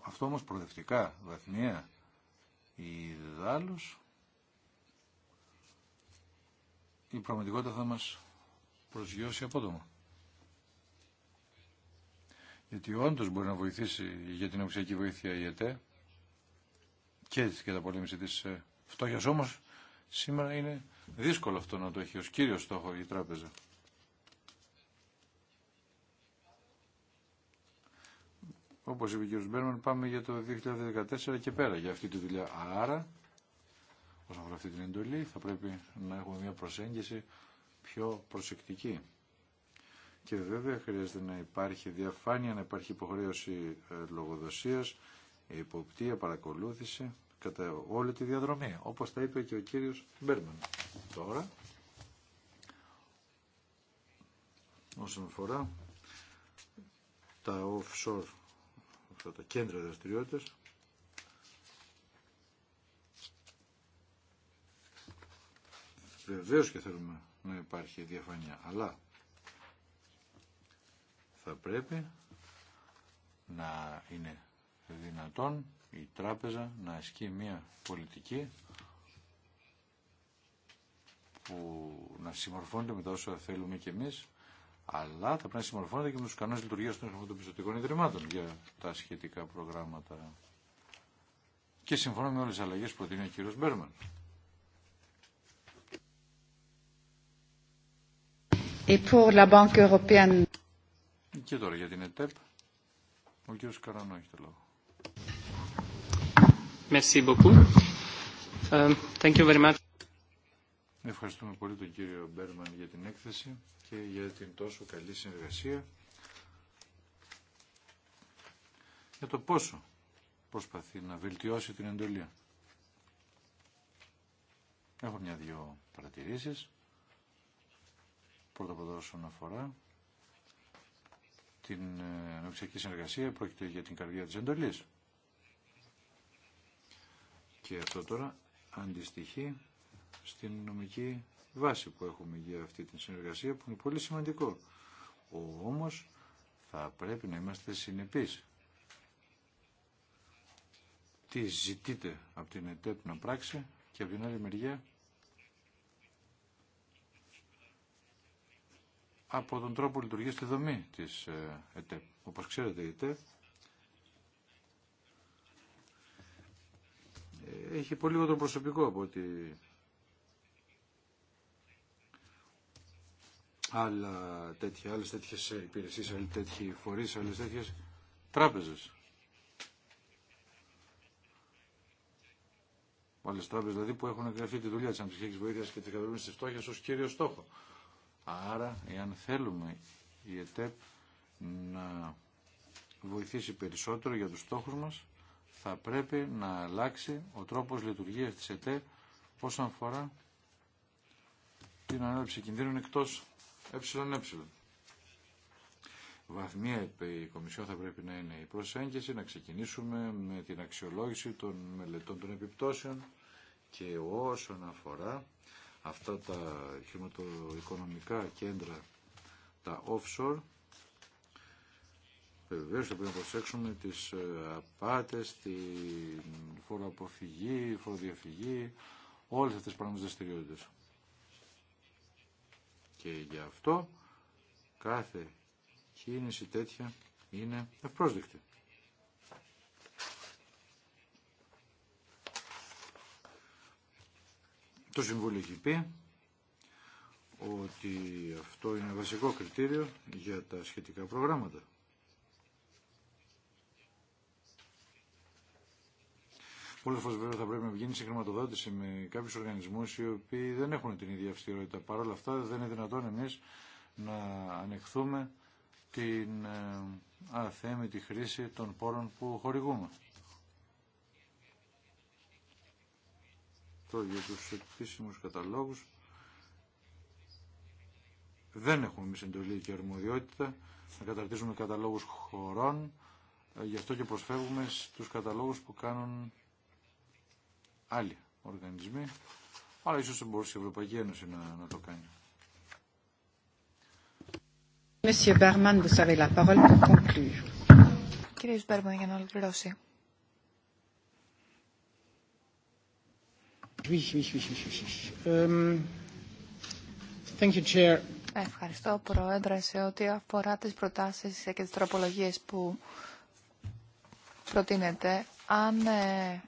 Αυτό όμως προοδευτικά, ή δεδάλλως, Η δάλος, η πραγματικότητα θα μας προσγειώσει απότομα. Γιατί όντως μπορεί να βοηθήσει για την οξιακή βοήθεια η ΕΤΕ και τη τα πολέμηση της ε, φτώχειας. Όμως σήμερα είναι δύσκολο αυτό να το έχει ως κύριο στόχο η τράπεζα. Όπως είπε ο κ. Μπέρμαν, πάμε για το 2014 και πέρα για αυτή τη δουλειά. Άρα, όσον αφορά αυτή την εντολή, θα πρέπει να έχουμε μια προσέγγιση πιο προσεκτική. Και βέβαια χρειάζεται να υπάρχει διαφάνεια, να υπάρχει υποχρέωση ε, λογοδοσίας, υποπτία, παρακολούθηση κατά όλη τη διαδρομή, όπως τα είπε και ο κύριος Μπέρμαν. Τώρα, όσον αφορά τα offshore τα κέντρα δραστηριότητα. βεβαίως και θέλουμε να υπάρχει διαφάνεια αλλά θα πρέπει να είναι δυνατόν η τράπεζα να ασκεί μια πολιτική που να συμμορφώνεται με τα όσα θέλουμε και εμείς αλλά θα πρέπει να συμμορφώνεται και με του κανόνε λειτουργία των χρηματοπιστωτικών ιδρυμάτων για τα σχετικά προγράμματα. Και συμφωνώ με όλε τι αλλαγέ που προτείνει ο κύριος Μπέρμαν. Και τώρα για την ΕΤΕΠ, ο κύριος Καρανό έχει το λόγο. Merci beaucoup. Euh, thank you very much. Ευχαριστούμε πολύ τον κύριο Μπέρμαν για την έκθεση και για την τόσο καλή συνεργασία. Για το πόσο προσπαθεί να βελτιώσει την εντολή. Έχω μια-δυο παρατηρήσεις. Πρώτα από εδώ όσον αφορά την ε, αναπτυξιακή συνεργασία πρόκειται για την καρδιά της εντολής. Και αυτό τώρα αντιστοιχεί στην νομική βάση που έχουμε για αυτή τη συνεργασία που είναι πολύ σημαντικό. όμως θα πρέπει να είμαστε συνεπείς. Τι ζητείτε από την ΕΤΕΠ να πράξει και από την άλλη μεριά από τον τρόπο λειτουργίας στη δομή της ε, ΕΤΕΠ. Όπως ξέρετε η ΕΤΕΠ ε, έχει πολύ λιγότερο προσωπικό από ότι άλλα τέτοια, άλλες τέτοιες υπηρεσίες, άλλες τέτοιοι φορείς, άλλες τέτοιες τράπεζες. Άλλε τράπεζε δηλαδή που έχουν εγγραφεί τη δουλειά τη ανθρωπιστική βοήθεια και τη κατανόηση τη φτώχεια ω κύριο στόχο. Άρα, εάν θέλουμε η ΕΤΕΠ να βοηθήσει περισσότερο για του στόχου μα, θα πρέπει να αλλάξει ο τρόπο λειτουργία τη ΕΤΕΠ όσον αφορά την ανάληψη κινδύνων εκτός ΕΕ. Βαθμία η Κομισιό θα πρέπει να είναι η προσέγγιση, να ξεκινήσουμε με την αξιολόγηση των μελετών των επιπτώσεων και όσον αφορά αυτά τα χρηματοοικονομικά κέντρα, τα offshore, Βεβαίως θα πρέπει να προσέξουμε τις ε, απάτες, τη φοροαποφυγή, φοροδιαφυγή, όλες αυτές τις παράνομες δραστηριότητες και γι' αυτό κάθε κίνηση τέτοια είναι ευπρόσδεκτη. Το Συμβούλιο έχει πει ότι αυτό είναι βασικό κριτήριο για τα σχετικά προγράμματα. Πολλέ φορέ βέβαια θα πρέπει να σε συγχρηματοδότηση με κάποιου οργανισμού οι οποίοι δεν έχουν την ίδια αυστηρότητα. Παρ' όλα αυτά δεν είναι δυνατόν εμεί να ανεχθούμε την ε, αθέμητη χρήση των πόρων που χορηγούμε. Το για τους επίσημους καταλόγους δεν έχουμε εμείς εντολή και αρμοδιότητα να καταρτίζουμε καταλόγους χωρών ε, γι' αυτό και προσφεύγουμε στους καταλόγους που κάνουν άλλοι οργανισμοί, αλλά ίσως θα μπορούσε η Ευρωπαϊκή Ένωση να, να το κάνει. Monsieur Berman, vous avez la parole pour conclure. Κύριε Σπέρμαν, για να ολοκληρώσει. Thank you, Chair. Ευχαριστώ, Πρόεδρε, σε ό,τι αφορά τις προτάσεις και τις τροπολογίες που προτείνετε. Αν ε,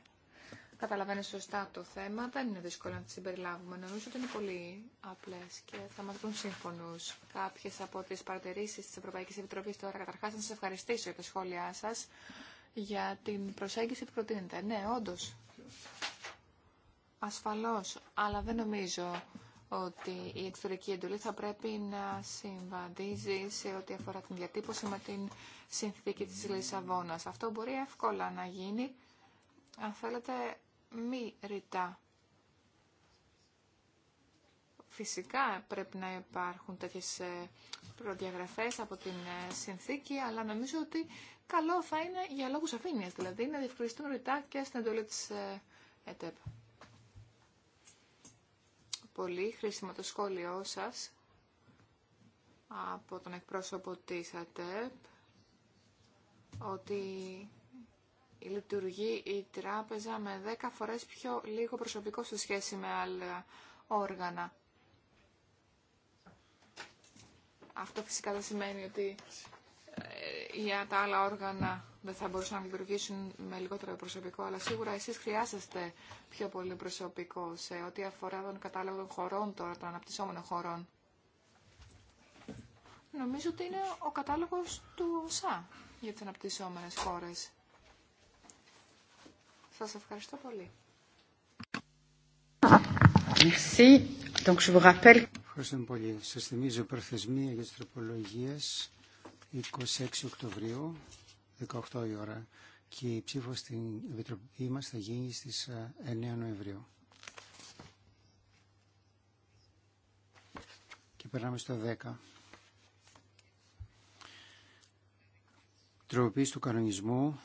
καταλαβαίνει σωστά το θέμα. Δεν είναι δύσκολο να τι συμπεριλάβουμε. Νομίζω ότι είναι πολύ απλέ και θα μα δουν σύμφωνου κάποιε από τι παρατηρήσει τη Ευρωπαϊκή Επιτροπή τώρα. καταρχά, να σα ευχαριστήσω για τα σχόλιά σα για την προσέγγιση που προτείνετε. Ναι, όντω. Ασφαλώς, αλλά δεν νομίζω ότι η εξωτερική εντολή θα πρέπει να συμβαδίζει σε ό,τι αφορά την διατύπωση με την συνθήκη της Λισαβόνας. Αυτό μπορεί εύκολα να γίνει, αν θέλετε, μη ρητά. Φυσικά πρέπει να υπάρχουν τέτοιες ε, προδιαγραφές από την ε, συνθήκη, αλλά νομίζω ότι καλό θα είναι για λόγους αφήνειας, δηλαδή να διευκριστούν ρητά και στην εντολή της ε, ΕΤΕΠ. Πολύ χρήσιμο το σχόλιο σας από τον εκπρόσωπο της ΑΤΕΠ ότι λειτουργεί η τράπεζα με 10 φορές πιο λίγο προσωπικό σε σχέση με άλλα όργανα. Αυτό φυσικά δεν σημαίνει ότι ε, για τα άλλα όργανα δεν θα μπορούσαν να λειτουργήσουν με λιγότερο προσωπικό, αλλά σίγουρα εσείς χρειάζεστε πιο πολύ προσωπικό σε ό,τι αφορά τον κατάλογο των χωρών τώρα, των αναπτυσσόμενων χωρών. Νομίζω ότι είναι ο κατάλογος του ΩΣΑ για τις αναπτυσσόμενες χώρες. Σας ευχαριστώ πολύ. Merci. Donc, je vous rappelle... Ευχαριστώ πολύ. Σας θυμίζω προθεσμία για τις τροπολογίες 26 Οκτωβρίου, 18 η ώρα και η ψήφο στην Επιτροπή μας θα γίνει στις 9 ε, Νοεμβρίου. Και περνάμε στο 10. Τροποποίηση του κανονισμού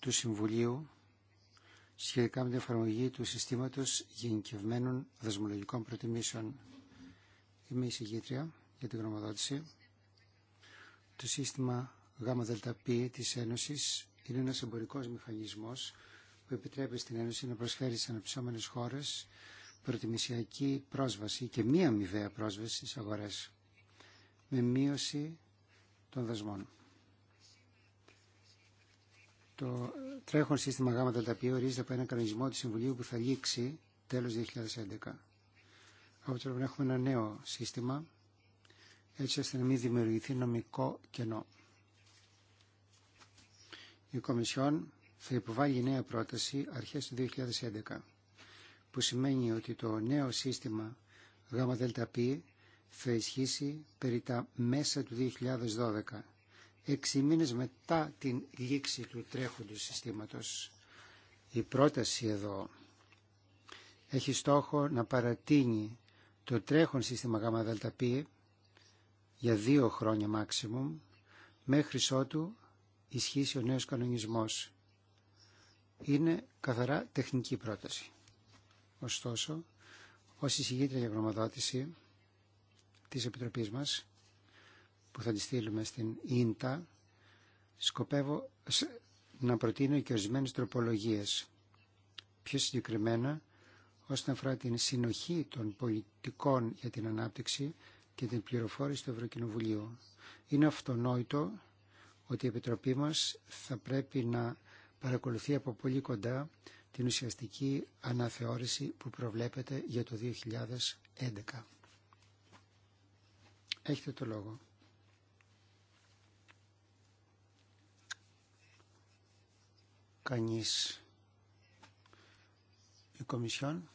του Συμβουλίου σχετικά με την εφαρμογή του συστήματος γενικευμένων δεσμολογικών προτιμήσεων. Είμαι συγκήτρια για την γνωμοδότηση. Το σύστημα ΓΔΠ της Ένωσης είναι ένας εμπορικός μηχανισμός που επιτρέπει στην Ένωση να προσφέρει σε αναπτυσσόμενες χώρες προτιμησιακή πρόσβαση και μία αμοιβαία πρόσβαση στις αγορές με μείωση των δεσμών. Το τρέχον σύστημα γάμα ορίζεται από ένα κανονισμό του Συμβουλίου που θα λήξει τέλος 2011. Από τώρα έχουμε ένα νέο σύστημα έτσι ώστε να μην δημιουργηθεί νομικό κενό. Η Κομισιόν θα υποβάλει νέα πρόταση αρχές του 2011 που σημαίνει ότι το νέο σύστημα ΓΔΠ θα ισχύσει περί τα μέσα του 2012 έξι μήνες μετά την λήξη του τρέχοντος συστήματος. Η πρόταση εδώ έχει στόχο να παρατείνει το τρέχον σύστημα ΓΔΠ για δύο χρόνια μάξιμουμ, μέχρι ότου ισχύσει ο νέος κανονισμός. Είναι καθαρά τεχνική πρόταση. Ωστόσο, ως εισηγήτρια για γνωμοδότηση της Επιτροπής μας, που θα τη στείλουμε στην ΙΝΤΑ, σκοπεύω να προτείνω και ορισμένε τροπολογίες. Πιο συγκεκριμένα, όσον αφορά την συνοχή των πολιτικών για την ανάπτυξη και την πληροφόρηση του Ευρωκοινοβουλίου. Είναι αυτονόητο ότι η Επιτροπή μας θα πρέπει να παρακολουθεί από πολύ κοντά την ουσιαστική αναθεώρηση που προβλέπεται για το 2011. Έχετε το λόγο. κανείς η Κομισιόν.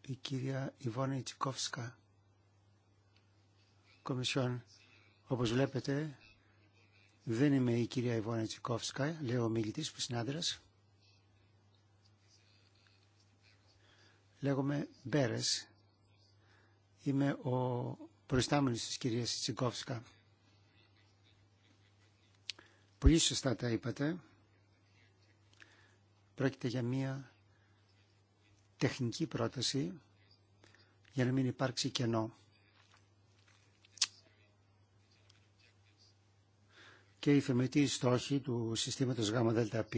Η κυρία Ιβόνα Ιτσικόφσκα, Κομισιόν. Όπως βλέπετε, δεν είμαι η κυρία Ιβόνα Ιτσικόφσκα λέω ο μιλητής που συνάδελας. Λέγομαι Μπέρες. Είμαι ο προϊστάμενης της κυρίας Τσικόφσκα. Πολύ σωστά τα είπατε. Πρόκειται για μία τεχνική πρόταση για να μην υπάρξει κενό. Και η θεμετή στόχη του συστήματος ΓΔΠ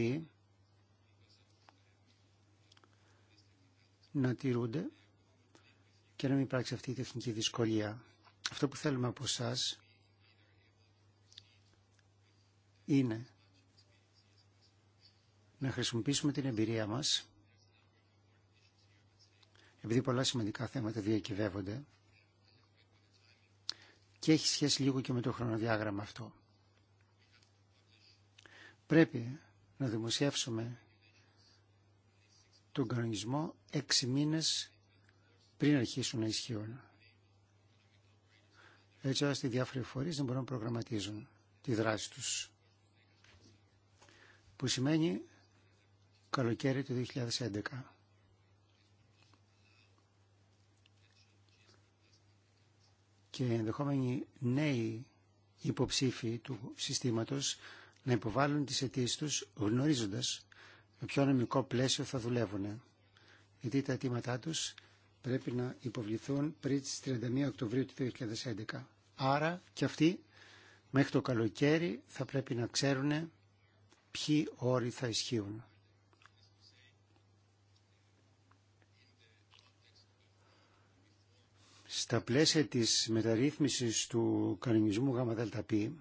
να τηρούνται και να μην υπάρξει αυτή η τεχνική δυσκολία. Αυτό που θέλουμε από εσά είναι να χρησιμοποιήσουμε την εμπειρία μας επειδή πολλά σημαντικά θέματα διακυβεύονται και έχει σχέση λίγο και με το χρονοδιάγραμμα αυτό. Πρέπει να δημοσιεύσουμε τον κανονισμό έξι μήνες πριν αρχίσουν να ισχύουν έτσι ώστε οι διάφοροι φορείς να μπορούν να προγραμματίζουν τη δράση τους. Που σημαίνει καλοκαίρι του 2011. Και ενδεχόμενοι νέοι υποψήφοι του συστήματος να υποβάλουν τις αιτήσει τους γνωρίζοντας με ποιο νομικό πλαίσιο θα δουλεύουν. Γιατί τα αιτήματά τους πρέπει να υποβληθούν πριν τις 31 Οκτωβρίου του 2011. Άρα και αυτοί μέχρι το καλοκαίρι θα πρέπει να ξέρουν ποιοι όροι θα ισχύουν. Στα πλαίσια της μεταρρύθμισης του κανονισμού ΓΔΠ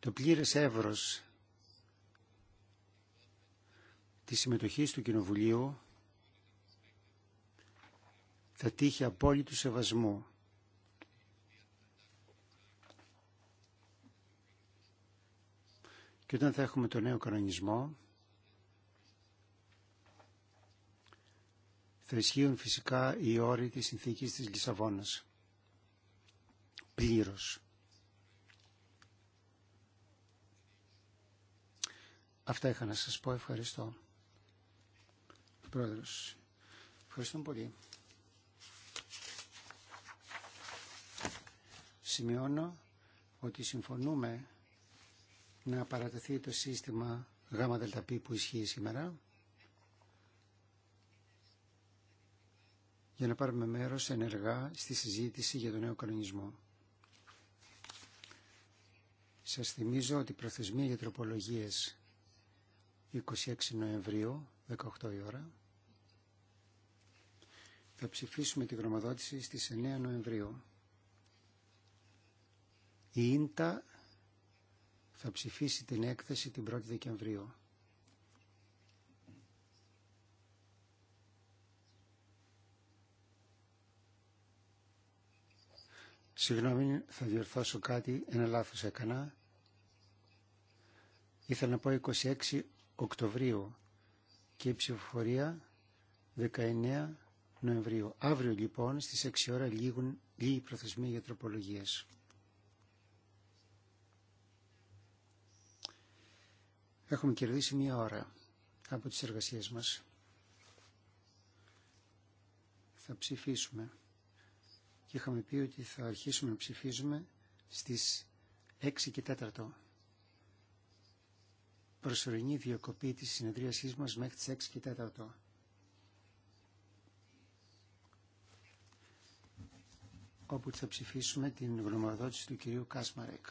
το πλήρες εύρος της συμμετοχής του Κοινοβουλίου θα τύχει απόλυτου σεβασμού. Και όταν θα έχουμε το νέο κανονισμό, θα ισχύουν φυσικά οι όροι της συνθήκης της Λισαβόνας. Πλήρως. Αυτά είχα να σας πω. Ευχαριστώ. Πρόεδρος. Ευχαριστώ πολύ. σημειώνω ότι συμφωνούμε να παρατεθεί το σύστημα ΓΔΠ που ισχύει σήμερα για να πάρουμε μέρος ενεργά στη συζήτηση για τον νέο κανονισμό. Σας θυμίζω ότι η προθεσμία για τροπολογίες 26 Νοεμβρίου, 18 η ώρα, θα ψηφίσουμε τη γνωμοδότηση στις 9 Νοεμβρίου. Η ίντα θα ψηφίσει την έκθεση την 1η Δεκεμβρίου. Συγγνώμη, θα διορθώσω κάτι, ένα λάθος έκανα. Ήθελα να πω 26 Οκτωβρίου και η ψηφοφορία 19 Νοεμβρίου. Αύριο λοιπόν στις 6 ώρα λύγουν, οι προθεσμοί για τροπολογίες. Έχουμε κερδίσει μία ώρα από τις εργασίες μας. Θα ψηφίσουμε. Και είχαμε πει ότι θα αρχίσουμε να ψηφίζουμε στις 6 και 4. Προσωρινή διακοπή της συνεδρίασής μας μέχρι τις 6 και 4. όπου θα ψηφίσουμε την γνωμοδότηση του κυρίου Κάσμαρεκ.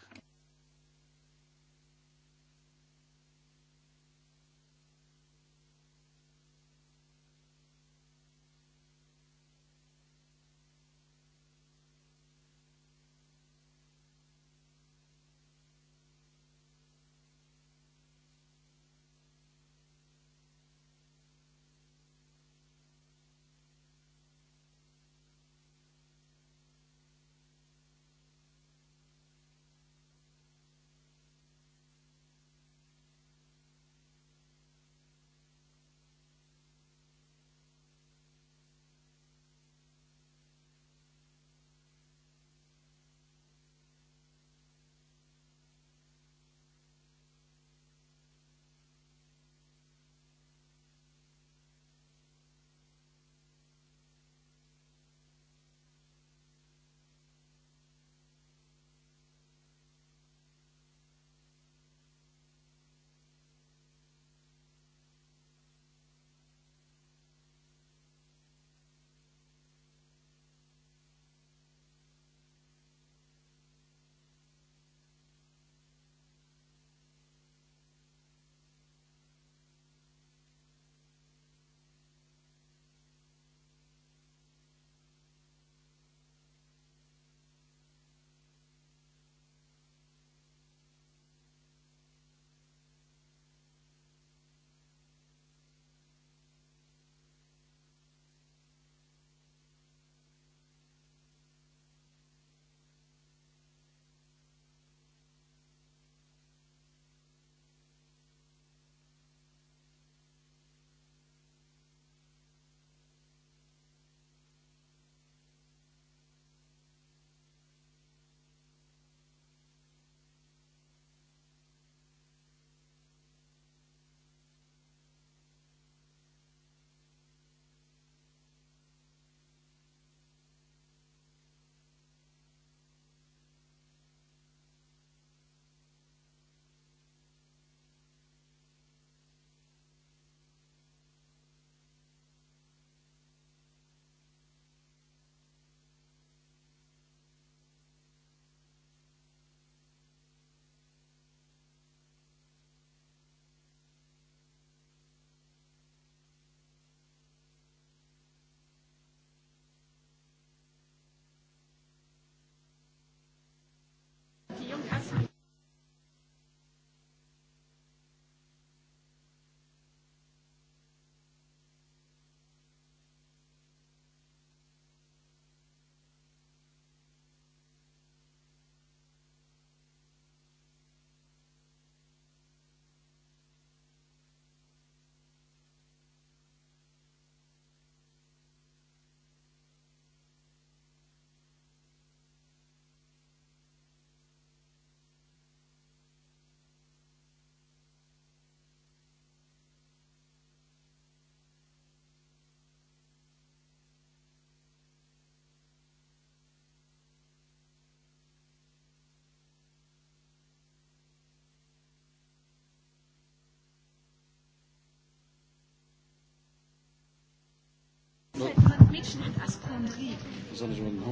Besonders mit dem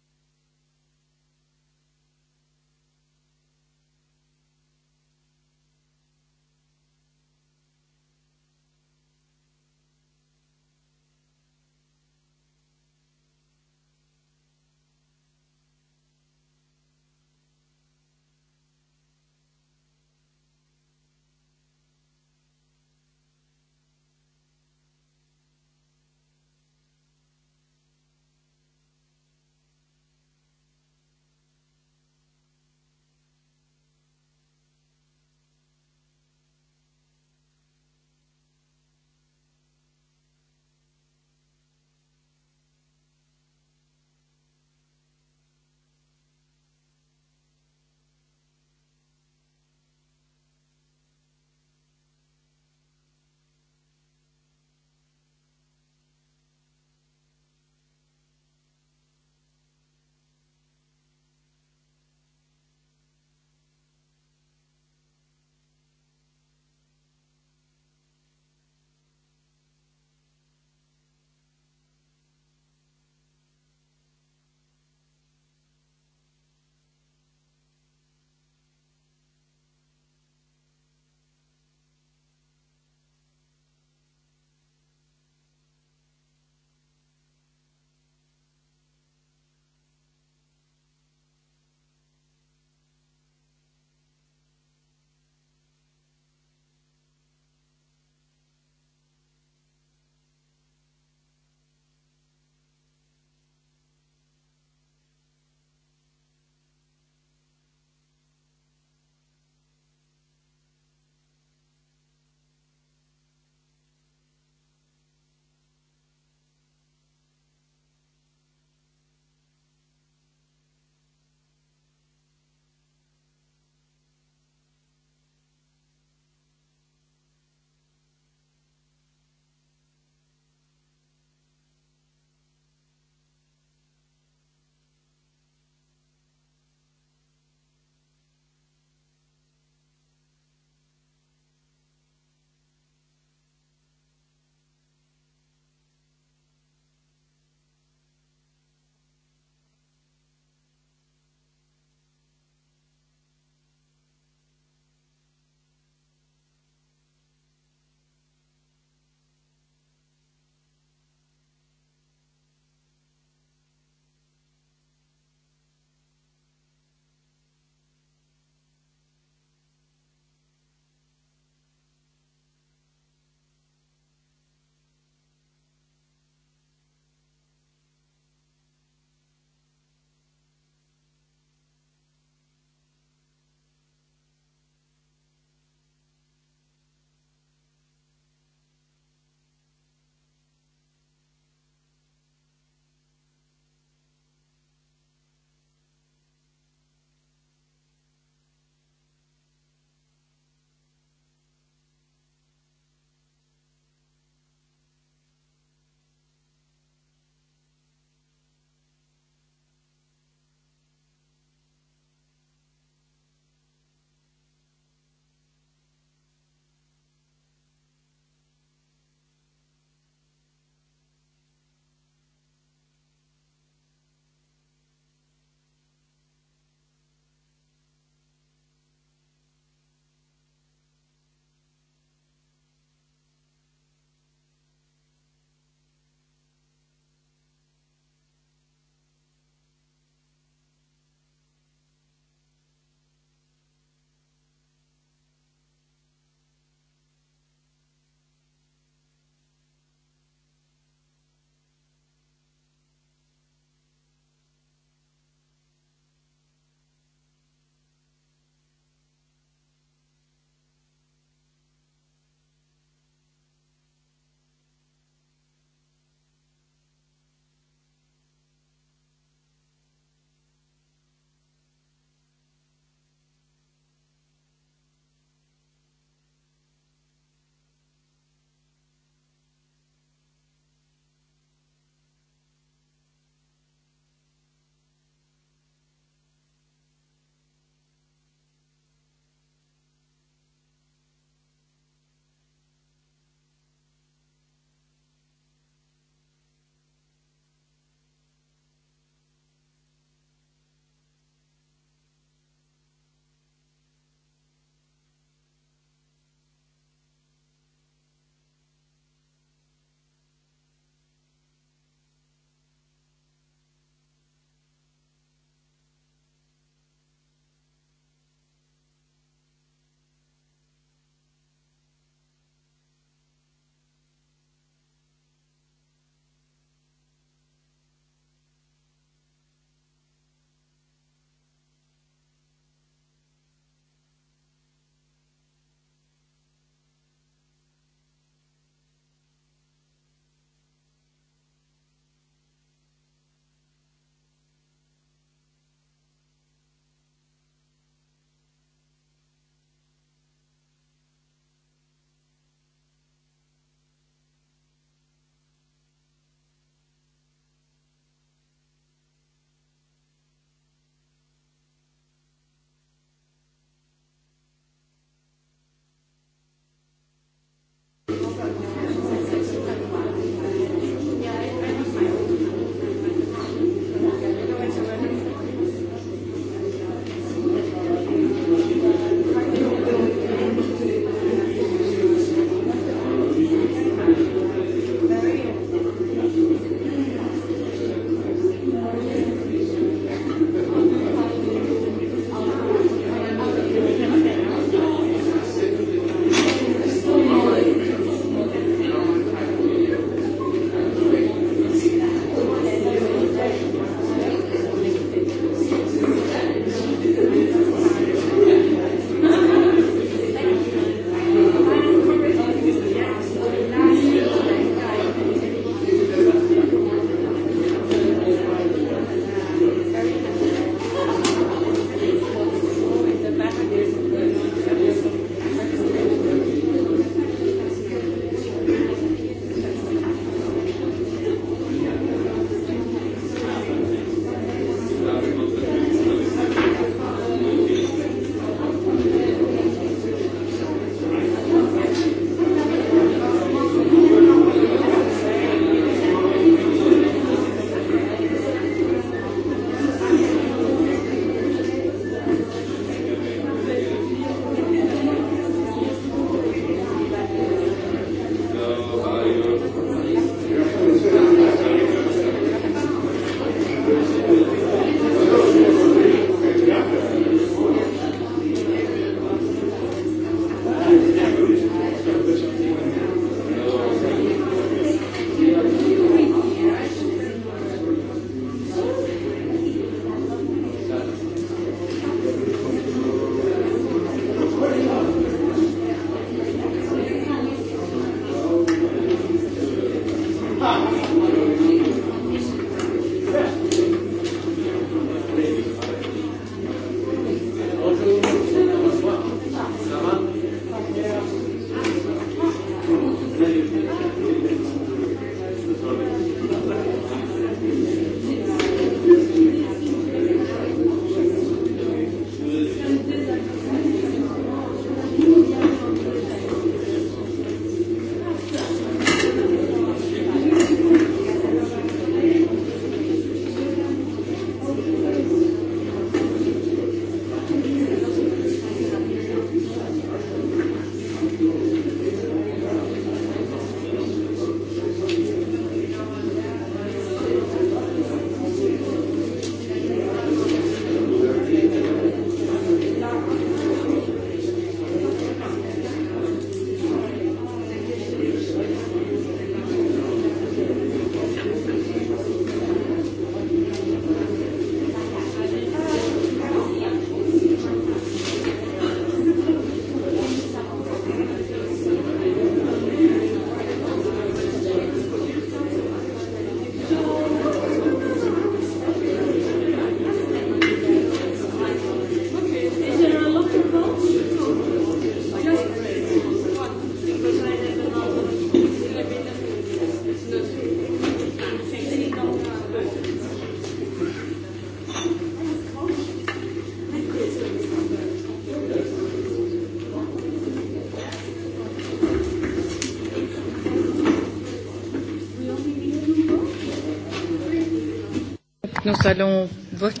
nous Θα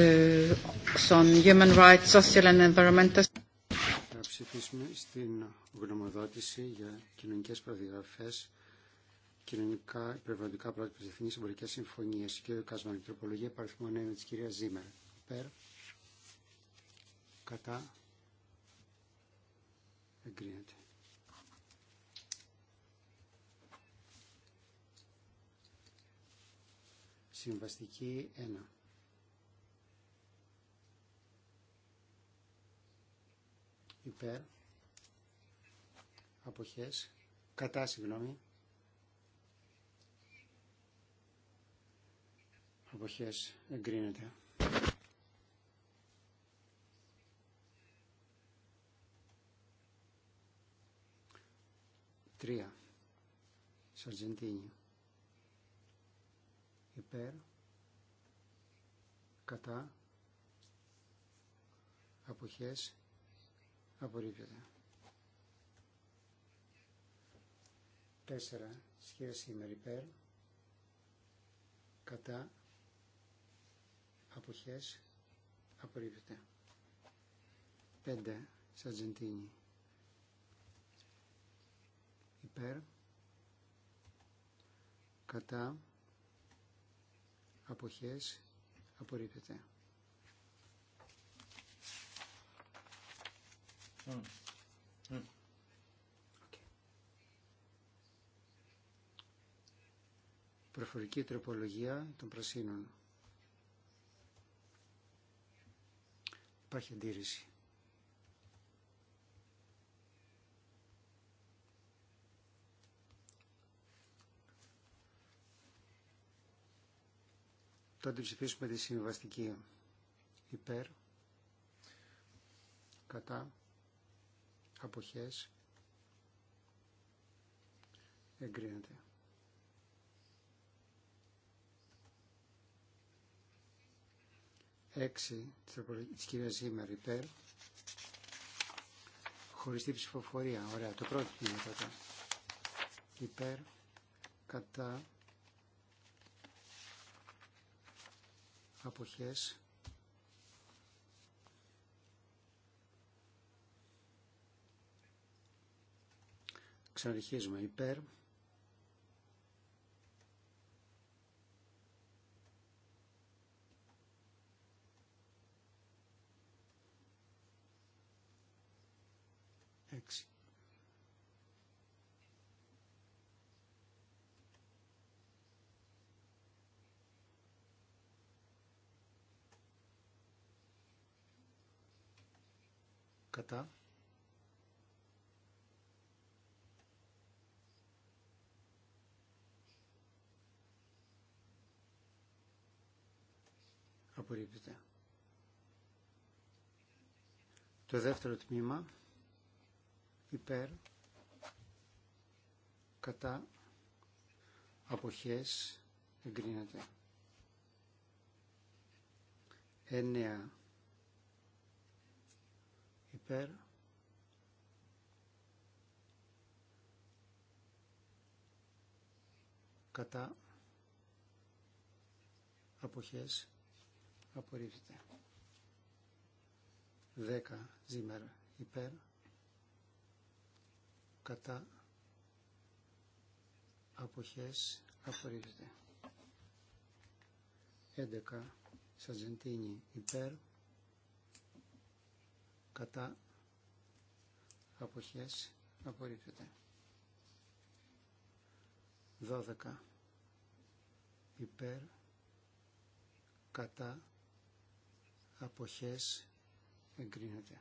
euh, euh, ψηφίσουμε στην γνωμοδότηση για κοινωνικές προδιαγραφές, κοινωνικά περιβαλλοντικά πρότυπα της Διεθνής Εμπορικές Συμφωνίες. Κύριο Κάσμαν, τροπολογία της Ζήμερ. κατά, εγκρίνεται. Συμβαστική 1. Υπέρ. Αποχές. Κατά, συγγνώμη. Αποχές. Εγκρίνεται. Τρία. Σαρτζεντίνιο υπέρ κατά αποχές απορρίπτεται. τέσσερα Σχέση με υπέρ κατά αποχές απορρίπτεται. Πέντε, Σαρτζεντίνη υπέρ κατά αποχές απορρίπτεται. Προφορική τροπολογία των πρασίνων. Υπάρχει αντίρρηση. Τότε ψηφίσουμε τη συμβαστική υπέρ, κατά, αποχές, εγκρίνεται. Έξι της κυρίας Ζήμερ υπέρ, χωριστή ψηφοφορία. Ωραία, το πρώτο είναι τότε. Υπέρ, κατά, αποχές ξαναρχίζουμε υπέρ έξι Απορρίπτεται. Το δεύτερο τμήμα. Υπέρ. Κατά. Αποχές. Εγκρίνεται. Εννέα υπέρ κατά αποχές απορρίφθηκε Δέκα, ζήμερα, υπέρ κατά αποχές απορρίφθηκε Έντεκα, Σαζεντίνη υπέρ κατά αποχές απορρίπτεται. 12 υπέρ κατά αποχές εγκρίνεται.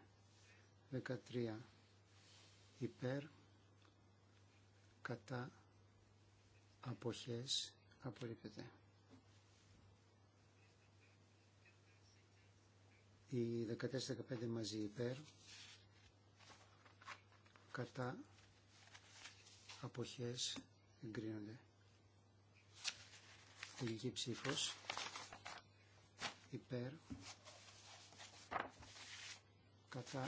13 υπέρ κατά αποχές απορρίπτεται. οι 14-15 μαζί υπέρ κατά αποχές εγκρίνονται. Τελική ψήφος υπέρ κατά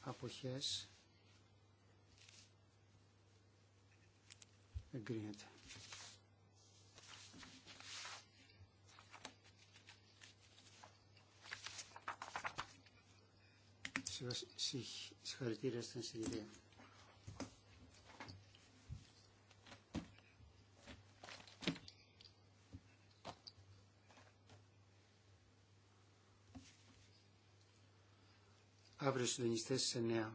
αποχές εγκρίνεται. Συγχαρητήρια στην συγκεκριά. Αύριο συντονιστές σε νέα.